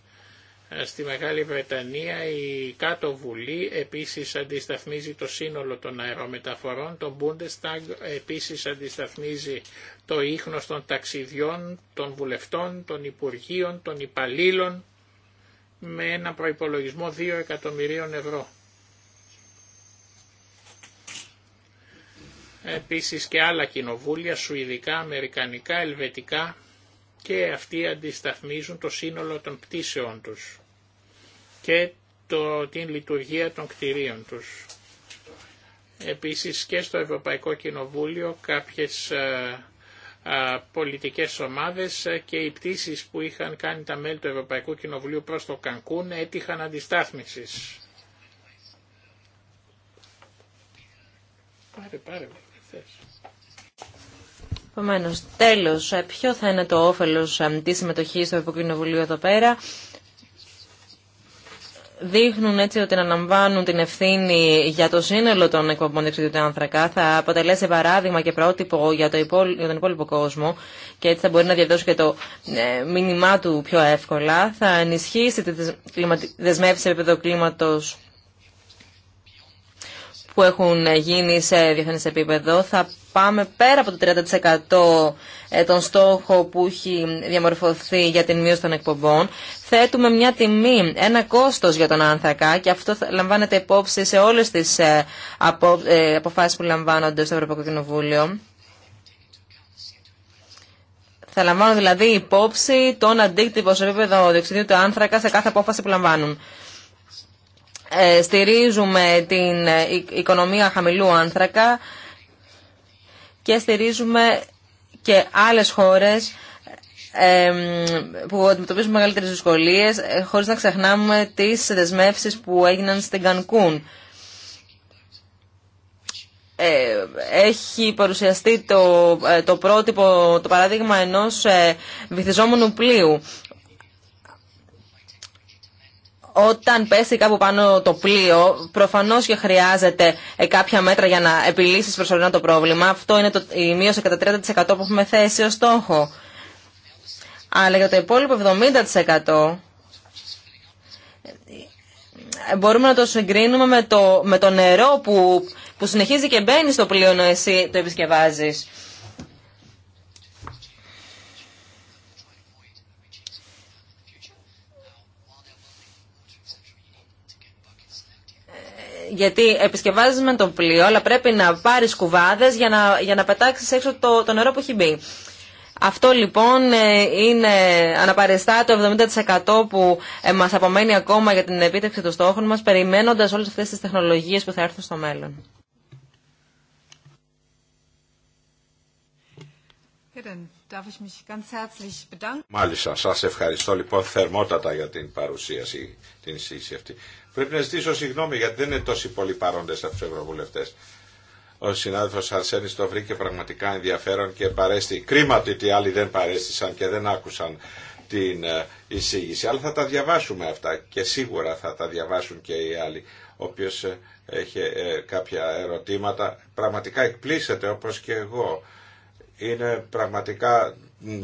Στη Μεγάλη Βρετανία η Κάτω Βουλή επίσης αντισταθμίζει το σύνολο των αερομεταφορών, το Bundestag επίσης αντισταθμίζει το ίχνος των ταξιδιών, των βουλευτών, των υπουργείων, των υπαλλήλων με ένα προϋπολογισμό 2 εκατομμυρίων ευρώ. Επίσης και άλλα κοινοβούλια, σουηδικά, αμερικανικά, ελβετικά, και αυτοί αντισταθμίζουν το σύνολο των πτήσεών τους και το, την λειτουργία των κτηρίων τους. Επίσης και στο Ευρωπαϊκό Κοινοβούλιο κάποιες ε, ε, πολιτικές ομάδες ε, και οι πτήσεις που είχαν κάνει τα μέλη του Ευρωπαϊκού Κοινοβουλίου προς το Κανκούν έτυχαν αντιστάθμισης. πάρε, Επομένω, τέλο, ε, ποιο θα είναι το όφελο ε, τη συμμετοχή στο Ευρωκοινοβουλίο εδώ πέρα. Δείχνουν έτσι ότι αναλαμβάνουν την ευθύνη για το σύνολο των εκπομπών διοξιδίου του άνθρακα. Θα αποτελέσει παράδειγμα και πρότυπο για, για τον υπόλοιπο κόσμο και έτσι θα μπορεί να διαδώσει και το ε, μήνυμά του πιο εύκολα. Θα ενισχύσει τη δεσμεύση επίπεδο κλίματο που έχουν γίνει σε διεθνές επίπεδο. Θα πάμε πέρα από το 30% ε, τον στόχο που έχει διαμορφωθεί για την μείωση των εκπομπών. Θέτουμε μια τιμή, ένα κόστος για τον άνθρακα και αυτό λαμβάνεται υπόψη σε όλες τις ε, ε, αποφάσεις που λαμβάνονται στο Ευρωπαϊκό Κοινοβούλιο. Θα λαμβάνω δηλαδή υπόψη τον αντίκτυπο σε επίπεδο διοξιδίου του άνθρακα σε κάθε απόφαση που λαμβάνουν. Ε, στηρίζουμε την ε, οικονομία χαμηλού άνθρακα και στηρίζουμε και άλλες χώρες ε, που αντιμετωπίζουν μεγαλύτερες δυσκολίες χωρίς να ξεχνάμε τις δεσμεύσεις που έγιναν στην Κανκούν. Έχει παρουσιαστεί το, το πρότυπο, το παράδειγμα ενός βυθιζόμενου πλοίου όταν πέσει κάπου πάνω το πλοίο, προφανώ και χρειάζεται ε, κάποια μέτρα για να επιλύσει προσωρινά το πρόβλημα. Αυτό είναι το, η μείωση κατά 30% που έχουμε θέσει ω στόχο. Αλλά για το υπόλοιπο 70% ε, μπορούμε να το συγκρίνουμε με το, νερό που, που συνεχίζει και μπαίνει στο πλοίο ενώ εσύ το επισκευάζεις. γιατί επισκευάζεις με τον πλοίο, αλλά πρέπει να πάρεις κουβάδες για να, για να πετάξεις έξω το, το νερό που έχει μπει. Αυτό λοιπόν ε, είναι αναπαριστά το 70% που ε, μας απομένει ακόμα για την επίτευξη των στόχων μας, περιμένοντας όλες αυτές τις τεχνολογίες που θα έρθουν στο μέλλον. Μάλιστα, σα ευχαριστώ λοιπόν θερμότατα για την παρουσίαση, την εισήγηση αυτή. Πρέπει να ζητήσω συγγνώμη γιατί δεν είναι τόσοι πολλοί παρόντες από του ευρωβουλευτέ. Ο συνάδελφο Αρσένη το βρήκε πραγματικά ενδιαφέρον και παρέστη. Κρίμα ότι οι άλλοι δεν παρέστησαν και δεν άκουσαν την ε, εισήγηση. Αλλά θα τα διαβάσουμε αυτά και σίγουρα θα τα διαβάσουν και οι άλλοι. οποίο ε, έχει ε, κάποια ερωτήματα πραγματικά εκπλήσεται όπω και εγώ είναι πραγματικά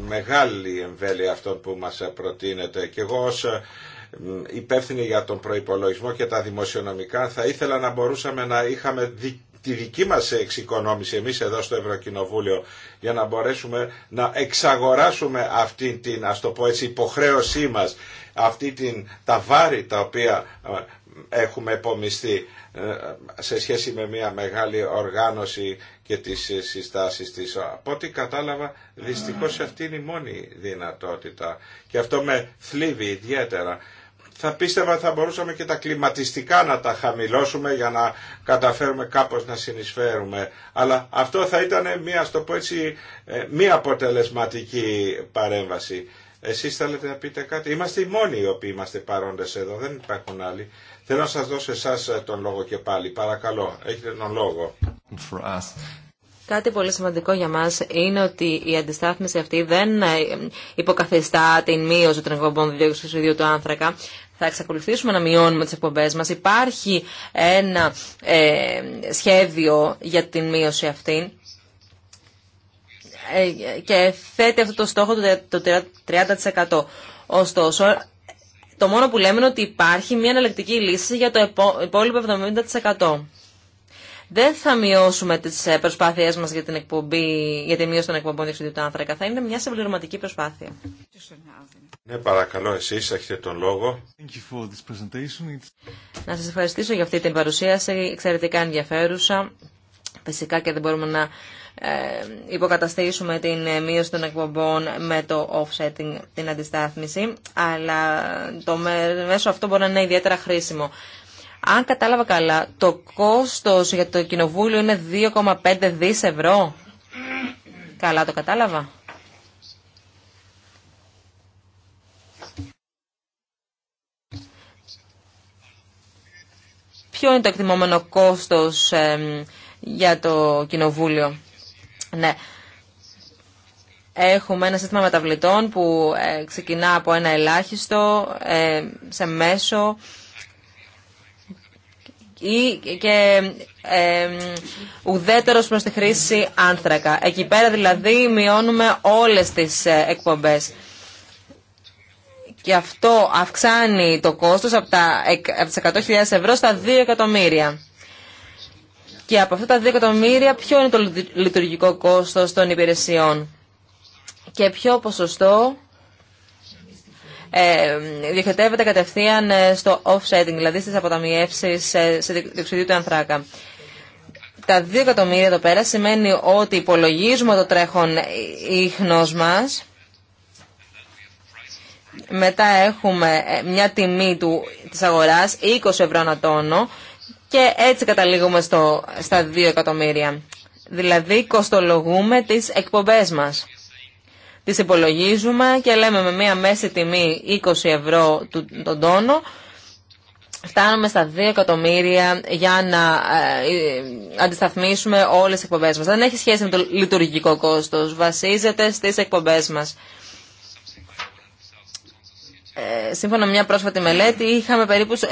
μεγάλη η εμβέλεια αυτών που μας προτείνεται και εγώ ως ε, υπεύθυνη για τον προϋπολογισμό και τα δημοσιονομικά θα ήθελα να μπορούσαμε να είχαμε τη δική μας εξοικονόμηση εμείς εδώ στο Ευρωκοινοβούλιο για να μπορέσουμε να εξαγοράσουμε αυτή την ας το πω έτσι υποχρέωσή μας αυτή την, τα βάρη τα οποία ε, έχουμε επομιστεί ε, σε σχέση με μια μεγάλη οργάνωση και τις ε, συστάσεις της. Από ό,τι κατάλαβα, δυστυχώς αυτή είναι η μόνη δυνατότητα. Και αυτό με θλίβει ιδιαίτερα. Θα πίστευα θα μπορούσαμε και τα κλιματιστικά να τα χαμηλώσουμε για να καταφέρουμε κάπως να συνεισφέρουμε. Αλλά αυτό θα ήταν μία, στο πω ε, μία αποτελεσματική παρέμβαση. Εσείς θέλετε να πείτε κάτι. Είμαστε οι μόνοι οι οποίοι είμαστε παρόντες εδώ, δεν υπάρχουν άλλοι. Θέλω να σας δώσω εσά ε, τον λόγο και πάλι. Παρακαλώ, έχετε τον λόγο. Κάτι πολύ σημαντικό για μας είναι ότι η αντιστάθμιση αυτή δεν ε, υποκαθιστά την μείωση των εκπομπών διοξυδίου του άνθρακα. Θα εξακολουθήσουμε να μειώνουμε τις εκπομπές μας. Υπάρχει ένα ε, σχέδιο για την μείωση αυτή. Ε, και θέτει αυτό το στόχο το 30%. Ωστόσο, το μόνο που λέμε είναι ότι υπάρχει μια αναλεκτική λύση για το υπόλοιπο 70%. Δεν θα μειώσουμε τι ε, προσπάθειέ μα για την, για μείωση των εκπομπών διοξιδίου του άνθρακα. Θα είναι μια συμπληρωματική προσπάθεια. Ναι, παρακαλώ, εσεί έχετε τον λόγο. Να σα ευχαριστήσω για αυτή την παρουσίαση. Εξαιρετικά ενδιαφέρουσα. Φυσικά και δεν μπορούμε να ε, υποκαταστήσουμε την μείωση των εκπομπών με το offsetting, την αντιστάθμιση, αλλά το μέσο αυτό μπορεί να είναι ιδιαίτερα χρήσιμο. Αν κατάλαβα καλά, το κόστος για το κοινοβούλιο είναι 2,5 δις ευρώ. Καλά το κατάλαβα. Ποιο είναι το εκτιμόμενο κόστος για το κοινοβούλιο. Ναι. Έχουμε ένα σύστημα μεταβλητών που ε, ξεκινά από ένα ελάχιστο ε, σε μέσο ή και ε, ουδέτερος προς τη χρήση άνθρακα. Εκεί πέρα δηλαδή μειώνουμε όλες τις εκπομπές. Και αυτό αυξάνει το κόστος από, τα, από τις 100.000 ευρώ στα 2 εκατομμύρια. Και από αυτά τα 2 εκατομμύρια ποιο είναι το λειτουργικό κόστος των υπηρεσιών και ποιο ποσοστό ε, κατευθείαν ε, στο offsetting, δηλαδή στις αποταμιεύσεις ε, σε, σε του ανθράκα. Τα 2 εκατομμύρια εδώ πέρα σημαίνει ότι υπολογίζουμε το τρέχον ίχνος μας. Μετά έχουμε ε, μια τιμή του, της αγοράς, 20 ευρώ ανατόνο, και έτσι καταλήγουμε στο, στα 2 εκατομμύρια. Δηλαδή κοστολογούμε τις εκπομπές μας. Τις υπολογίζουμε και λέμε με μία μέση τιμή 20 ευρώ τον τόνο φτάνουμε στα 2 εκατομμύρια για να ε, ε, αντισταθμίσουμε όλες τις εκπομπές μας. Δεν έχει σχέση με το λειτουργικό κόστος. Βασίζεται στις εκπομπές μας. Ε, σύμφωνα με μια πρόσφατη μελέτη, είχαμε περίπου 100.000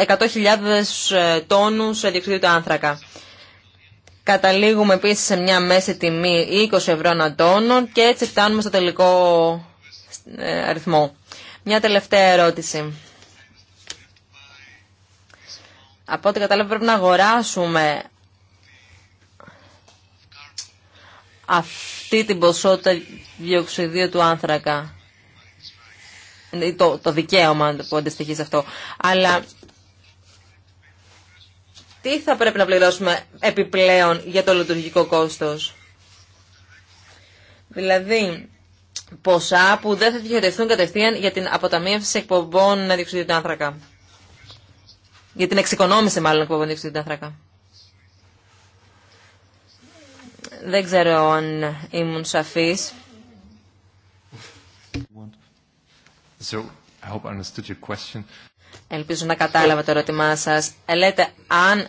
ε, τόνους διοξιδίου του άνθρακα. Καταλήγουμε επίσης σε μια μέση τιμή 20 ευρώ ανά τόνο και έτσι φτάνουμε στο τελικό ε, αριθμό. Μια τελευταία ερώτηση. Από ό,τι κατάλαβα πρέπει να αγοράσουμε αυτή την ποσότητα διοξιδίου του άνθρακα το, το δικαίωμα που αντιστοιχεί σε αυτό. Αλλά τι θα πρέπει να πληρώσουμε επιπλέον για το λειτουργικό κόστος. Δηλαδή, ποσά που δεν θα διοχετευτούν κατευθείαν για την αποταμίευση εκπομπών διοξιδίου του άνθρακα. Για την εξοικονόμηση μάλλον εκπομπών να του άνθρακα. Δεν ξέρω αν ήμουν σαφής. Ελπίζω να κατάλαβα το ερώτημά σας. Ε, λέτε, αν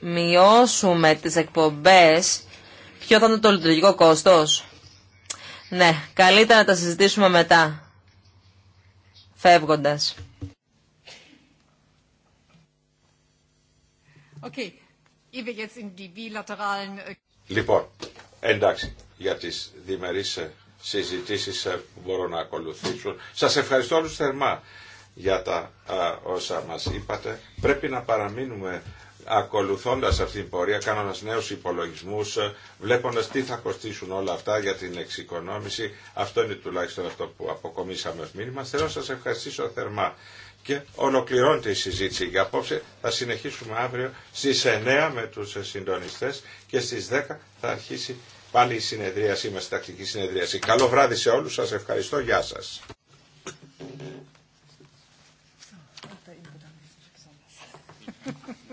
μειώσουμε τις εκπομπές, ποιο θα είναι το λειτουργικό κόστος. Ναι, καλύτερα να τα συζητήσουμε μετά, φεύγοντας. Äh λοιπόν, εντάξει, για τις διμερείς ε, συζητήσεις ε, που μπορούν να ακολουθήσουν. Σας ευχαριστώ όλους θερμά για τα όσα μας είπατε. Πρέπει να παραμείνουμε ακολουθώντας αυτή την πορεία, κάνοντας νέους υπολογισμούς, ε, βλέποντας τι θα κοστίσουν όλα αυτά για την εξοικονόμηση. Αυτό είναι τουλάχιστον αυτό που αποκομίσαμε ως μήνυμα. Θέλω να σας ευχαριστήσω θερμά. Και ολοκληρώνεται η συζήτηση για απόψε. Θα συνεχίσουμε αύριο στις 9 με τους συντονιστές και στις 10 θα αρχίσει Πάλι η συνεδρίασή μας, η τακτική συνεδρίαση. Καλό βράδυ σε όλους σας. Ευχαριστώ. Γεια σας. *laughs*